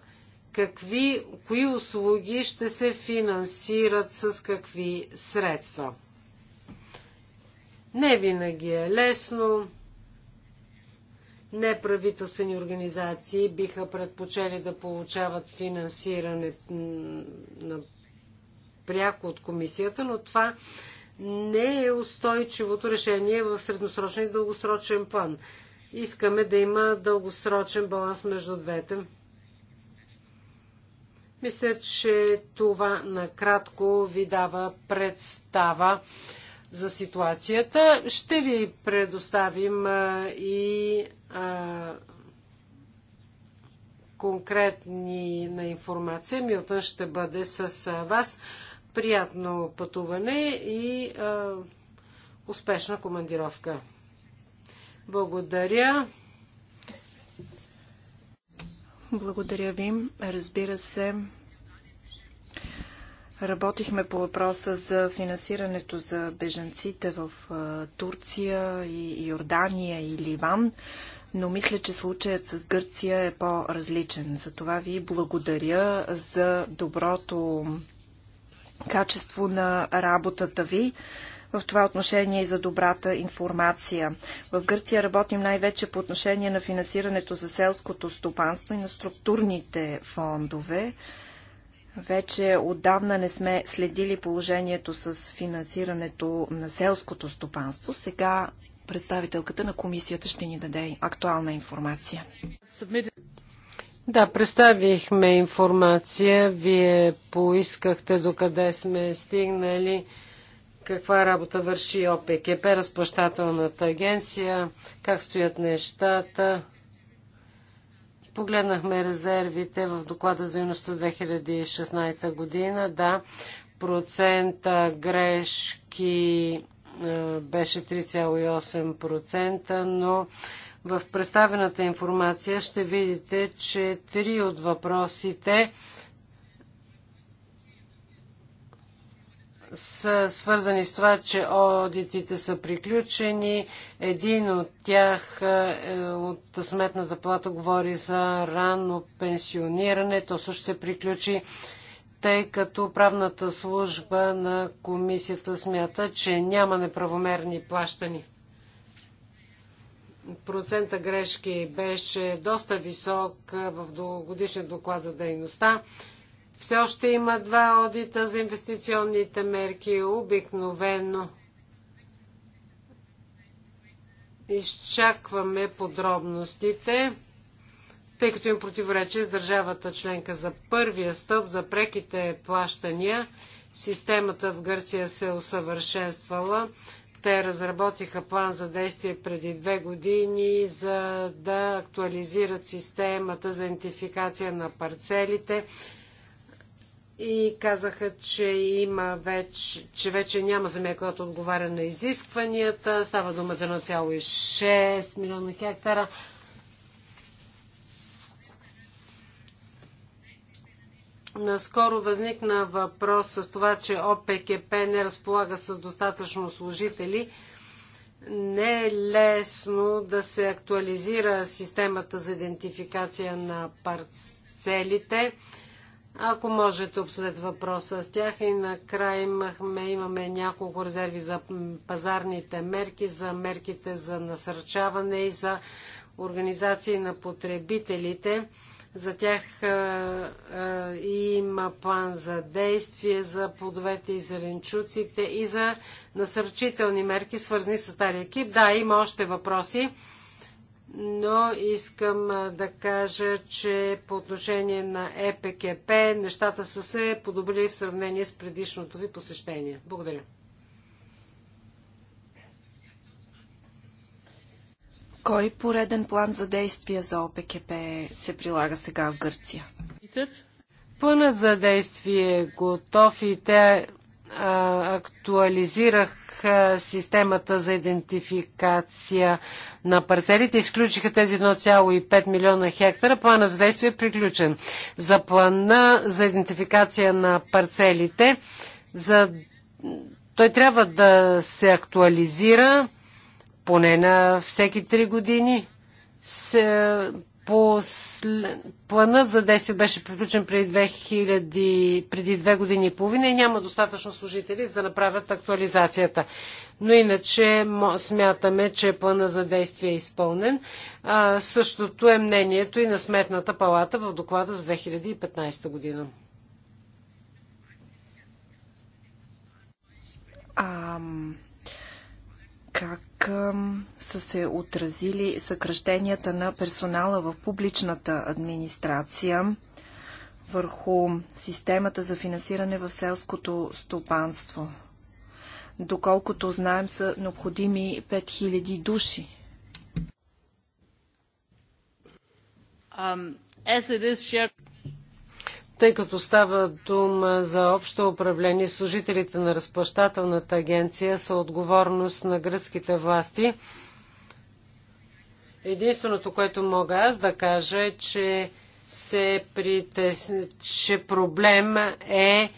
какви, кои услуги ще се финансират с какви средства. Не винаги е лесно. Неправителствени организации биха предпочели да получават финансиране на пряко от комисията, но това не е устойчивото решение в средносрочен и дългосрочен план. Искаме да има дългосрочен баланс между двете. Мисля, че това накратко ви дава представа за ситуацията. Ще ви предоставим и а, конкретни на информация. Милтън ще бъде с вас. Приятно пътуване и а, успешна командировка. Благодаря. Благодаря ви. Разбира се, Работихме по въпроса за финансирането за бежанците в Турция и Йордания и Ливан, но мисля, че случаят с Гърция е по-различен. За това ви благодаря за доброто качество на работата ви в това отношение и за добрата информация. В Гърция работим най-вече по отношение на финансирането за селското стопанство и на структурните фондове. Вече отдавна не сме следили положението с финансирането на селското стопанство. Сега представителката на комисията ще ни даде актуална информация. Да, представихме информация. Вие поискахте докъде сме стигнали каква работа върши ОПКП, е разплащателната агенция, как стоят нещата. Погледнахме резервите в доклада за дейността 2016 година. Да, процента грешки беше 3,8%, но в представената информация ще видите, че три от въпросите са свързани с това, че одитите са приключени. Един от тях е, е, от Сметната плата говори за ранно пенсиониране. То също се приключи, тъй като правната служба на комисията смята, че няма неправомерни плащани. Процента грешки беше доста висок е, в годишния доклад за дейността. Все още има два одита за инвестиционните мерки. Обикновено изчакваме подробностите, тъй като им противоречи с държавата членка за първия стъп за преките плащания. Системата в Гърция се е усъвършенствала. Те разработиха план за действие преди две години, за да актуализират системата за идентификация на парцелите и казаха, че има вече, че вече няма земя, която отговаря на изискванията. Става дума за 1,6 милиона хектара. Наскоро възникна въпрос с това, че ОПКП не разполага с достатъчно служители. Не е лесно да се актуализира системата за идентификация на парцелите. Ако можете, обсъдете въпроса с тях. И накрая имахме, имаме няколко резерви за пазарните мерки, за мерките за насърчаване и за организации на потребителите. За тях а, е, а, е, има план за действие за плодовете и зеленчуците и за насърчителни мерки, свързани с стария екип. Да, има още въпроси но искам да кажа, че по отношение на ЕПКП нещата са се подобрили в сравнение с предишното ви посещение. Благодаря. Кой пореден план за действие за ОПКП се прилага сега в Гърция? Планът за действие е готов и те актуализирах системата за идентификация на парцелите. Изключиха тези 1,5 милиона хектара. Плана за действие е приключен. За плана за идентификация на парцелите, за... той трябва да се актуализира поне на всеки 3 години. Планът за действие беше приключен преди, 2000... преди две години и половина и няма достатъчно служители за да направят актуализацията. Но иначе смятаме, че плана за действие е изпълнен. А, същото е мнението и на Сметната палата в доклада за 2015 година. А, как как са се отразили съкръщенията на персонала в публичната администрация върху системата за финансиране в селското стопанство? Доколкото знаем, са необходими 5000 души. Um, тъй като става дума за общо управление, служителите на разплащателната агенция са отговорност на гръцките власти. Единственото, което мога аз да кажа е, че, се притес... че проблем е, е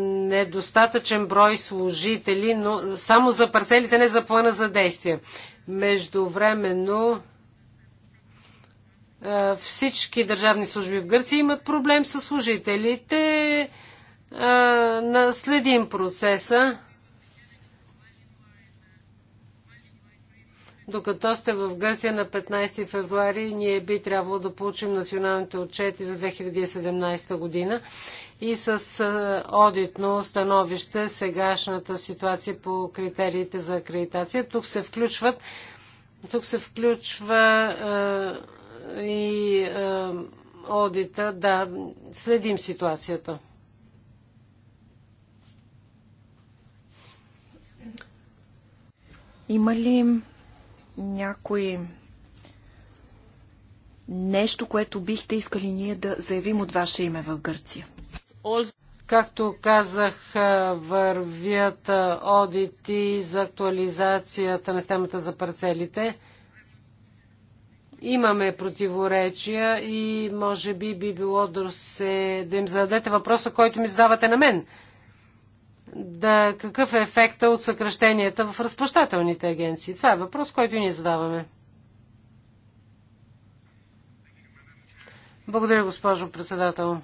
недостатъчен брой служители, но само за парцелите, не за плана за действие. Междувременно е, всички държавни служби в Гърция имат проблем с служителите. Е, Следим процеса. Докато сте в Гърция на 15 февруари, ние би трябвало да получим националните отчети за 2017 година и с е, одитно становище сегашната ситуация по критериите за акредитация. Тук се включват тук се включва и е, одита, да, следим ситуацията. Има ли някои нещо, което бихте искали ние да заявим от ваше име в Гърция? Както казах, е, вървят е, одити за актуализацията на системата за парцелите имаме противоречия и може би би било да, се, да им зададете въпроса, който ми задавате на мен. Да, какъв е ефекта от съкръщенията в разплащателните агенции? Това е въпрос, който и ние задаваме. Благодаря, госпожо председател.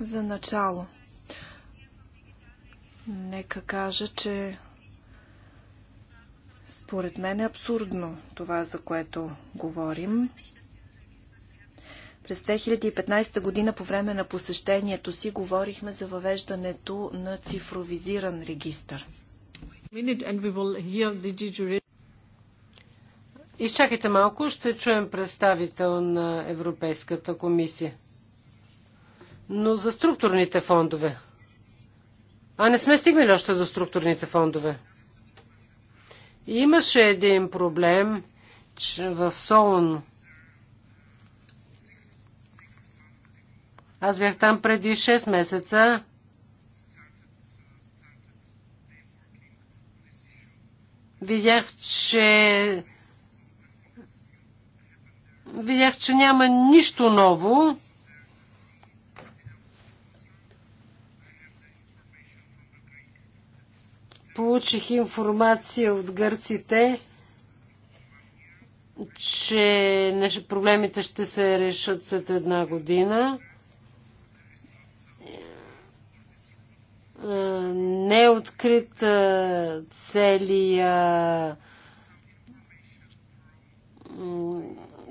За начало, нека кажа, че според мен е абсурдно това, за което говорим. През 2015 година по време на посещението си говорихме за въвеждането на цифровизиран регистър. Изчакайте малко, ще чуем представител на Европейската комисия но за структурните фондове. А не сме стигнали още до структурните фондове. Имаше един проблем че в Солон. Аз бях там преди 6 месеца. Видях, че видях, че няма нищо ново. Получих информация от гърците, че проблемите ще се решат след една година. Е, не е открит е, целия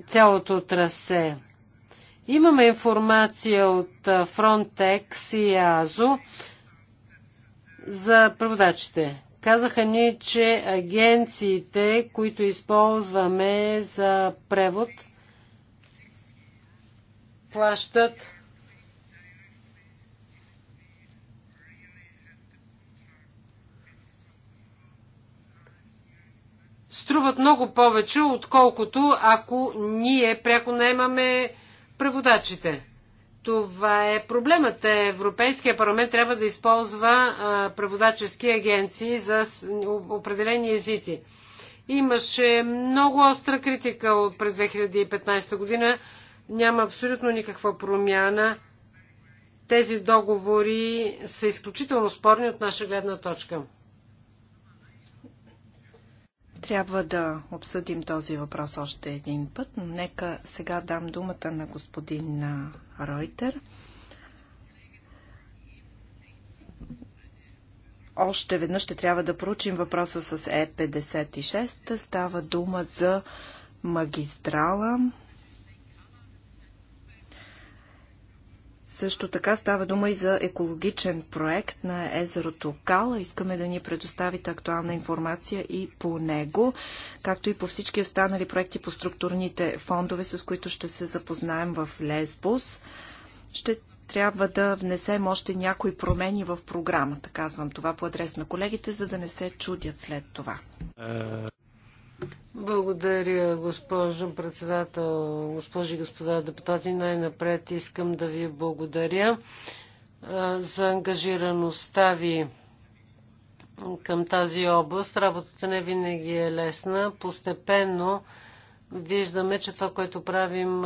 цялото трасе. Имаме информация от е, Frontex и АЗО, за преводачите. Казаха ни, че агенциите, които използваме за превод, плащат струват много повече, отколкото ако ние пряко наемаме преводачите. Това е проблемът. Е, Европейския парламент трябва да използва а, преводачески агенции за определени езици. Имаше много остра критика през 2015 година. Няма абсолютно никаква промяна. Тези договори са изключително спорни от наша гледна точка. Трябва да обсъдим този въпрос още един път, но нека сега дам думата на господин Ройтер. Още веднъж ще трябва да проучим въпроса с Е56. Става дума за магистрала, Също така става дума и за екологичен проект на езерото Кала. Искаме да ни предоставите актуална информация и по него, както и по всички останали проекти по структурните фондове, с които ще се запознаем в Лесбос. Ще трябва да внесем още някои промени в програмата. Казвам това по адрес на колегите, за да не се чудят след това. Е, благодаря, госпожо председател, госпожи и господа депутати. Най-напред искам да ви благодаря за ангажираността ви към тази област. Работата не винаги е лесна. Постепенно виждаме, че това, което правим,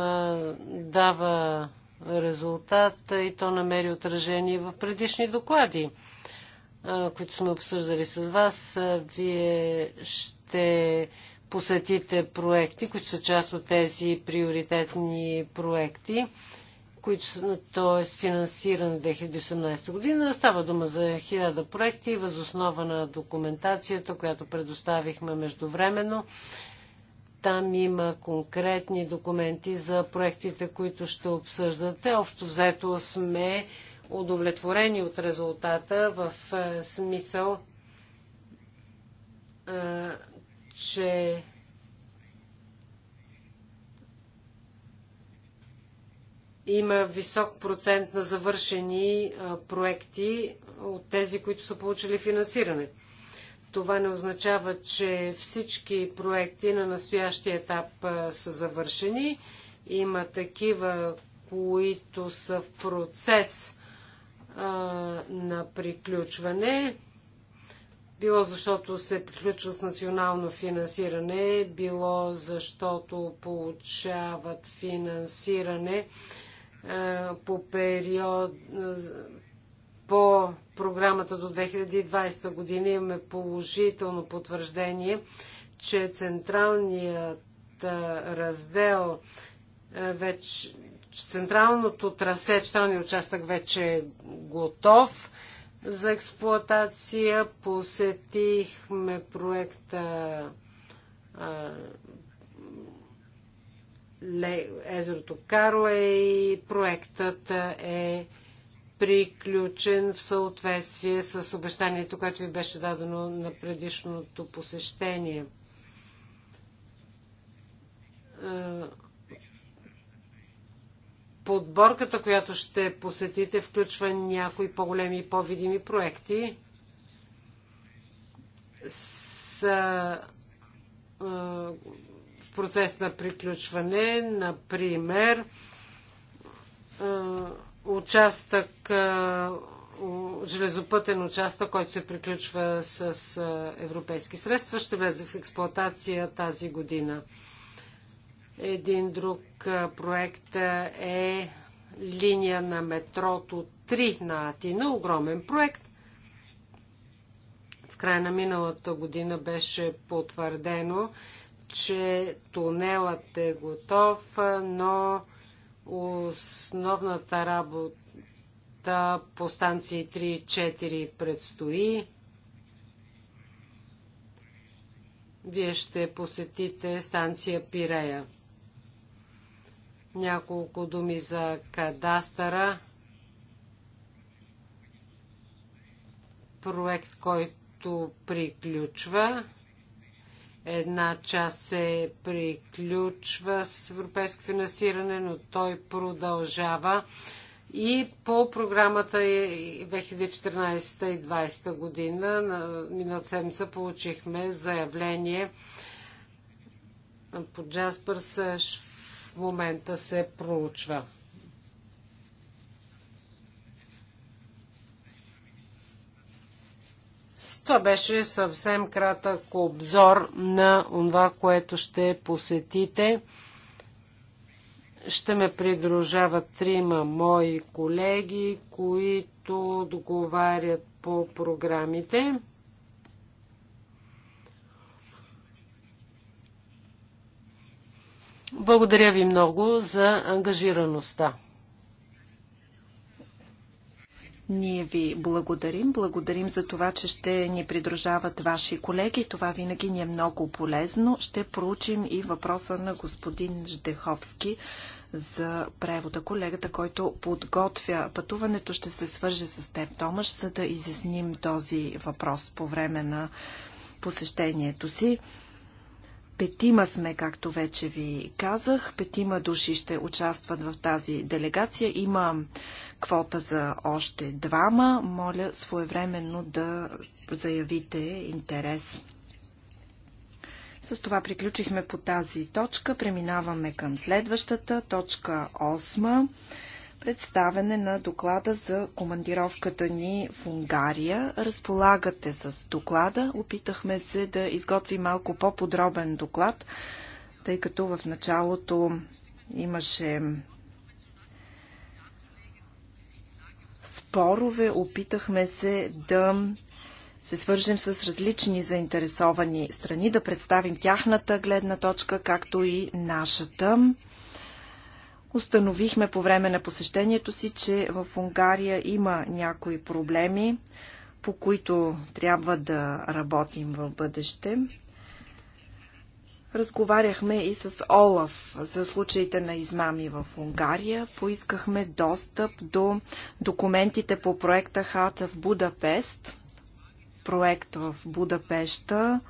дава резултат и то намери отражение в предишни доклади, които сме обсъждали с вас. Вие ще ще посетите проекти, които са част от тези приоритетни проекти, които са т.е. в 2018 година. Става дума за хиляда проекти, възоснова на документацията, която предоставихме междувременно. Там има конкретни документи за проектите, които ще обсъждате. Общо взето сме удовлетворени от резултата в е, смисъл е, че има висок процент на завършени проекти от тези, които са получили финансиране. Това не означава, че всички проекти на настоящия етап са завършени. Има такива, които са в процес а, на приключване било защото се приключва с национално финансиране, било защото получават финансиране е, по период е, по програмата до 2020 година имаме положително потвърждение, че централният е, раздел вече централното трасе, централният участък вече е готов за експлоатация. Посетихме проекта Езерото Ле, и Проектът е приключен в съответствие с обещанието, което ви беше дадено на предишното посещение. А, подборката, която ще посетите, включва някои по-големи и по-видими проекти. С в процес на приключване, например, участък, железопътен участък, който се приключва с европейски средства, ще влезе в експлоатация тази година. Един друг проект е линия на метрото 3 на Атина, огромен проект. В края на миналата година беше потвърдено, че тунелът е готов, но основната работа по станции 3 и 4 предстои. Вие ще посетите станция Пирея. Няколко думи за кадастъра. Проект, който приключва. Една част се приключва с европейско финансиране, но той продължава и по програмата 2014 е и 2020 година, на миналата седмица, получихме заявление по Джаспърс момента се проучва. Това беше съвсем кратък обзор на това, което ще посетите. Ще ме придружават трима мои колеги, които отговарят по програмите. Благодаря ви много за ангажираността. Ние ви благодарим. Благодарим за това, че ще ни придружават ваши колеги. Това винаги ни е много полезно. Ще проучим и въпроса на господин Ждеховски за превода. Колегата, който подготвя пътуването, ще се свърже с теб, Томаш, за да изясним този въпрос по време на посещението си. Петима сме, както вече ви казах. Петима души ще участват в тази делегация. Има квота за още двама. Моля своевременно да заявите интерес. С това приключихме по тази точка. Преминаваме към следващата, точка 8 представене на доклада за командировката ни в Унгария. Разполагате с доклада. Опитахме се да изготвим малко по-подробен доклад, тъй като в началото имаше спорове. Опитахме се да се свържем с различни заинтересовани страни, да представим тяхната гледна точка, както и нашата. Установихме по време на посещението си, че в Унгария има някои проблеми, по които трябва да работим в бъдеще. Разговаряхме и с Олаф за случаите на измами в Унгария. Поискахме достъп до документите по проекта Хаца в Будапест, проект в Будапеща,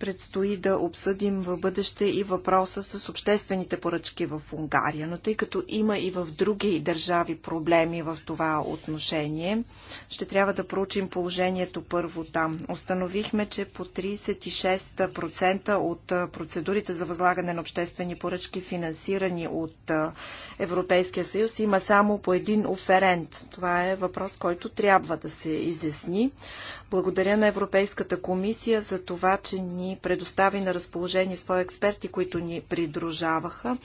Предстои да обсъдим в бъдеще и въпроса с обществените поръчки в Унгария, но тъй като има и в други държави проблеми в това отношение, ще трябва да проучим положението първо там. Установихме, че по 36% от процедурите за възлагане на обществени поръчки, финансирани от Европейския съюз, има само по един оферент. Това е въпрос, който трябва да се изясни. Благодаря на Европейската комисия за това, че ни ни предостави на разположение свои експерти, които ни придружаваха.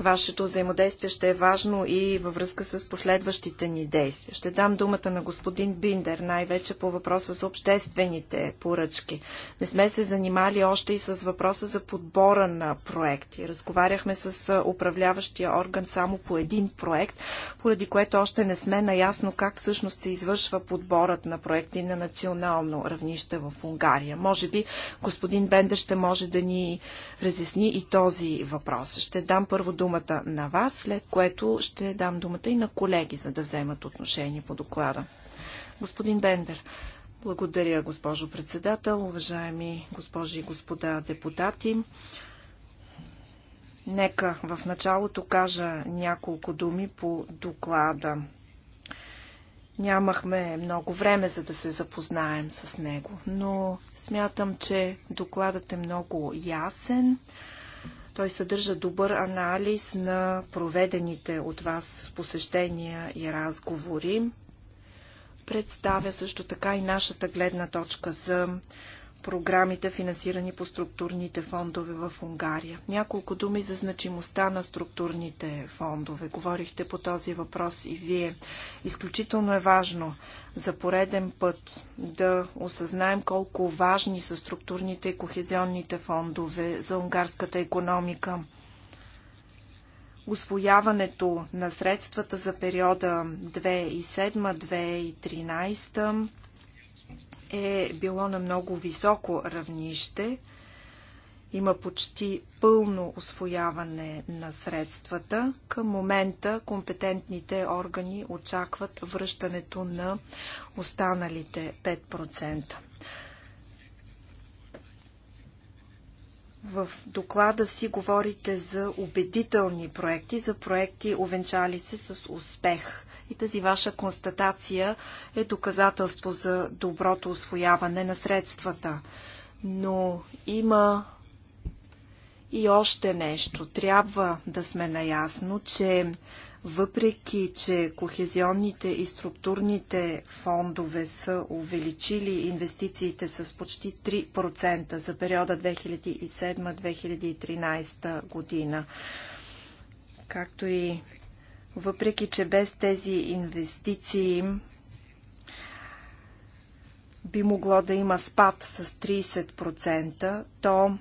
Вашето взаимодействие ще е важно и във връзка с последващите ни действия. Ще дам думата на господин Биндер, най-вече по въпроса за обществените поръчки. Не сме се занимали още и с въпроса за подбора на проекти. Разговаряхме с управляващия орган само по един проект, поради което още не сме наясно как всъщност се извършва подборът на проекти на национално равнище в Унгария. Може би господин господин Бенда ще може да ни разясни и този въпрос. Ще дам първо думата на вас, след което ще дам думата и на колеги, за да вземат отношение по доклада. Господин Бендер, благодаря, госпожо председател, уважаеми госпожи и господа депутати. Нека в началото кажа няколко думи по доклада. Нямахме много време, за да се запознаем с него, но смятам, че докладът е много ясен. Той съдържа добър анализ на проведените от вас посещения и разговори. Представя също така и нашата гледна точка за програмите, финансирани по структурните фондове в Унгария. Няколко думи за значимостта на структурните фондове. Говорихте по този въпрос и вие. Изключително е важно за пореден път да осъзнаем колко важни са структурните и кохезионните фондове за унгарската економика освояването на средствата за периода 2007-2013 е било на много високо равнище. Има почти пълно освояване на средствата. Към момента компетентните органи очакват връщането на останалите 5%. В доклада си говорите за убедителни проекти, за проекти, увенчали се с успех и тази ваша констатация е доказателство за доброто освояване на средствата. Но има и още нещо. Трябва да сме наясно, че въпреки, че кохезионните и структурните фондове са увеличили инвестициите с почти 3% за периода 2007-2013 година, както и въпреки че без тези инвестиции би могло да има спад с 30%, то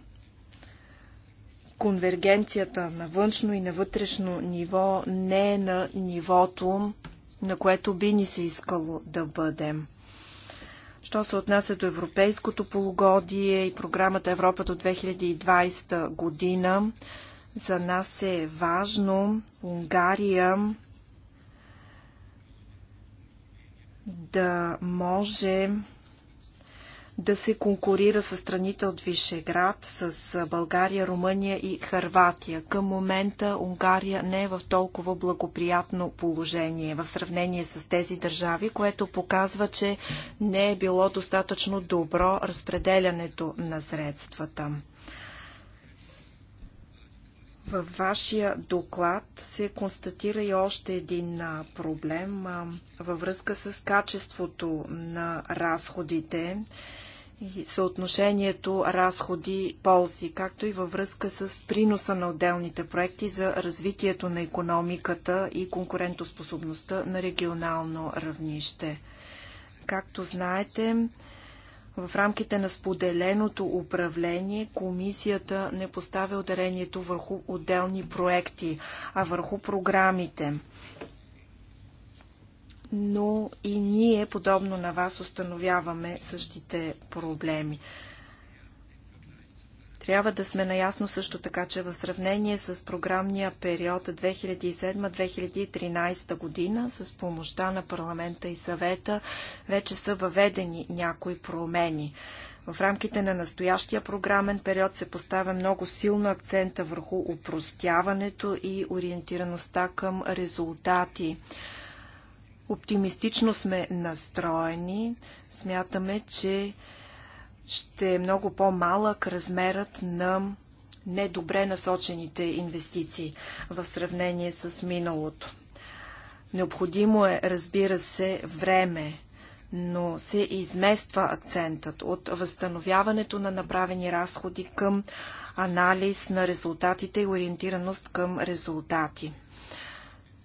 конвергенцията на външно и на вътрешно ниво не е на нивото, на което би ни се искало да бъдем. Що се отнася до европейското полугодие и програмата Европа до 2020 година, за нас е важно Унгария да може да се конкурира с страните от Вишеград, с България, Румъния и Харватия. Към момента Унгария не е в толкова благоприятно положение в сравнение с тези държави, което показва, че не е било достатъчно добро разпределянето на средствата. Във вашия доклад се констатира и още един проблем във връзка с качеството на разходите и съотношението разходи-ползи, както и във връзка с приноса на отделните проекти за развитието на економиката и конкурентоспособността на регионално равнище. Както знаете, в рамките на споделеното управление комисията не поставя ударението върху отделни проекти, а върху програмите. Но и ние, подобно на вас, установяваме същите проблеми. Трябва да сме наясно също така, че в сравнение с програмния период 2007-2013 година, с помощта на парламента и съвета, вече са въведени някои промени. В рамките на настоящия програмен период се поставя много силно акцента върху упростяването и ориентираността към резултати. Оптимистично сме настроени. Смятаме, че ще е много по-малък размерът на недобре насочените инвестиции в сравнение с миналото. Необходимо е, разбира се, време, но се измества акцентът от възстановяването на направени разходи към анализ на резултатите и ориентираност към резултати.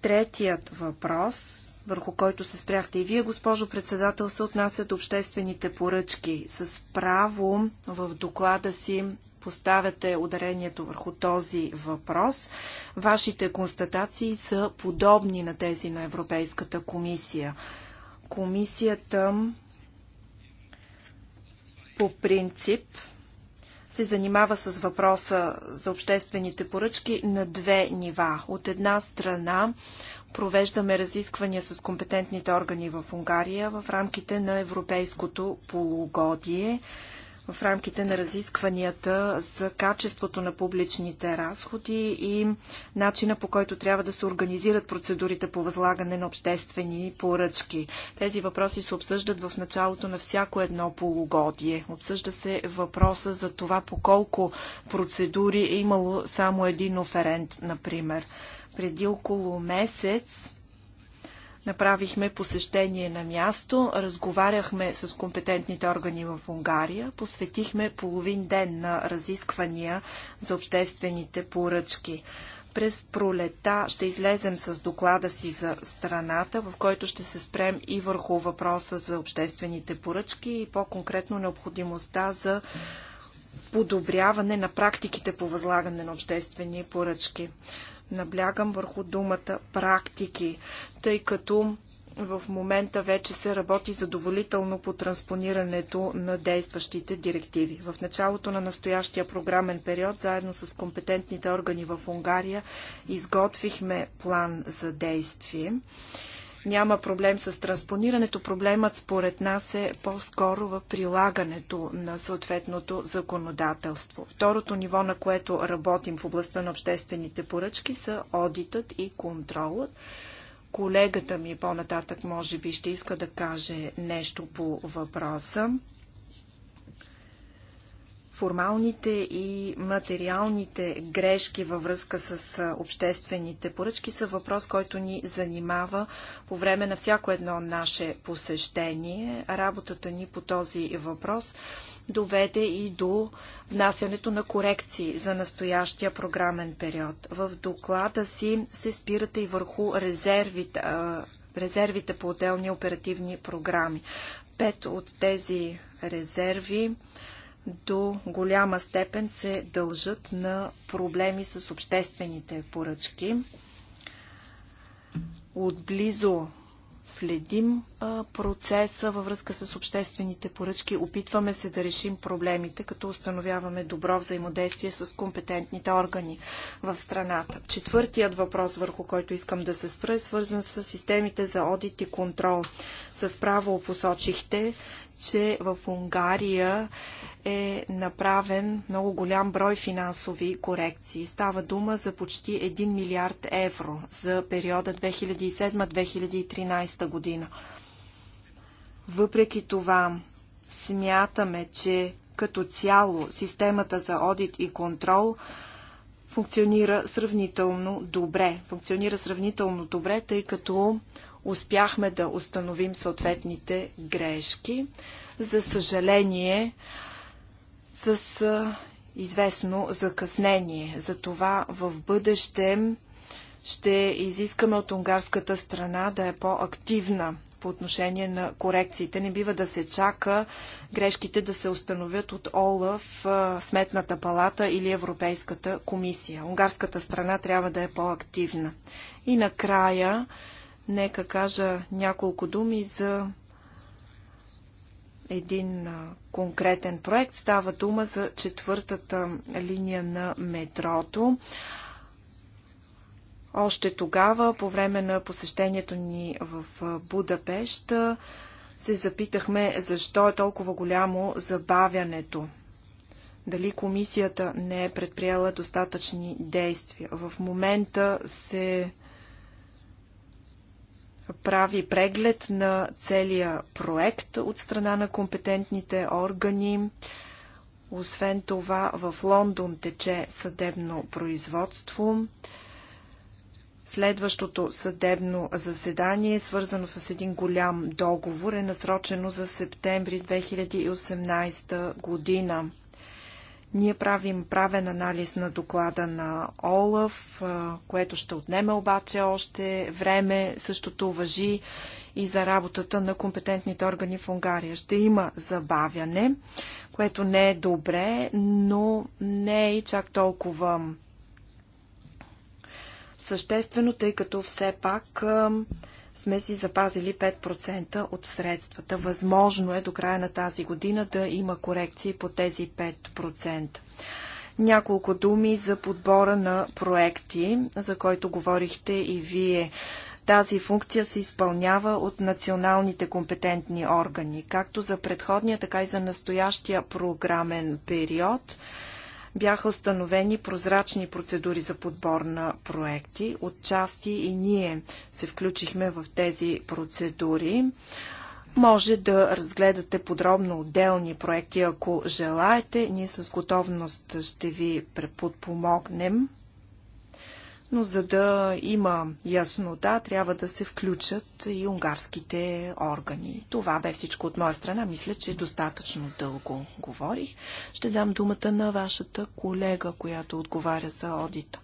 Третият въпрос върху който се спряхте и вие, госпожо председател, се отнасят обществените поръчки. С право в доклада си поставяте ударението върху този въпрос. Вашите констатации са подобни на тези на Европейската комисия. Комисията по принцип се занимава с въпроса за обществените поръчки на две нива. От една страна Провеждаме разисквания с компетентните органи в Унгария в рамките на европейското полугодие в рамките на разискванията за качеството на публичните разходи и начина по който трябва да се организират процедурите по възлагане на обществени поръчки. Тези въпроси се обсъждат в началото на всяко едно полугодие. Обсъжда се въпроса за това по колко процедури е имало само един оферент, например. Преди около месец направихме посещение на място, разговаряхме с компетентните органи в Унгария, посветихме половин ден на разисквания за обществените поръчки. През пролета ще излезем с доклада си за страната, в който ще се спрем и върху въпроса за обществените поръчки и по-конкретно необходимостта за подобряване на практиките по възлагане на обществени поръчки. Наблягам върху думата практики, тъй като в момента вече се работи задоволително по транспонирането на действащите директиви. В началото на настоящия програмен период, заедно с компетентните органи в Унгария, изготвихме план за действие. Няма проблем с транспонирането. Проблемът според нас е по-скоро в прилагането на съответното законодателство. Второто ниво, на което работим в областта на обществените поръчки са одитът и контролът. Колегата ми по-нататък може би ще иска да каже нещо по въпроса формалните и материалните грешки във връзка с обществените поръчки са въпрос, който ни занимава по време на всяко едно наше посещение. Работата ни по този въпрос доведе и до внасянето на корекции за настоящия програмен период. В доклада си се спирате и върху резервите, резервите по отделни оперативни програми. Пет от тези резерви до голяма степен се дължат на проблеми с обществените поръчки. Отблизо следим процеса във връзка с обществените поръчки. Опитваме се да решим проблемите, като установяваме добро взаимодействие с компетентните органи в страната. Четвъртият въпрос, върху който искам да се спра, е свързан с системите за одит и контрол. С право посочихте, че в Унгария е направен много голям брой финансови корекции. Става дума за почти 1 милиард евро за периода 2007-2013 година. Въпреки това, смятаме, че като цяло системата за одит и контрол функционира сравнително добре. Функционира сравнително добре, тъй като успяхме да установим съответните грешки. За съжаление, с известно закъснение. Затова в бъдеще ще изискаме от унгарската страна да е по-активна по отношение на корекциите. Не бива да се чака грешките да се установят от ОЛАФ, Сметната палата или Европейската комисия. Унгарската страна трябва да е по-активна. И накрая Нека кажа няколко думи за един конкретен проект. Става дума за четвъртата линия на метрото. Още тогава, по време на посещението ни в Будапешт, се запитахме защо е толкова голямо забавянето. Дали комисията не е предприела достатъчни действия. В момента се прави преглед на целия проект от страна на компетентните органи. Освен това, в Лондон тече съдебно производство. Следващото съдебно заседание, свързано с един голям договор, е насрочено за септември 2018 година. Ние правим правен анализ на доклада на Олав, което ще отнеме обаче още време. Същото въжи и за работата на компетентните органи в Унгария. Ще има забавяне, което не е добре, но не е и чак толкова съществено, тъй като все пак сме си запазили 5% от средствата. Възможно е до края на тази година да има корекции по тези 5%. Няколко думи за подбора на проекти, за който говорихте и вие. Тази функция се изпълнява от националните компетентни органи, както за предходния, така и за настоящия програмен период бяха установени прозрачни процедури за подбор на проекти. Отчасти и ние се включихме в тези процедури. Може да разгледате подробно отделни проекти, ако желаете. Ние с готовност ще ви преподпомогнем но за да има яснота, трябва да се включат и унгарските органи. Това бе всичко от моя страна. Мисля, че достатъчно дълго говорих. Ще дам думата на вашата колега, която отговаря за одита.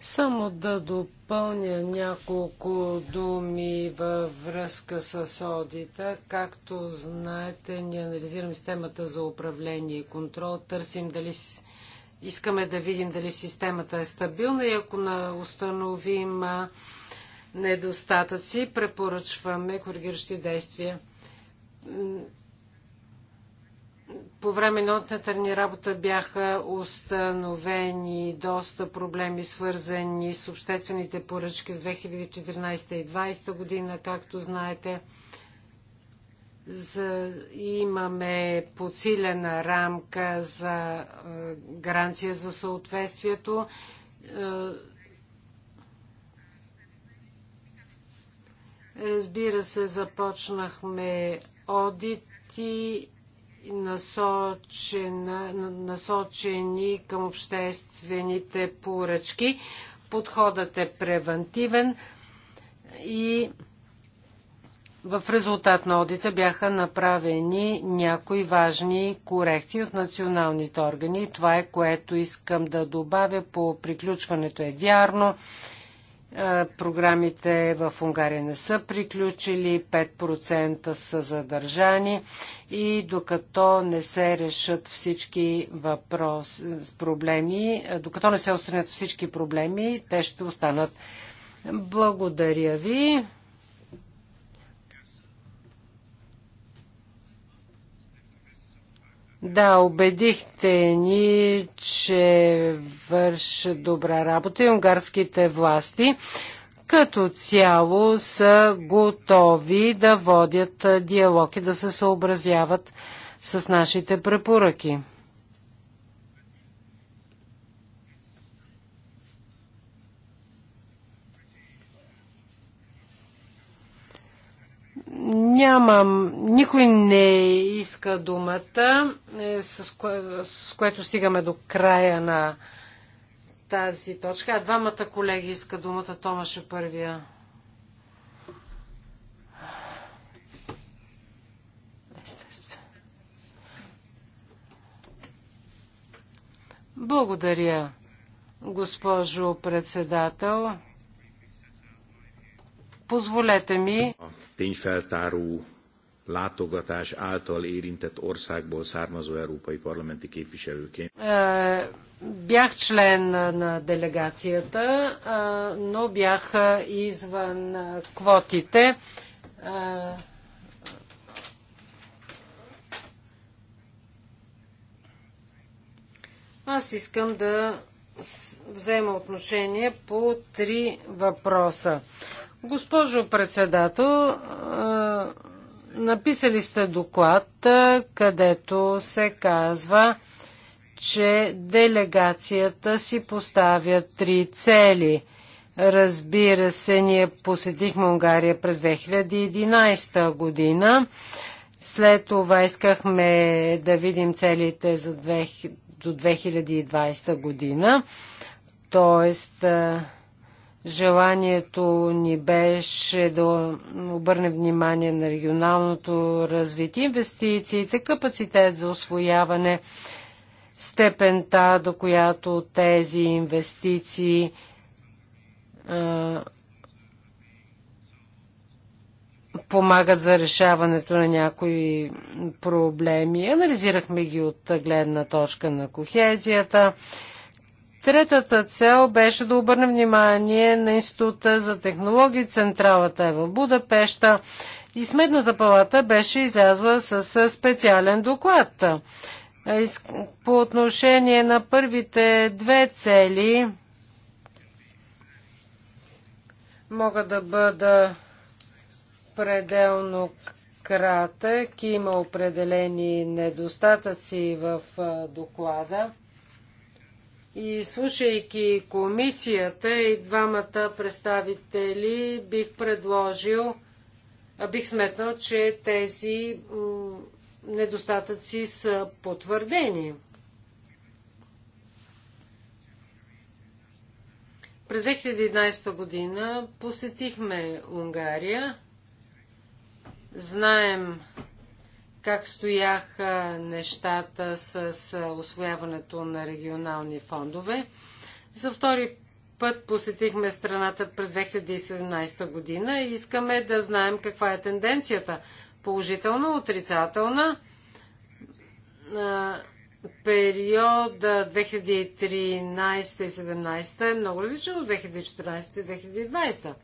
Само да допълня няколко думи във връзка с одита. Както знаете, ние анализираме системата за управление и контрол. Търсим дали искаме да видим дали системата е стабилна и ако установим недостатъци, препоръчваме коригиращи действия. По време на отнятата ни работа бяха установени доста проблеми, свързани с обществените поръчки с 2014 и 2020 година, както знаете за, имаме подсилена рамка за е, гаранция за съответствието. Е, разбира се, започнахме одити насочена, насочени към обществените поръчки. Подходът е превентивен и в резултат на одита бяха направени някои важни корекции от националните органи. Това е което искам да добавя по приключването е вярно. Е, програмите в Унгария не са приключили, 5% са задържани и докато не се решат всички въпрос, проблеми, е, докато не се отстранят всички проблеми, те ще останат. Благодаря ви. Да, убедихте ни, че върши добра работа и унгарските власти като цяло са готови да водят диалог и да се съобразяват с нашите препоръки. Нямам, никой не иска думата, е, с, кое, с което стигаме до края на тази точка. А двамата колеги иска думата. Томаш е първия. Благодаря, госпожо председател. Позволете ми tényfeltáró látogatás által érintett országból származó európai parlamenti képviselőként? Бях член на делегацията, но бях извън квотите. Аз искам да взема отношение по три въпроса. Госпожо председател, написали сте доклад, където се казва, че делегацията си поставя три цели. Разбира се, ние посетихме Унгария през 2011 година. След това искахме да видим целите за 2000, до 2020 година. Тоест, Желанието ни беше да обърнем внимание на регионалното развитие, инвестициите, капацитет за освояване, степента, до която тези инвестиции а, помагат за решаването на някои проблеми. Анализирахме ги от гледна точка на кохезията, Третата цел беше да обърнем внимание на Института за технологии. Централата е в Будапешта и Сметната палата беше излязла с специален доклад. По отношение на първите две цели мога да бъда пределно кратък. Има определени недостатъци в доклада. И слушайки комисията и двамата представители, бих предложил, бих сметнал, че тези недостатъци са потвърдени. През 2011 година посетихме Унгария. Знаем как стояха нещата с освояването на регионални фондове. За втори път посетихме страната през 2017 година и искаме да знаем каква е тенденцията. Положителна, отрицателна. Периода 2013 2017 е много различен от 2014 2020.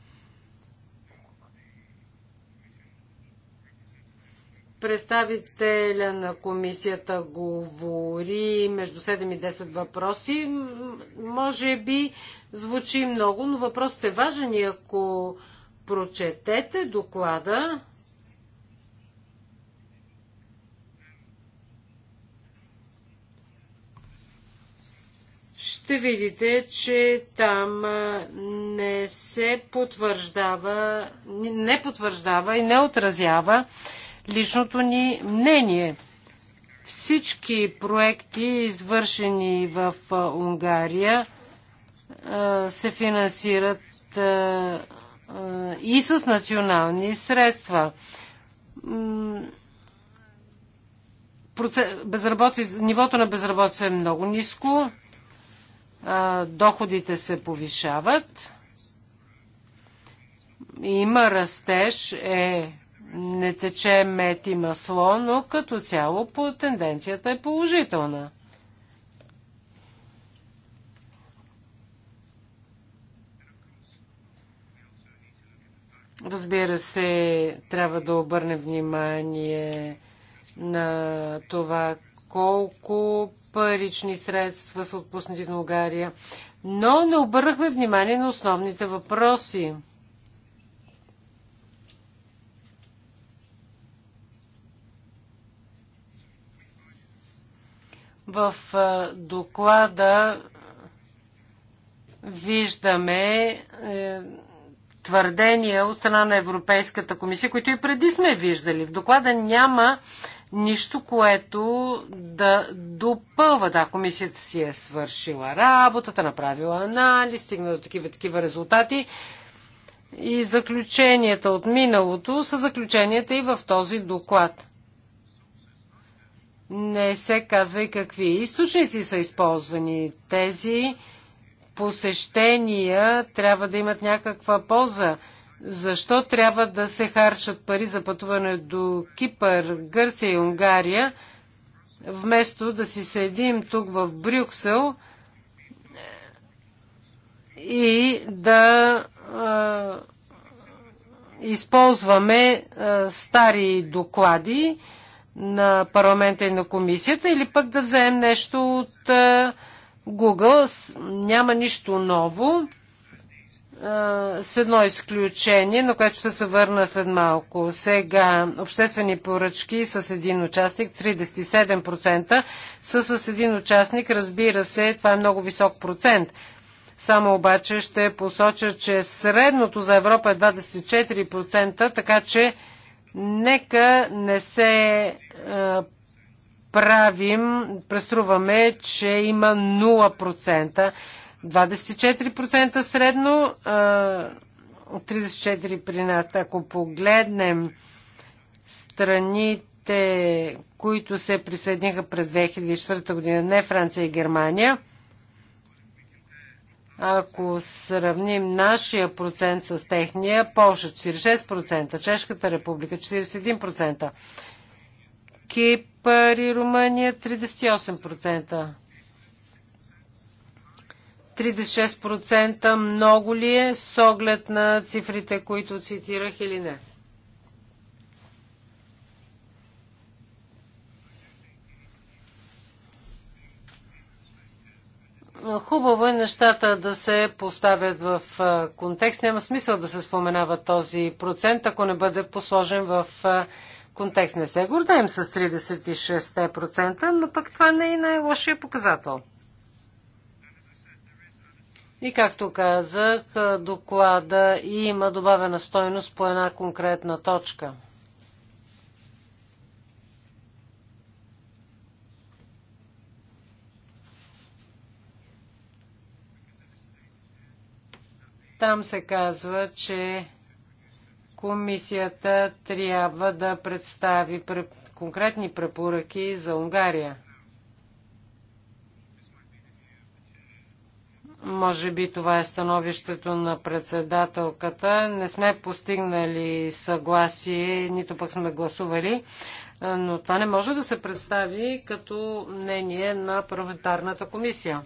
Представителя на комисията говори между 7 и 10 въпроси. Може би звучи много, но въпросът е важен и ако прочетете доклада, ще видите, че там не се потвърждава, не потвърждава и не отразява личното ни мнение. Всички проекти, извършени в Унгария, се финансират и с национални средства. Нивото на безработица е много ниско, доходите се повишават, има растеж, е не тече мед и масло, но като цяло по тенденцията е положителна. Разбира се, трябва да обърнем внимание на това колко парични средства са отпуснати в Угария, но не обърнахме внимание на основните въпроси – В доклада виждаме е, твърдения от страна на Европейската комисия, които и преди сме виждали. В доклада няма нищо, което да допълва. Да, комисията си е свършила работата, направила анализ, стигна до такива такива резултати. И заключенията от миналото са заключенията и в този доклад не се казва и какви източници са използвани. Тези посещения трябва да имат някаква полза. Защо трябва да се харчат пари за пътуване до Кипър, Гърция и Унгария, вместо да си седим тук в Брюксел и да използваме стари доклади, на парламента и на комисията, или пък да вземем нещо от е, Google. Няма нищо ново, е, с едно изключение, на което ще се върна след малко. Сега обществени поръчки с един участник, 37% са с един участник. Разбира се, това е много висок процент. Само обаче ще посоча, че средното за Европа е 24%, така че нека не се е, правим, преструваме, че има 0%, 24% средно, 34% е, при нас. Ако погледнем страните, които се присъединиха през 2004 година, не Франция и Германия, ако сравним нашия процент с техния, Польша 46%, Чешката република 41%, Кипър и Румъния 38%. 36% много ли е с оглед на цифрите, които цитирах или не? Хубаво е нещата да се поставят в контекст. Няма смисъл да се споменава този процент, ако не бъде посложен в контекст. Не се гордаем с 36%, но пък това не е най-лошия показател. И както казах, доклада има добавена стойност по една конкретна точка. Там се казва, че Комисията трябва да представи конкретни препоръки за Унгария. Може би това е становището на председателката. Не сме постигнали съгласие, нито пък сме гласували, но това не може да се представи като мнение на парламентарната комисия.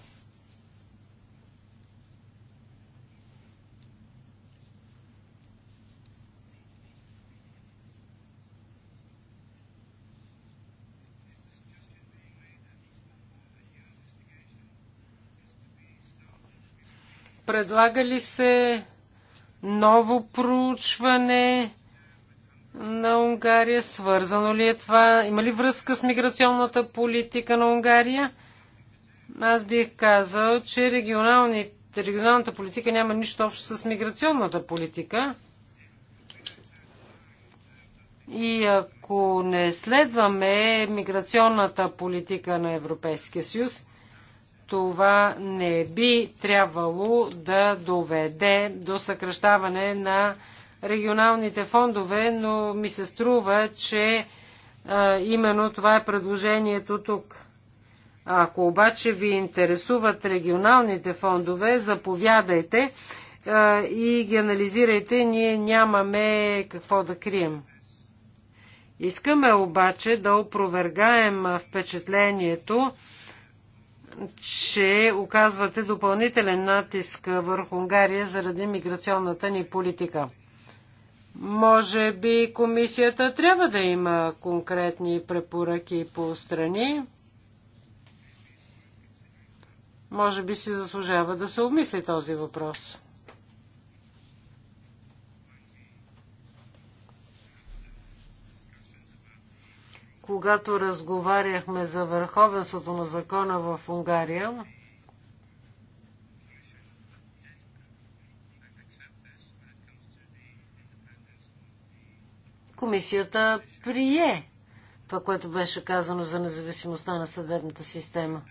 Предлага ли се ново проучване на Унгария? Свързано ли е това? Има ли връзка с миграционната политика на Унгария? Аз бих казал, че регионалната политика няма нищо общо с миграционната политика. И ако не следваме миграционната политика на Европейския съюз, това не би трябвало да доведе до съкръщаване на регионалните фондове, но ми се струва, че а, именно това е предложението тук. Ако обаче ви интересуват регионалните фондове, заповядайте а, и ги анализирайте. Ние нямаме какво да крием. Искаме обаче да опровергаем впечатлението, че оказвате допълнителен натиск върху Унгария заради миграционната ни политика. Може би комисията трябва да има конкретни препоръки по страни. Може би си заслужава да се обмисли този въпрос. когато разговаряхме за върховенството на закона в Унгария, комисията прие това, което беше казано за независимостта на съдебната система.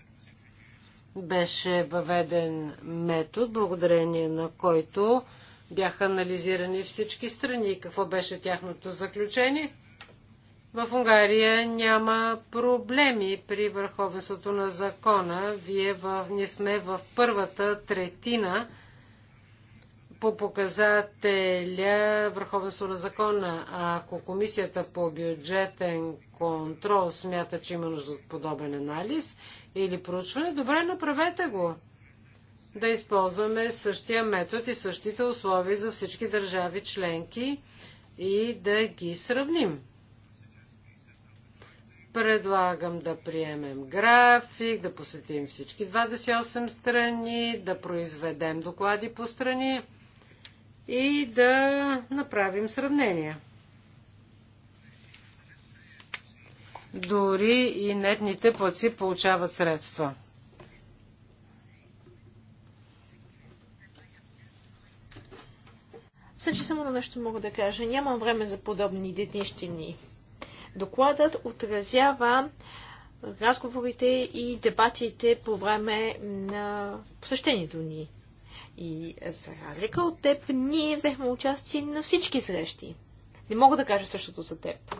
Беше въведен метод, благодарение на който бяха анализирани всички страни. Какво беше тяхното заключение? В Унгария няма проблеми при върховенството на закона. Вие в, не сме в първата третина по показателя върховенство на закона. А ако комисията по бюджетен контрол смята, че има нужда от подобен анализ или проучване, добре, направете го. Да използваме същия метод и същите условия за всички държави членки и да ги сравним. Предлагам да приемем график, да посетим всички 28 страни, да произведем доклади по страни и да направим сравнение. Дори и нетните плаци получават средства. че значи само на нещо мога да кажа. Нямам време за подобни детинщини. Докладът отразява разговорите и дебатите по време на посещението ни. И за разлика от теб, ние взехме участие на всички срещи. Не мога да кажа същото за теб.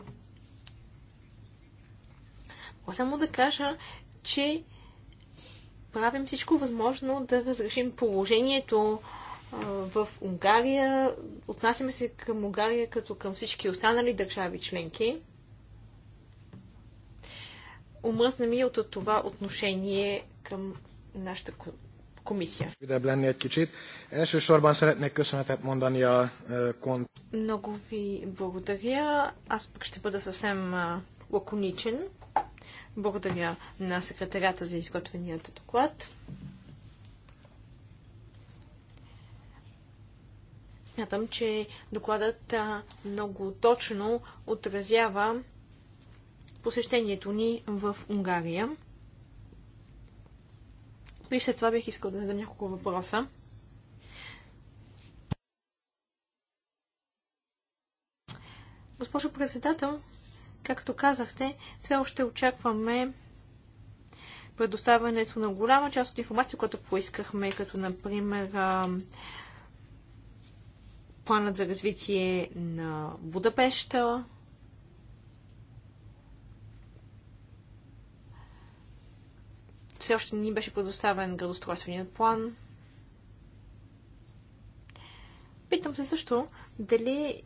Мога само да кажа, че правим всичко възможно да разрешим положението в Унгария. Отнасяме се към Унгария като към всички останали държави членки умъсна ми от това отношение към нашата комисия. E, много ви благодаря. Аз пък ще бъда съвсем лаконичен. Благодаря на секретарята за изготвеният доклад. Смятам, че докладът много точно отразява посещението ни в Унгария. И след това бих искал да задам няколко въпроса. Госпожо председател, както казахте, все още очакваме предоставянето на голяма част от информация, която поискахме, като например планът за развитие на Будапешта, все още ни беше предоставен градостройственият план. Питам се също дали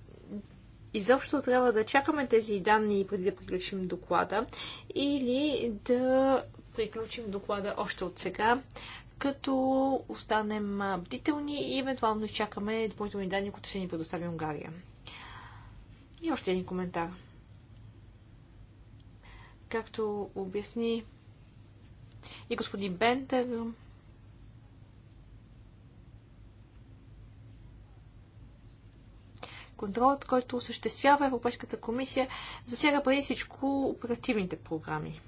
изобщо трябва да чакаме тези данни преди да приключим доклада или да приключим доклада още от сега, като останем бдителни и евентуално изчакаме допълнителни данни, които ще ни предостави Унгария. И още един коментар. Както обясни и господин Бендер. Контролът, който осъществява Европейската комисия, засяга преди всичко оперативните програми.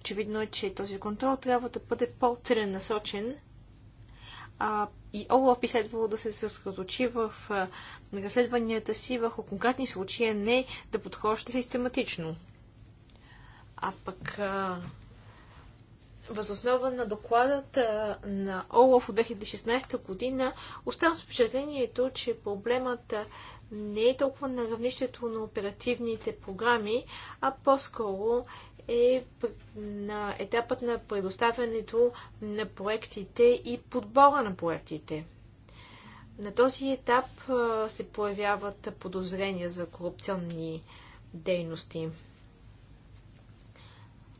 Очевидно е, че този контрол трябва да бъде по-целенасочен, а и ОЛАФ би следвало да се съсредоточи в разследванията си върху конкретни случаи, не да подхожда систематично. А пък възоснова на докладът на ОЛАФ от 2016 година оставам с впечатлението, че проблемът не е толкова на равнището на оперативните програми, а по-скоро е на етапът на предоставянето на проектите и подбора на проектите. На този етап се появяват подозрения за корупционни дейности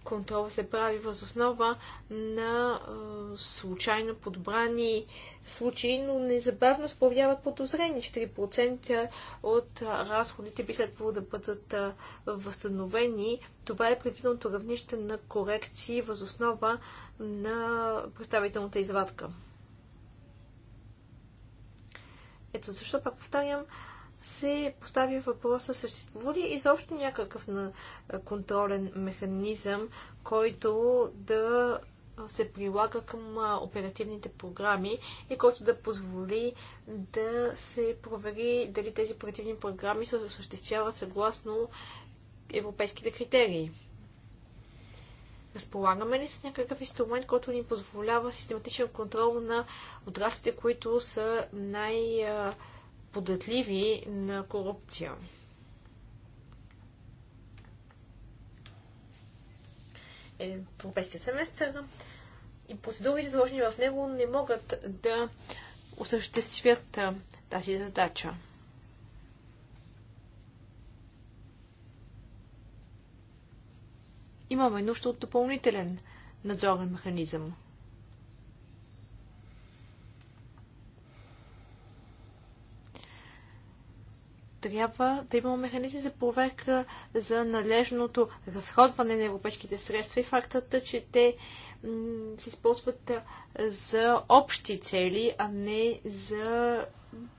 контрола се прави въз основа на а, случайно подбрани случаи, но незабавно се подозрени. 4% от разходите би следвало да бъдат а, възстановени. Това е предвиденото равнище на корекции въз основа на представителната извадка. Ето защо, пак повтарям, се постави въпроса, съществува ли изобщо някакъв контролен механизъм, който да се прилага към оперативните програми и който да позволи да се провери дали тези оперативни програми се осъществяват съгласно европейските критерии. Разполагаме ли с някакъв инструмент, който ни позволява систематичен контрол на отраслите, които са най- податливи на корупция. Европейския семестър и процедурите заложени в него не могат да осъществят тази задача. Имаме нужда от допълнителен надзорен механизъм. трябва да има механизми за проверка за належното разходване на европейските средства и фактът, че те се използват за общи цели, а не за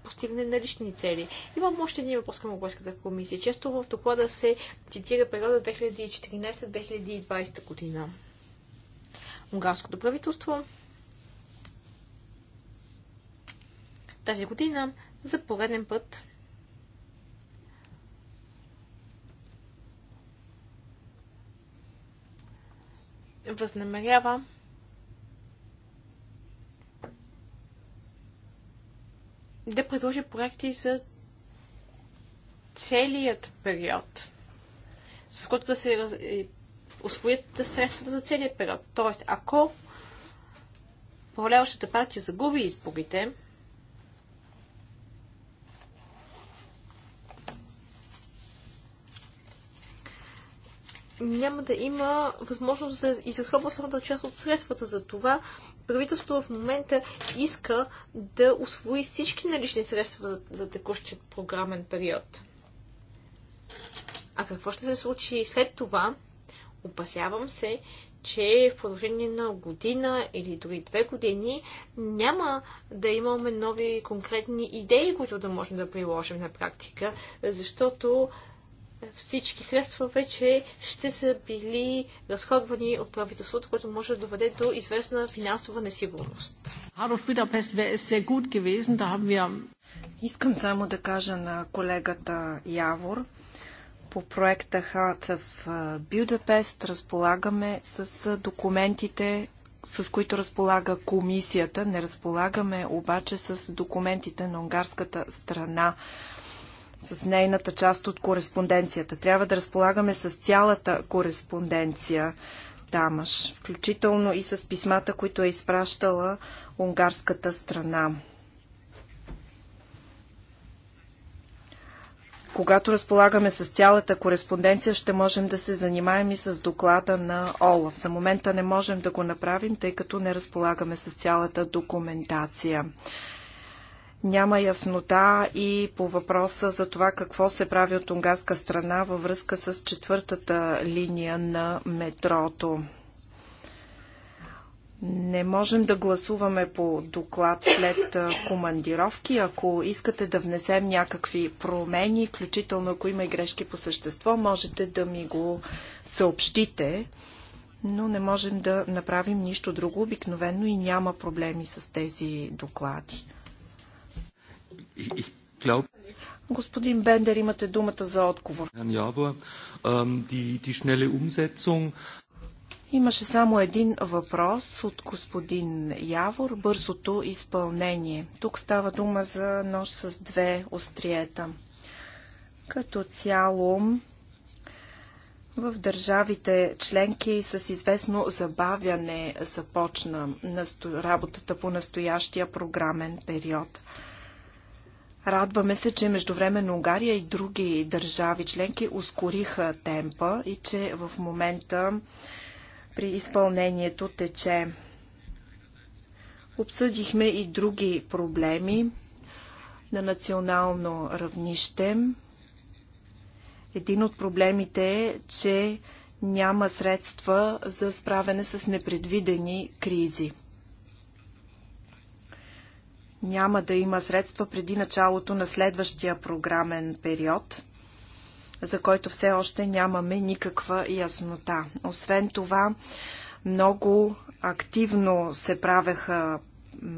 постигане на лични цели. Имам още един въпрос към Европейската комисия. Често в доклада се цитира периода 2014-2020 година. Унгарското правителство тази година за пореден път възнамерява да предложи проекти за целият период, с който да се освоят средствата за целият период. Тоест, ако управляващата партия загуби изборите, няма да има възможност да изразходва основната част от средствата. За това правителството в момента иска да освои всички налични средства за, за текущият програмен период. А какво ще се случи след това? Опасявам се, че в продължение на година или дори две години няма да имаме нови конкретни идеи, които да можем да приложим на практика, защото всички средства вече ще са били разходвани от правителството, което може да доведе до известна финансова несигурност. Е Искам само да кажа на колегата Явор, по проекта Heart of Budapest разполагаме с документите, с които разполага комисията. Не разполагаме обаче с документите на унгарската страна с нейната част от кореспонденцията. Трябва да разполагаме с цялата кореспонденция тамаш, включително и с писмата, които е изпращала унгарската страна. Когато разполагаме с цялата кореспонденция, ще можем да се занимаем и с доклада на ОЛАФ. За момента не можем да го направим, тъй като не разполагаме с цялата документация. Няма яснота и по въпроса за това какво се прави от унгарска страна във връзка с четвъртата линия на метрото. Не можем да гласуваме по доклад след командировки. Ако искате да внесем някакви промени, включително ако има и грешки по същество, можете да ми го съобщите. Но не можем да направим нищо друго обикновено и няма проблеми с тези доклади. Господин Бендер, имате думата за отговор. Ähm, Имаше само един въпрос от господин Явор – бързото изпълнение. Тук става дума за нож с две остриета. Като цяло, в държавите членки с известно забавяне започна работата по настоящия програмен период – Радваме се, че междувременно Унгария и други държави членки ускориха темпа и че в момента при изпълнението тече. Обсъдихме и други проблеми на национално равнище. Един от проблемите е, че няма средства за справяне с непредвидени кризи няма да има средства преди началото на следващия програмен период, за който все още нямаме никаква яснота. Освен това, много активно се правеха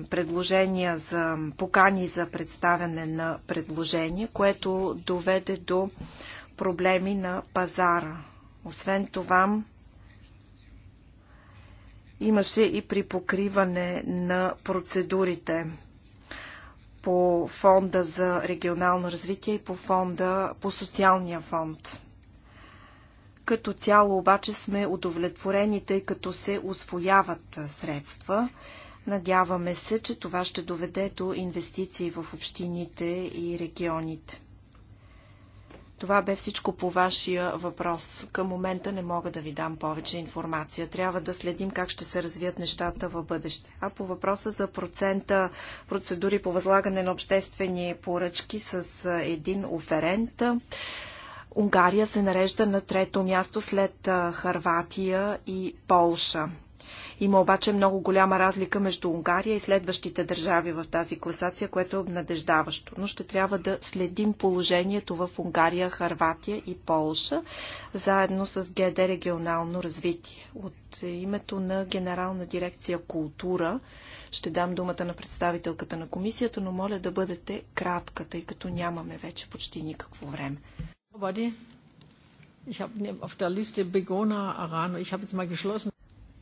предложения за покани за представяне на предложения, което доведе до проблеми на пазара. Освен това, имаше и припокриване на процедурите по фонда за регионално развитие и по фонда по социалния фонд. Като цяло обаче сме удовлетворени, тъй като се освояват средства. Надяваме се, че това ще доведе до инвестиции в общините и регионите. Това бе всичко по вашия въпрос. Към момента не мога да ви дам повече информация. Трябва да следим как ще се развият нещата в бъдеще. А по въпроса за процента процедури по възлагане на обществени поръчки с един оферент, Унгария се нарежда на трето място след Харватия и Полша. Има обаче много голяма разлика между Унгария и следващите държави в тази класация, което е обнадеждаващо. Но ще трябва да следим положението в Унгария, Харватия и Полша, заедно с ГД регионално развитие. От името на Генерална дирекция култура ще дам думата на представителката на комисията, но моля да бъдете кратка, тъй като нямаме вече почти никакво време. Ich habe auf der Liste Begona Arano. Ich habe jetzt mal geschlossen.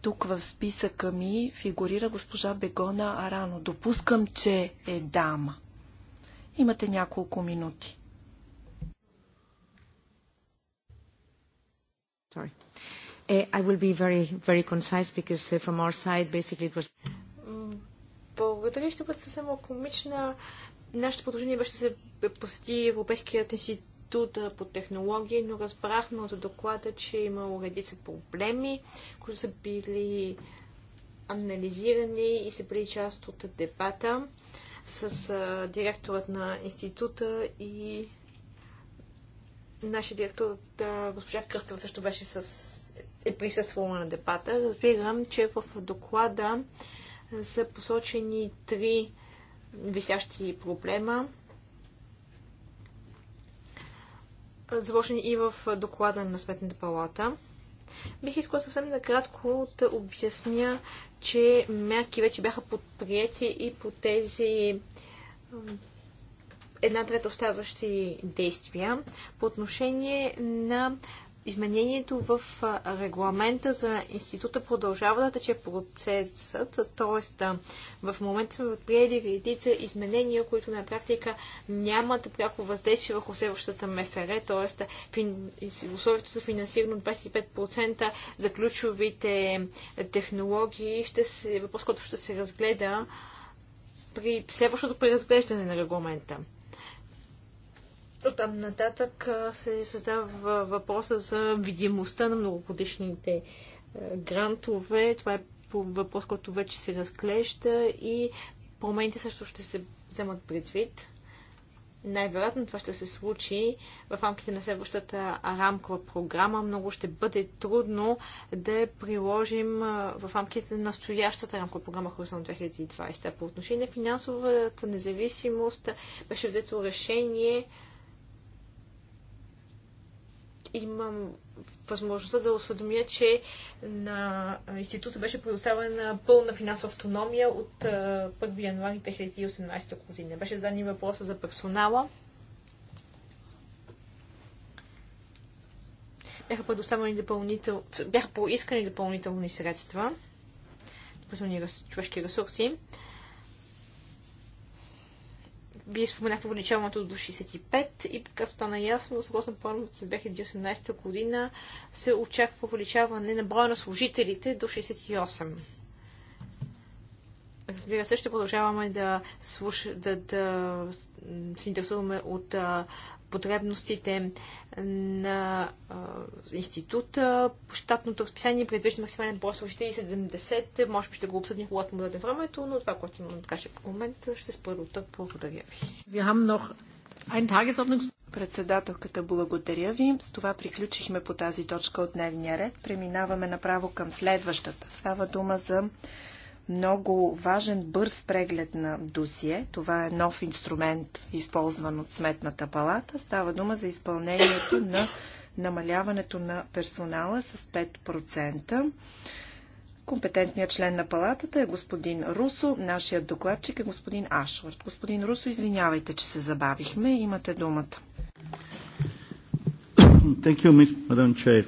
Тук в списъка ми фигурира госпожа Бегона Арано. Допускам, че е дама. Имате няколко минути. Sorry. Е, I will be very, very concise because uh, from our side basically it was... Благодаря, ще бъда съвсем комична. Нашето предложение беше да се посети Европейският институт института по технологии, но разбрахме от доклада, че е имало редица проблеми, които са били анализирани и са били част от дебата с а, директорът на института и нашия директор, да, госпожа Кръстева, също беше с... е присъствала на дебата. Разбирам, че в доклада са посочени три висящи проблема заложени и в доклада на Сметната палата. Бих искала съвсем накратко да обясня, че мерки вече бяха подприяти и по тези една трета оставащи действия по отношение на изменението в регламента за института продължава да тече процесът, т.е. в момента сме приели редица изменения, които на практика нямат пряко въздействие върху следващата МФР, т.е. условието за финансиране от 25% за ключовите технологии ще се, въпрос, който ще се разгледа при следващото преразглеждане на регламента. Оттам нататък се създава въпроса за видимостта на многогодишните е, грантове. Това е въпрос, който вече се разглежда и промените също ще се вземат предвид. Най-вероятно това ще се случи в рамките на следващата рамкова програма. Много ще бъде трудно да приложим в рамките на настоящата рамкова програма Хоризонт 2020. По отношение на финансовата независимост беше взето решение имам възможността да осведомя, че на института беше предоставена пълна финансова автономия от 1 януари 2018 година. Беше зададен въпроса за персонала. Бяха предоставени допълнител... бяха поискани допълнителни средства, допълнителни човешки ресурси. Вие споменахте ограничаването до 65 и както стана ясно, съгласно плановете за 2018 година се очаква увеличаване на броя на служителите до 68. Разбира се, ще продължаваме да, слуш... да, да се интересуваме от а, потребностите на а, института. щатното разписание предвижда максимален брой служители 70. Може би ще го обсъдим, когато му даде времето, но това, което имам да кажа в е момента, ще спра до тук. Благодаря ви. Председателката, благодаря ви. С това приключихме по тази точка от дневния ред. Преминаваме направо към следващата. Става дума за много важен бърз преглед на досие. Това е нов инструмент, използван от Сметната палата. Става дума за изпълнението на намаляването на персонала с 5%. Компетентният член на палатата е господин Русо, нашият докладчик е господин Ашвард. Господин Русо, извинявайте, че се забавихме. Имате думата. Thank you, Madam Chair.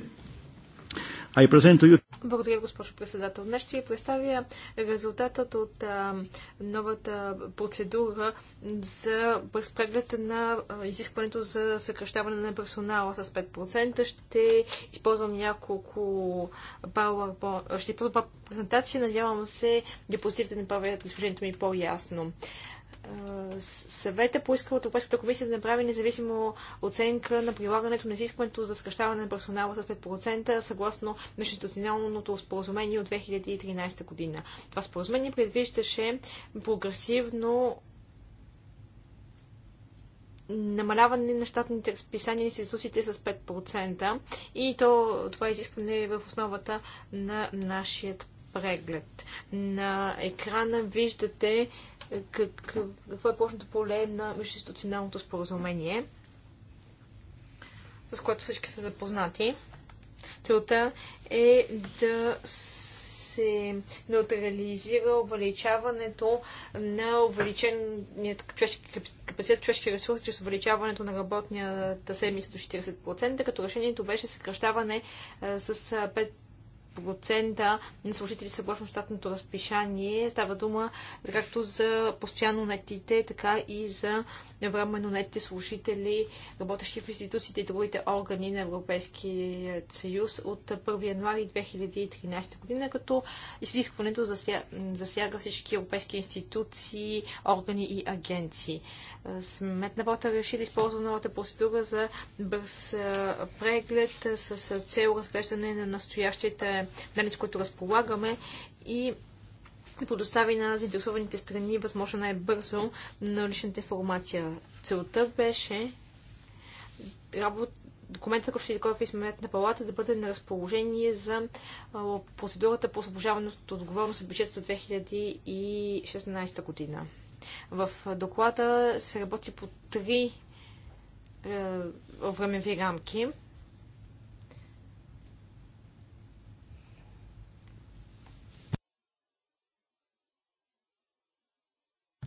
I present to you благодаря, госпожо председател. Днес ще ви представя резултатът от а, новата процедура за преглед на а, изискването за съкръщаване на персонала с 5%. Ще използвам няколко PowerPoint. Ще използвам презентация. Надявам се депозитите да направят изложението ми по-ясно. Е, съвета поиска от Европейската комисия да направи независимо оценка на прилагането на изискването за скъщаване на персонала с 5% съгласно междуинституционалното споразумение от 2013 година. Това споразумение предвиждаше прогресивно намаляване на щатните разписания на институциите с 5% и то, това изискване е в основата на нашият преглед. На екрана виждате какво е площното поле на междуинституционалното споразумение, с което всички са запознати. Целта е да се неутрализира увеличаването на увеличеният капацитет, човешки ресурси, чрез увеличаването на работния седмица до 40%, като решението беше съкръщаване с 5 процента на служители съгласно щатното разпишание. Става дума както за постоянно нетите, така и за навременно нетите служители, работещи в институциите и другите органи на Европейския съюз от 1 януари 2013 година, като изискването засяга, засяга всички европейски институции, органи и агенции. Сметна бота реши да използва новата процедура за бърз преглед с цел разглеждане на настоящите данни, с които разполагаме и да предостави на заинтересованите страни възможно най-бързо на личната информация. Целта беше документът, който ще изготви на палата, да бъде на разположение за процедурата по освобождаване от отговорност за бюджет за 2016 година. В доклада се работи по три е, времеви рамки.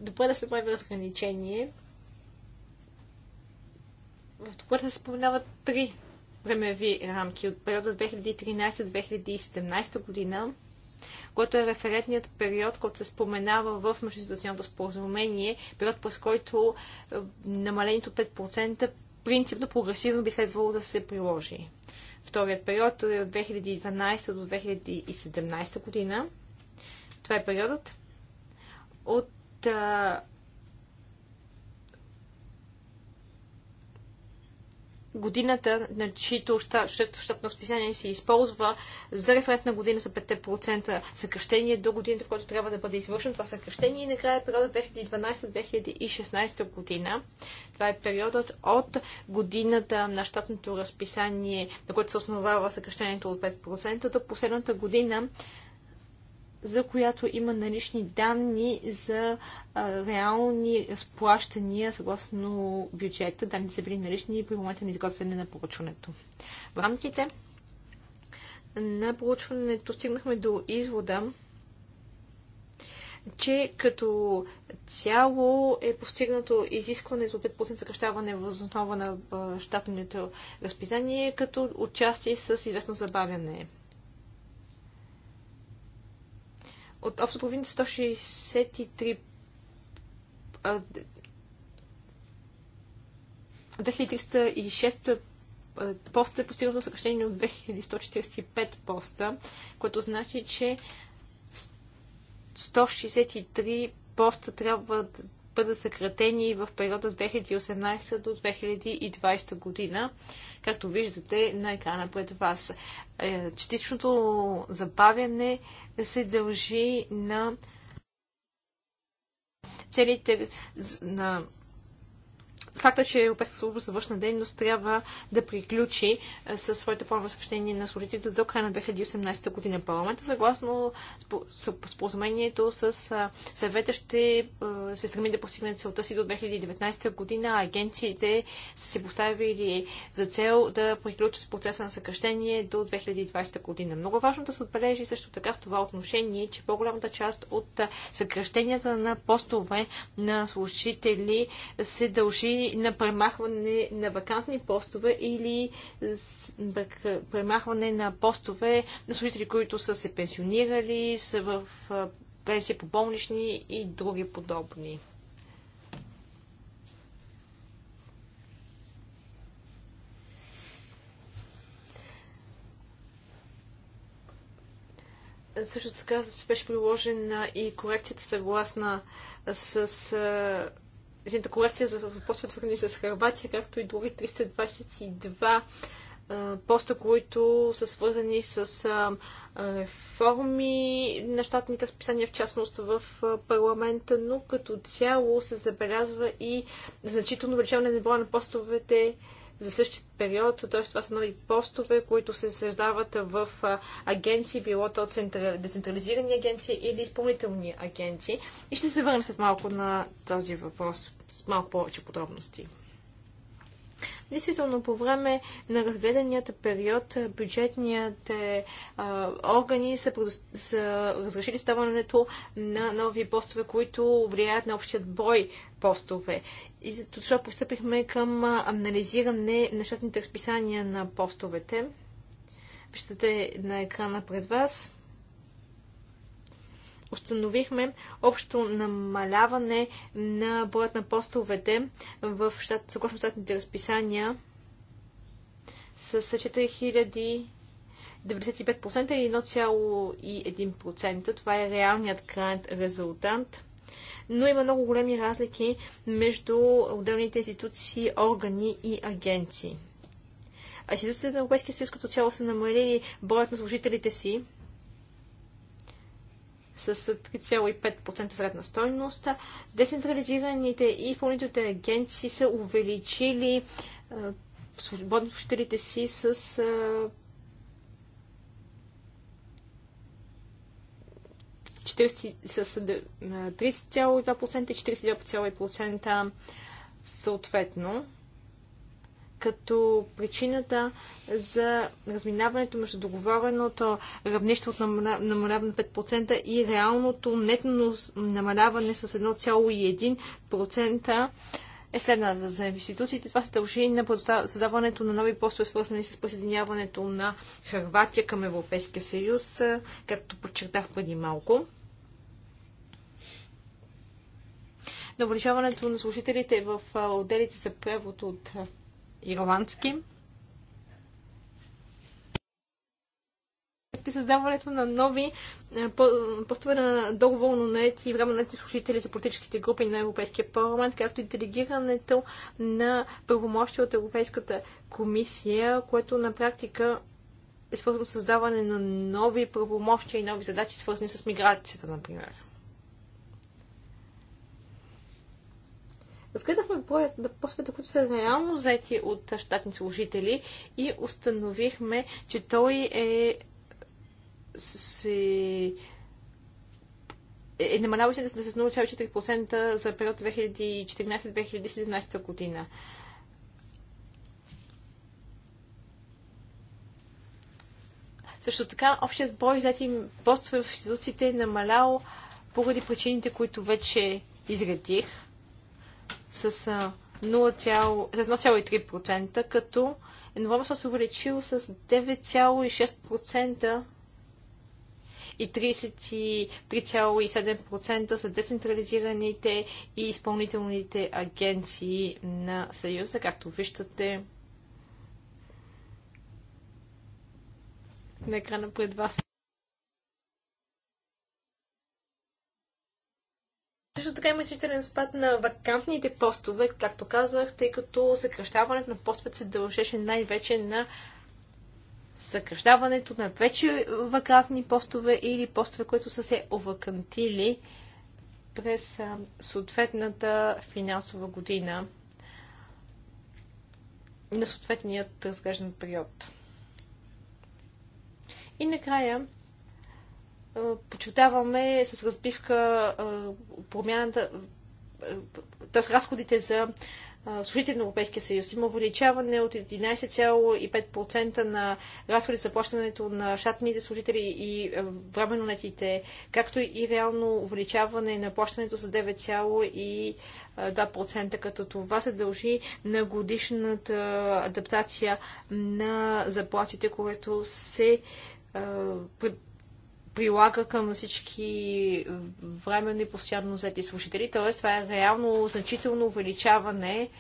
добре да се прави разграничение. В доклада да се споменават три времеви рамки от периода 2013-2017 година, който е референтният период, който се споменава в междуинституционното споразумение, период през който е, намалението 5% принципно прогресивно би следвало да се приложи. Вторият период е от 2012 до 2017 година. Това е периодът от Та... годината, на чието щатно списание се използва за референтна година за 5% съкръщение до годината, в която трябва да бъде извършено това съкръщение и накрая е периода 2012-2016 година. Това е периодът от годината на щатното разписание, на което се основава съкръщението от 5% до последната година за която има налични данни за реални разплащания съгласно бюджета. данни са били налични при момента на изготвяне на поручването. В рамките на поручването стигнахме до извода, че като цяло е постигнато изискването 5% съкръщаване в основа на щатното разписание, като отчасти с известно забавяне. от общо половина 163 2306 поста е постигнато съкрещение от 2145 поста, което значи, че 163 поста трябва да бъдат съкратени в периода 2018 до 2020 година, както виждате на екрана пред вас. Е, частичното забавяне се дължи на целите на факта, че Европейска служба за външна дейност трябва да приключи със своите планове съобщение на служителите до края на 2018 година. Парламента, съгласно споразумението с съвета, ще се стреми да постигне целта си до 2019 година. Агенциите са си поставили за цел да приключат с процеса на съкръщение до 2020 година. Много важно да се отбележи също така в това отношение, че по-голямата част от съкръщенията на постове на служители се дължи на премахване на вакантни постове или премахване на постове на служители, които са се пенсионирали, са в пенсия по болнични и други подобни. също така беше приложена и корекцията съгласна с Зелената колекция за въпроси, отворени с Харватия, както и други 322 поста, които са свързани с реформи на щатните разписания, в частност в парламента, но като цяло се забелязва и значително увеличаване на броя на постовете за същия период. Т.е. това са нови постове, които се създават в агенции, било то децентрализирани агенции или изпълнителни агенции. И ще се върнем след малко на този въпрос с малко повече подробности. Действително, по време на разгледанията период бюджетните а, органи са, са разрешили ставането на нови постове, които влияят на общият брой постове. И затова пристъпихме към анализиране на щатните разписания на постовете. Виждате на екрана пред вас установихме общо намаляване на броят на постовете в щат, съгласно щатните разписания с 4095% или 1,1%. Това е реалният крайен резултат но има много големи разлики между отделните институции, органи и агенции. А институциите на Европейския съюз като цяло са намалили броят на служителите си, с 3,5% средна стойност. Децентрализираните и изпълнителните агенции са увеличили свободно служителите си с с 30,2% и 42,5% съответно като причината за разминаването между договореното равнище от намаляване на 5% и реалното нетно намаляване с 1,1% е следната за институциите. Това се дължи на създаването на нови постове, свързани с присъединяването на Харватия към Европейския съюз, е, както подчертах преди малко. Навлижаването на служителите в е, отделите за превод от е, ирландски. създаването на нови е, постове на договорно наети и време наети служители за политическите групи на Европейския парламент, както и делегирането на правомощи от Европейската комисия, което на практика е свързано с създаване на нови правомощия и нови задачи, свързани с миграцията, например. Разгледахме броят на постовете, които са реално взети от щатни служители и установихме, че той е се е, е намалял с 0,4% за период 2014-2017 година. Също така, общият брой взети постове в институциите е намалял поради причините, които вече изредих с 0,3%, като едновременно се увеличил с 9,6% и 33,7% за децентрализираните и изпълнителните агенции на Съюза. Както виждате на екрана пред вас. също така има изключителен спад на вакантните постове, както казах, тъй като съкръщаването на постовете се дължеше най-вече на съкръщаването на вече вакантни постове или постове, които са се овакантили през съответната финансова година на съответният разглеждан период. И накрая Почетаваме с разбивка промяната, т.е. разходите за служители на Европейския съюз. Има увеличаване от 11,5% на разходи за плащането на щатните служители и временно нетите, както и реално увеличаване на плащането за 9,2%, като това се дължи на годишната адаптация на заплатите, което се прилага към всички временно и постоянно взети служители. Т.е. това е реално значително увеличаване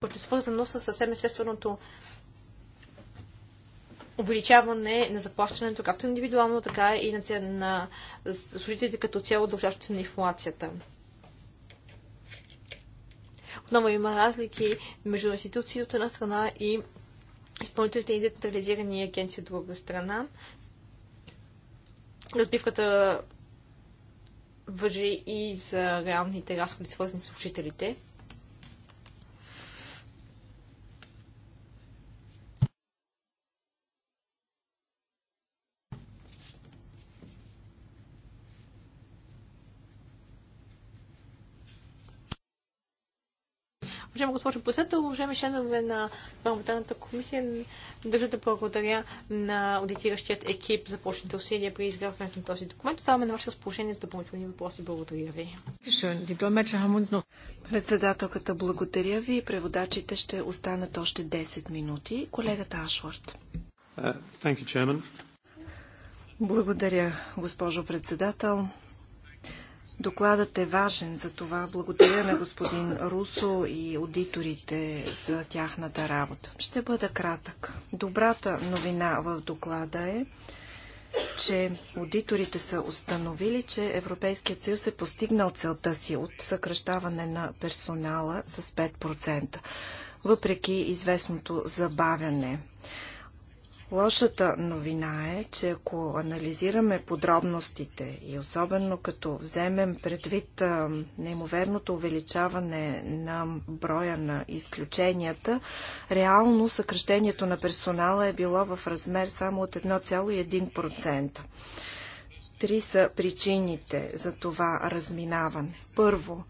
което е свързано с съвсем естественото увеличаване на заплащането, както индивидуално, така и на, на служителите като цяло, дължащи се на инфлацията. Отново има разлики между институции от една страна и изпълнителите и децентрализирани агенции от друга страна. Разбивката въжи и за реалните разходи, свързани с учителите. Уважаема госпожа председател, уважаеми членове на парламентарната комисия, държа да благодаря на аудитиращият екип за почните усилия при изграждането на този документ. Оставаме на ваше разположение за допълнителни въпроси. Благодаря ви. Председателката, благодаря ви. Преводачите ще останат още 10 минути. Колегата Ашвард. Uh, благодаря, госпожо председател. Докладът е важен, за това благодаря на господин Русо и аудиторите за тяхната работа. Ще бъда кратък. Добрата новина в доклада е, че аудиторите са установили, че Европейският съюз е постигнал целта си от съкръщаване на персонала с 5%, въпреки известното забавяне. Лошата новина е, че ако анализираме подробностите и особено като вземем предвид неимоверното увеличаване на броя на изключенията, реално съкръщението на персонала е било в размер само от 1,1%. Три са причините за това разминаване. Първо,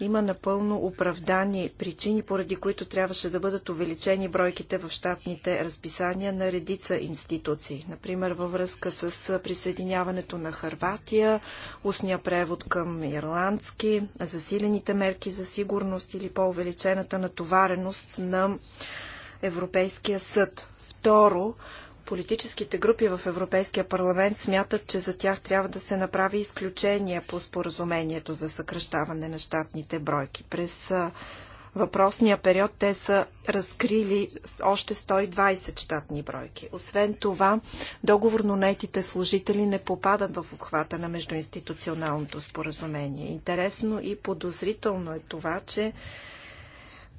има напълно оправдани причини, поради които трябваше да бъдат увеличени бройките в щатните разписания на редица институции. Например, във връзка с присъединяването на Харватия, устния превод към ирландски, засилените мерки за сигурност или по-увеличената натовареност на Европейския съд. Второ, Политическите групи в Европейския парламент смятат, че за тях трябва да се направи изключение по споразумението за съкръщаване на щатните бройки. През въпросния период те са разкрили още 120 щатни бройки. Освен това, договорно наетите служители не попадат в обхвата на междуинституционалното споразумение. Интересно и подозрително е това, че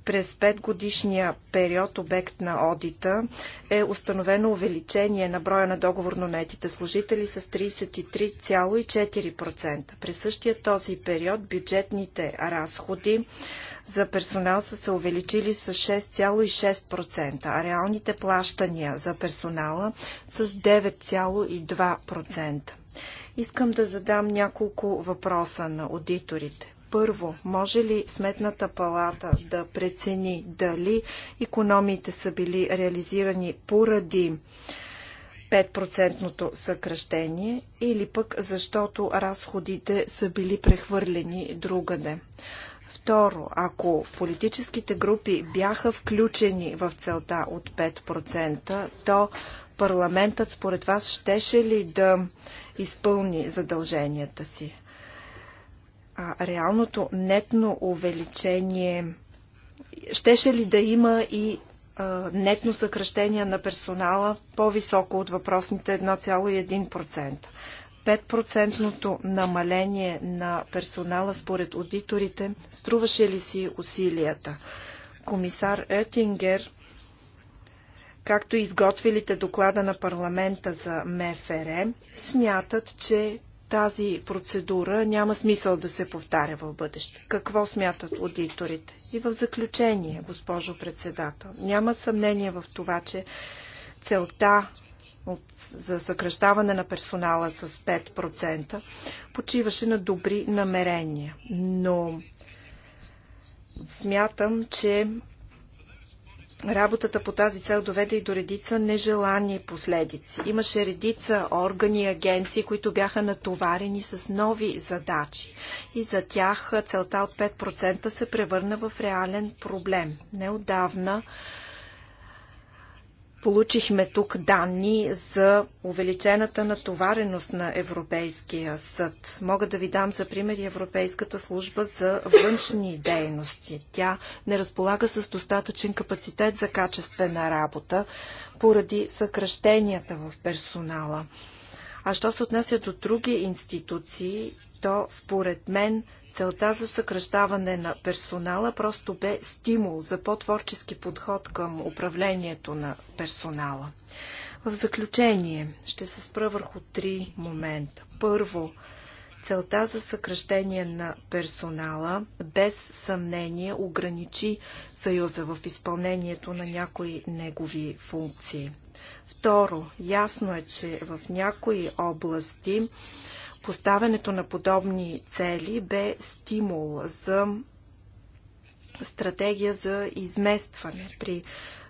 през 5 годишния период обект на одита е установено увеличение на броя на договорно наетите служители с 33,4%. През същия този период бюджетните разходи за персонал са се увеличили с 6,6%, а реалните плащания за персонала с 9,2%. Искам да задам няколко въпроса на аудиторите. Първо, може ли Сметната палата да прецени дали економиите са били реализирани поради 5 съкръщение или пък защото разходите са били прехвърлени другаде? Второ, ако политическите групи бяха включени в целта от 5%, то парламентът според вас щеше ли да изпълни задълженията си? а реалното нетно увеличение щеше ли да има и а, нетно съкръщение на персонала по-високо от въпросните 1,1%? 5% намаление на персонала според аудиторите струваше ли си усилията? Комисар Етингер, както изготвилите доклада на парламента за МФР, смятат, че тази процедура няма смисъл да се повтаря в бъдеще. Какво смятат аудиторите? И в заключение, госпожо председател, няма съмнение в това, че целта от, за съкръщаване на персонала с 5% почиваше на добри намерения. Но смятам, че Работата по тази цел доведе и до редица нежелани последици. Имаше редица органи и агенции, които бяха натоварени с нови задачи и за тях целта от 5% се превърна в реален проблем. Неодавна Получихме тук данни за увеличената натовареност на Европейския съд. Мога да ви дам за пример и Европейската служба за външни дейности. Тя не разполага с достатъчен капацитет за качествена работа поради съкръщенията в персонала. А що се отнася до други институции, то според мен – Целта за съкръщаване на персонала просто бе стимул за по-творчески подход към управлението на персонала. В заключение ще се спра върху три момента. Първо, целта за съкръщение на персонала без съмнение ограничи Съюза в изпълнението на някои негови функции. Второ, ясно е, че в някои области Поставянето на подобни цели бе стимул за стратегия за изместване при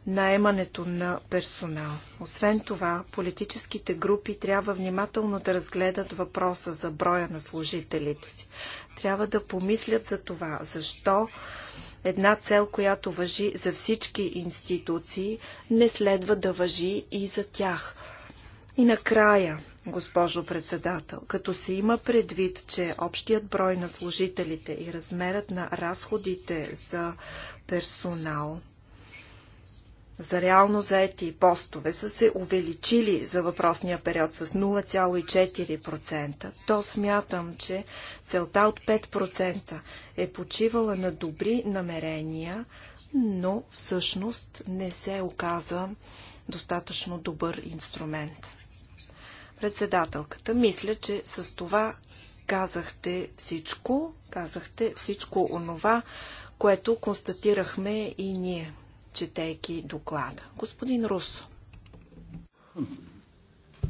наемането на персонал. Освен това, политическите групи трябва внимателно да разгледат въпроса за броя на служителите си. Трябва да помислят за това, защо една цел, която въжи за всички институции, не следва да въжи и за тях. И накрая, госпожо председател. Като се има предвид, че общият брой на служителите и размерът на разходите за персонал за реално заети постове са се увеличили за въпросния период с 0,4%, то смятам, че целта от 5% е почивала на добри намерения, но всъщност не се оказа достатъчно добър инструмент. Председателката, мисля, че с това казахте всичко, казахте всичко онова, което констатирахме и ние, четейки доклада. Господин Русо.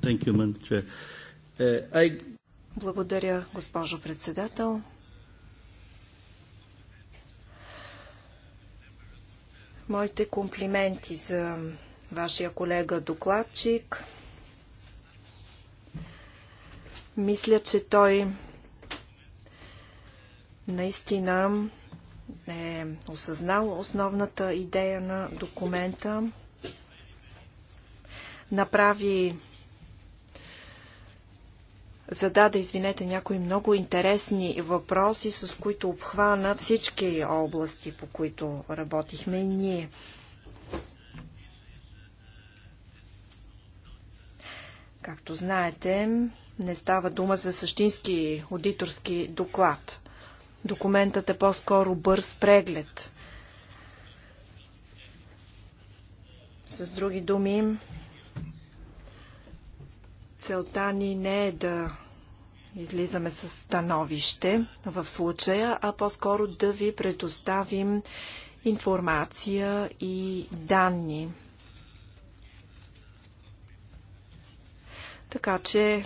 You, I... Е, Благодаря, госпожо председател. Моите комплименти за вашия колега докладчик, мисля, че той наистина е осъзнал основната идея на документа. Направи зададе, извинете, някои много интересни въпроси, с които обхвана всички области, по които работихме и ние. Както знаете, не става дума за същински аудиторски доклад. Документът е по-скоро бърз преглед. С други думи, целта ни не е да излизаме с становище в случая, а по-скоро да ви предоставим информация и данни. Така че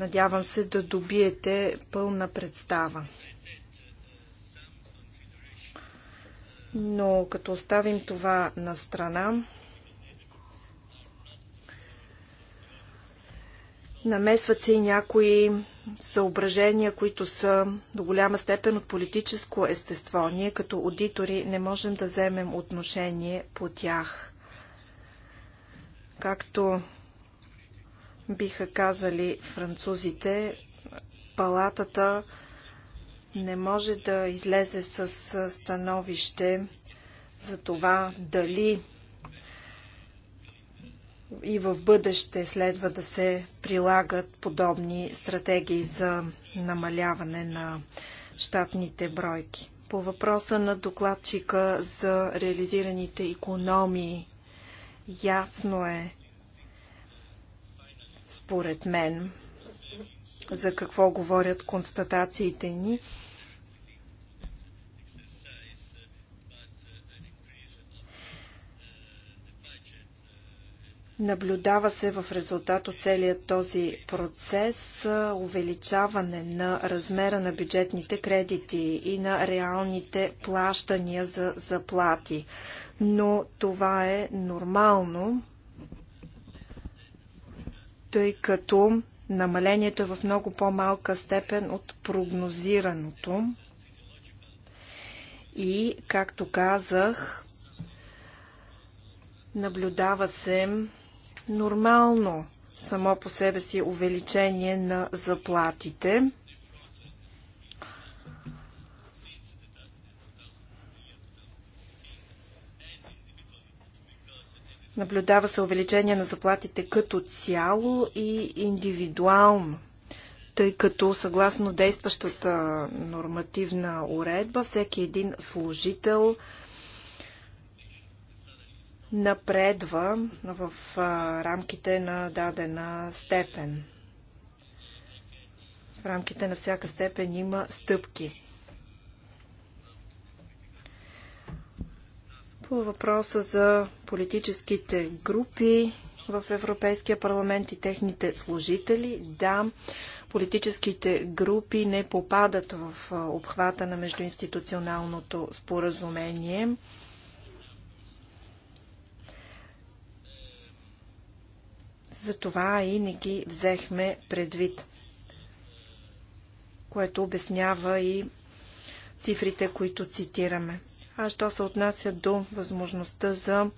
Надявам се да добиете пълна представа. Но като оставим това на страна, намесват се и някои съображения, които са до голяма степен от политическо естество. Ние като аудитори не можем да вземем отношение по тях. Както биха казали французите, палатата не може да излезе с становище за това дали и в бъдеще следва да се прилагат подобни стратегии за намаляване на щатните бройки. По въпроса на докладчика за реализираните економии, ясно е, според мен, за какво говорят констатациите ни. Наблюдава се в резултат от целият този процес увеличаване на размера на бюджетните кредити и на реалните плащания за заплати. Но това е нормално тъй като намалението е в много по-малка степен от прогнозираното. И, както казах, наблюдава се нормално само по себе си увеличение на заплатите. Наблюдава се увеличение на заплатите като цяло и индивидуално, тъй като съгласно действащата нормативна уредба, всеки един служител напредва в рамките на дадена степен. В рамките на всяка степен има стъпки. По въпроса за политическите групи в Европейския парламент и техните служители, да, политическите групи не попадат в обхвата на междуинституционалното споразумение. Затова и не ги взехме предвид, което обяснява и цифрите, които цитираме. А що се отнася до възможността за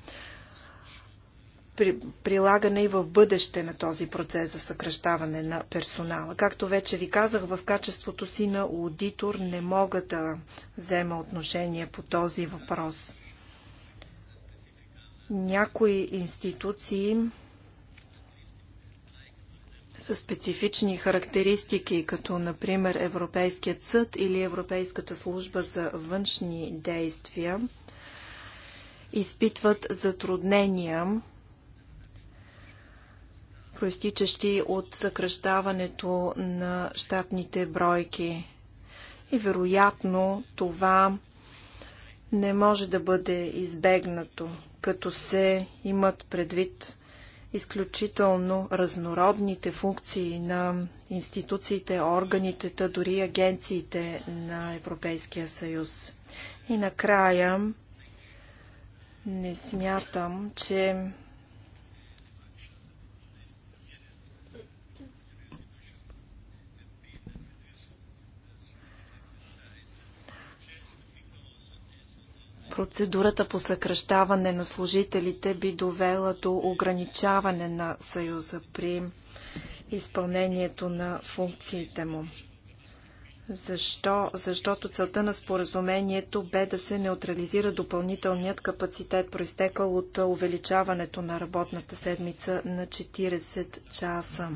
при, прилагане и в бъдеще на този процес за съкръщаване на персонала. Както вече ви казах, в качеството си на аудитор не мога да взема отношение по този въпрос. Някои институции със специфични характеристики, като например Европейският съд или Европейската служба за външни действия, изпитват затруднения, проистичащи от съкръщаването на щатните бройки. И вероятно това не може да бъде избегнато, като се имат предвид изключително разнородните функции на институциите, органите, та дори агенциите на Европейския съюз. И накрая не смятам, че Процедурата по съкръщаване на служителите би довела до ограничаване на Съюза при изпълнението на функциите му. Защо? Защото целта на споразумението бе да се неутрализира допълнителният капацитет, проистекал от увеличаването на работната седмица на 40 часа.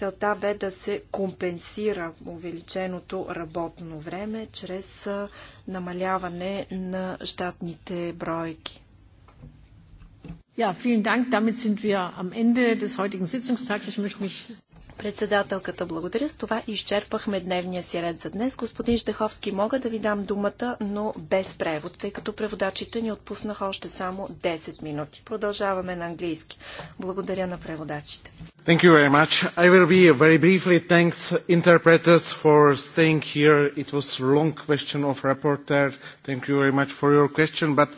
Целта бе да се компенсира увеличеното работно време чрез намаляване на щатните бройки. Ja, vielen Dank. Damit sind wir am Ende des heutigen Sitzungstags. Ich möchte mich Председателката, благодаря. С това изчерпахме дневния си ред за днес. Господин Ждеховски, мога да ви дам думата, но без превод, тъй като преводачите ни отпуснаха още само 10 минути. Продължаваме на английски. Благодаря на преводачите. Thank you very much. I will be very briefly thanks interpreters for staying here. It was long question of reporter. Thank you very much for your question, but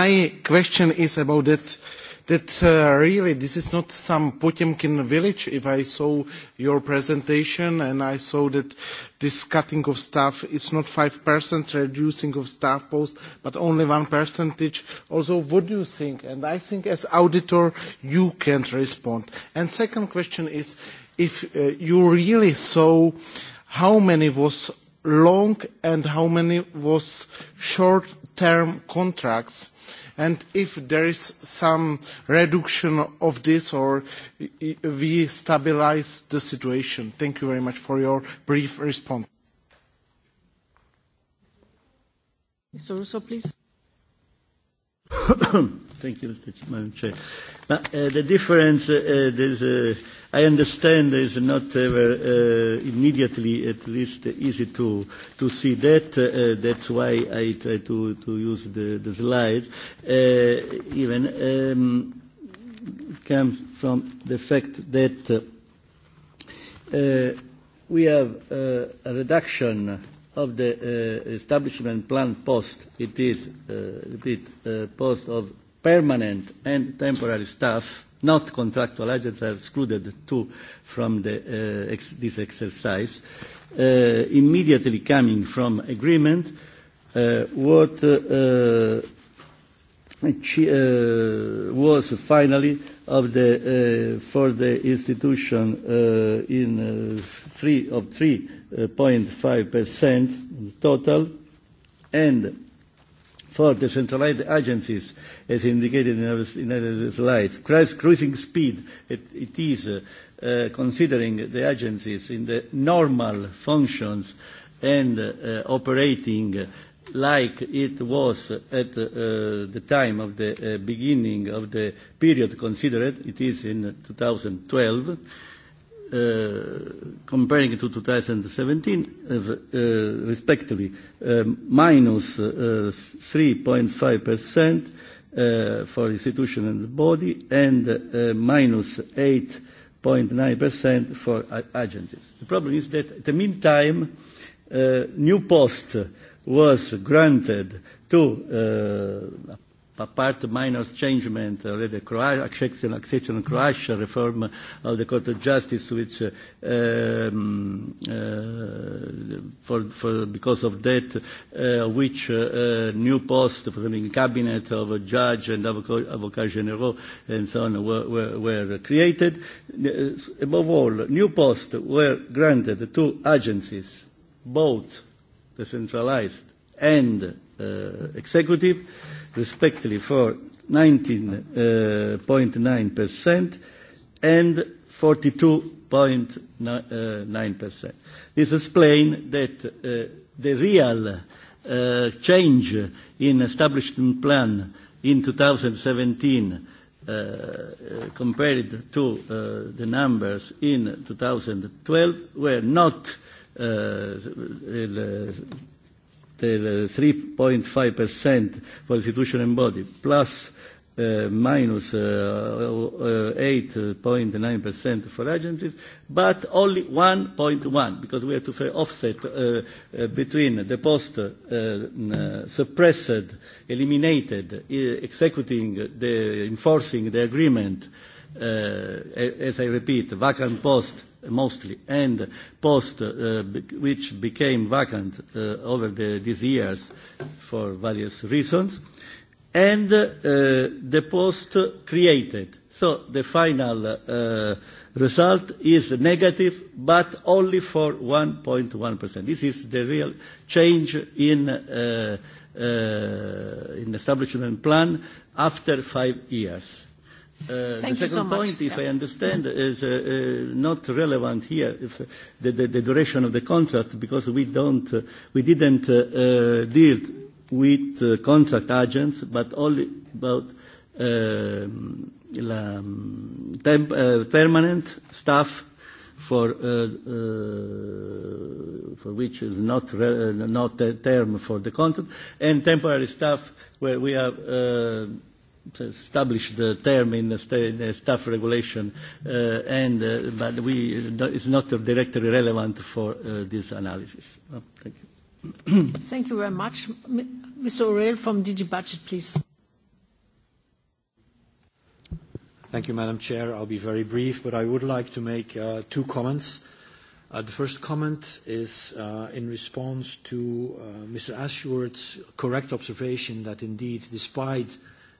my question is about that that uh, really this is not some Potemkin village. If I saw your presentation and I saw that this cutting of staff is not 5% reducing of staff posts, but only one percentage. Also, what do you think? And I think as auditor, you can respond. And second question is, if uh, you really saw how many was long and how many was short-term contracts and if there is some reduction of this or we stabilize the situation? Thank you very much for your brief response. Mr. Russo, please. Thank you, Madam Chair. The difference, there's I understand it's not uh, uh, immediately, at least, easy to, to see that. Uh, that's why I try to, to use the, the slide. Uh, even um, comes from the fact that uh, we have uh, a reduction of the uh, establishment plan post. It is, uh, repeat, uh, post of permanent and temporary staff not contractual agents are excluded too from the, uh, ex- this exercise. Uh, immediately coming from agreement, uh, what uh, uh, was finally of the uh, for the institution uh, in uh, three of 3.5 percent total, and for decentralized agencies, as indicated in our, in our slides. Cruising speed, it, it is uh, uh, considering the agencies in the normal functions and uh, operating like it was at uh, the time of the uh, beginning of the period considered, it is in 2012 uh, comparing it to 2017, uh, uh, respectively, uh, minus uh, 3.5% uh, for institution and body and uh, minus 8.9% for agencies. The problem is that in the meantime, uh, new post was granted to uh, apart the minor changement, already Croatia, accession, accession of Croatia, reform of the Court of Justice, which uh, um, uh, for, for, because of that, uh, which uh, uh, new post for the cabinet of a judge and avocat general and so on were, were, were created. Above all, new posts were granted to agencies, both the centralized and uh, executive, respectively for 19.9% and 42.9%. This explains that the real change in establishment plan in 2017 compared to the numbers in 2012 were not 3.5% for institution and body, plus minus 8.9% for agencies, but only 1.1, because we have to offset between the post suppressed, eliminated, executing, the enforcing the agreement, as I repeat, vacant post mostly, and post, uh, which became vacant uh, over the, these years for various reasons, and uh, the post created. So the final uh, result is negative, but only for 1.1%. This is the real change in, uh, uh, in establishment plan after five years Uh, the second point, if I understand, is uh uh not relevant here, if the the duration of the contract, because we don't, uh we didn't uh uh deal with uh contract agents, but only about uh uh temp permanent staff for uh uh for which is not re not a term for the contract, and temporary staff, where we have uh establish the term in the staff regulation, uh, and uh, but we it's not directly relevant for uh, this analysis. Oh, thank you. thank you very much, Mr. O'Reilly from DG Budget, please. Thank you, Madam Chair. I'll be very brief, but I would like to make uh, two comments. Uh, the first comment is uh, in response to uh, Mr. Ashworth's correct observation that indeed, despite uh,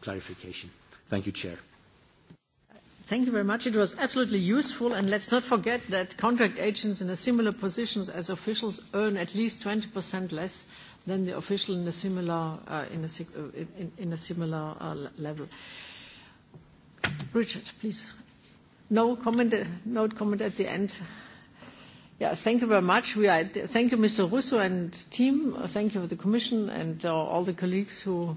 clarification. Thank you, Chair. Thank you very much. It was absolutely useful, and let's not forget that contract agents in a similar positions as officials earn at least 20% less than the official in a similar level. Richard, please. No comment, no comment at the end. Yeah, thank you very much. Thank you, Mr. Russo and team. Thank you, to the commission and all the colleagues who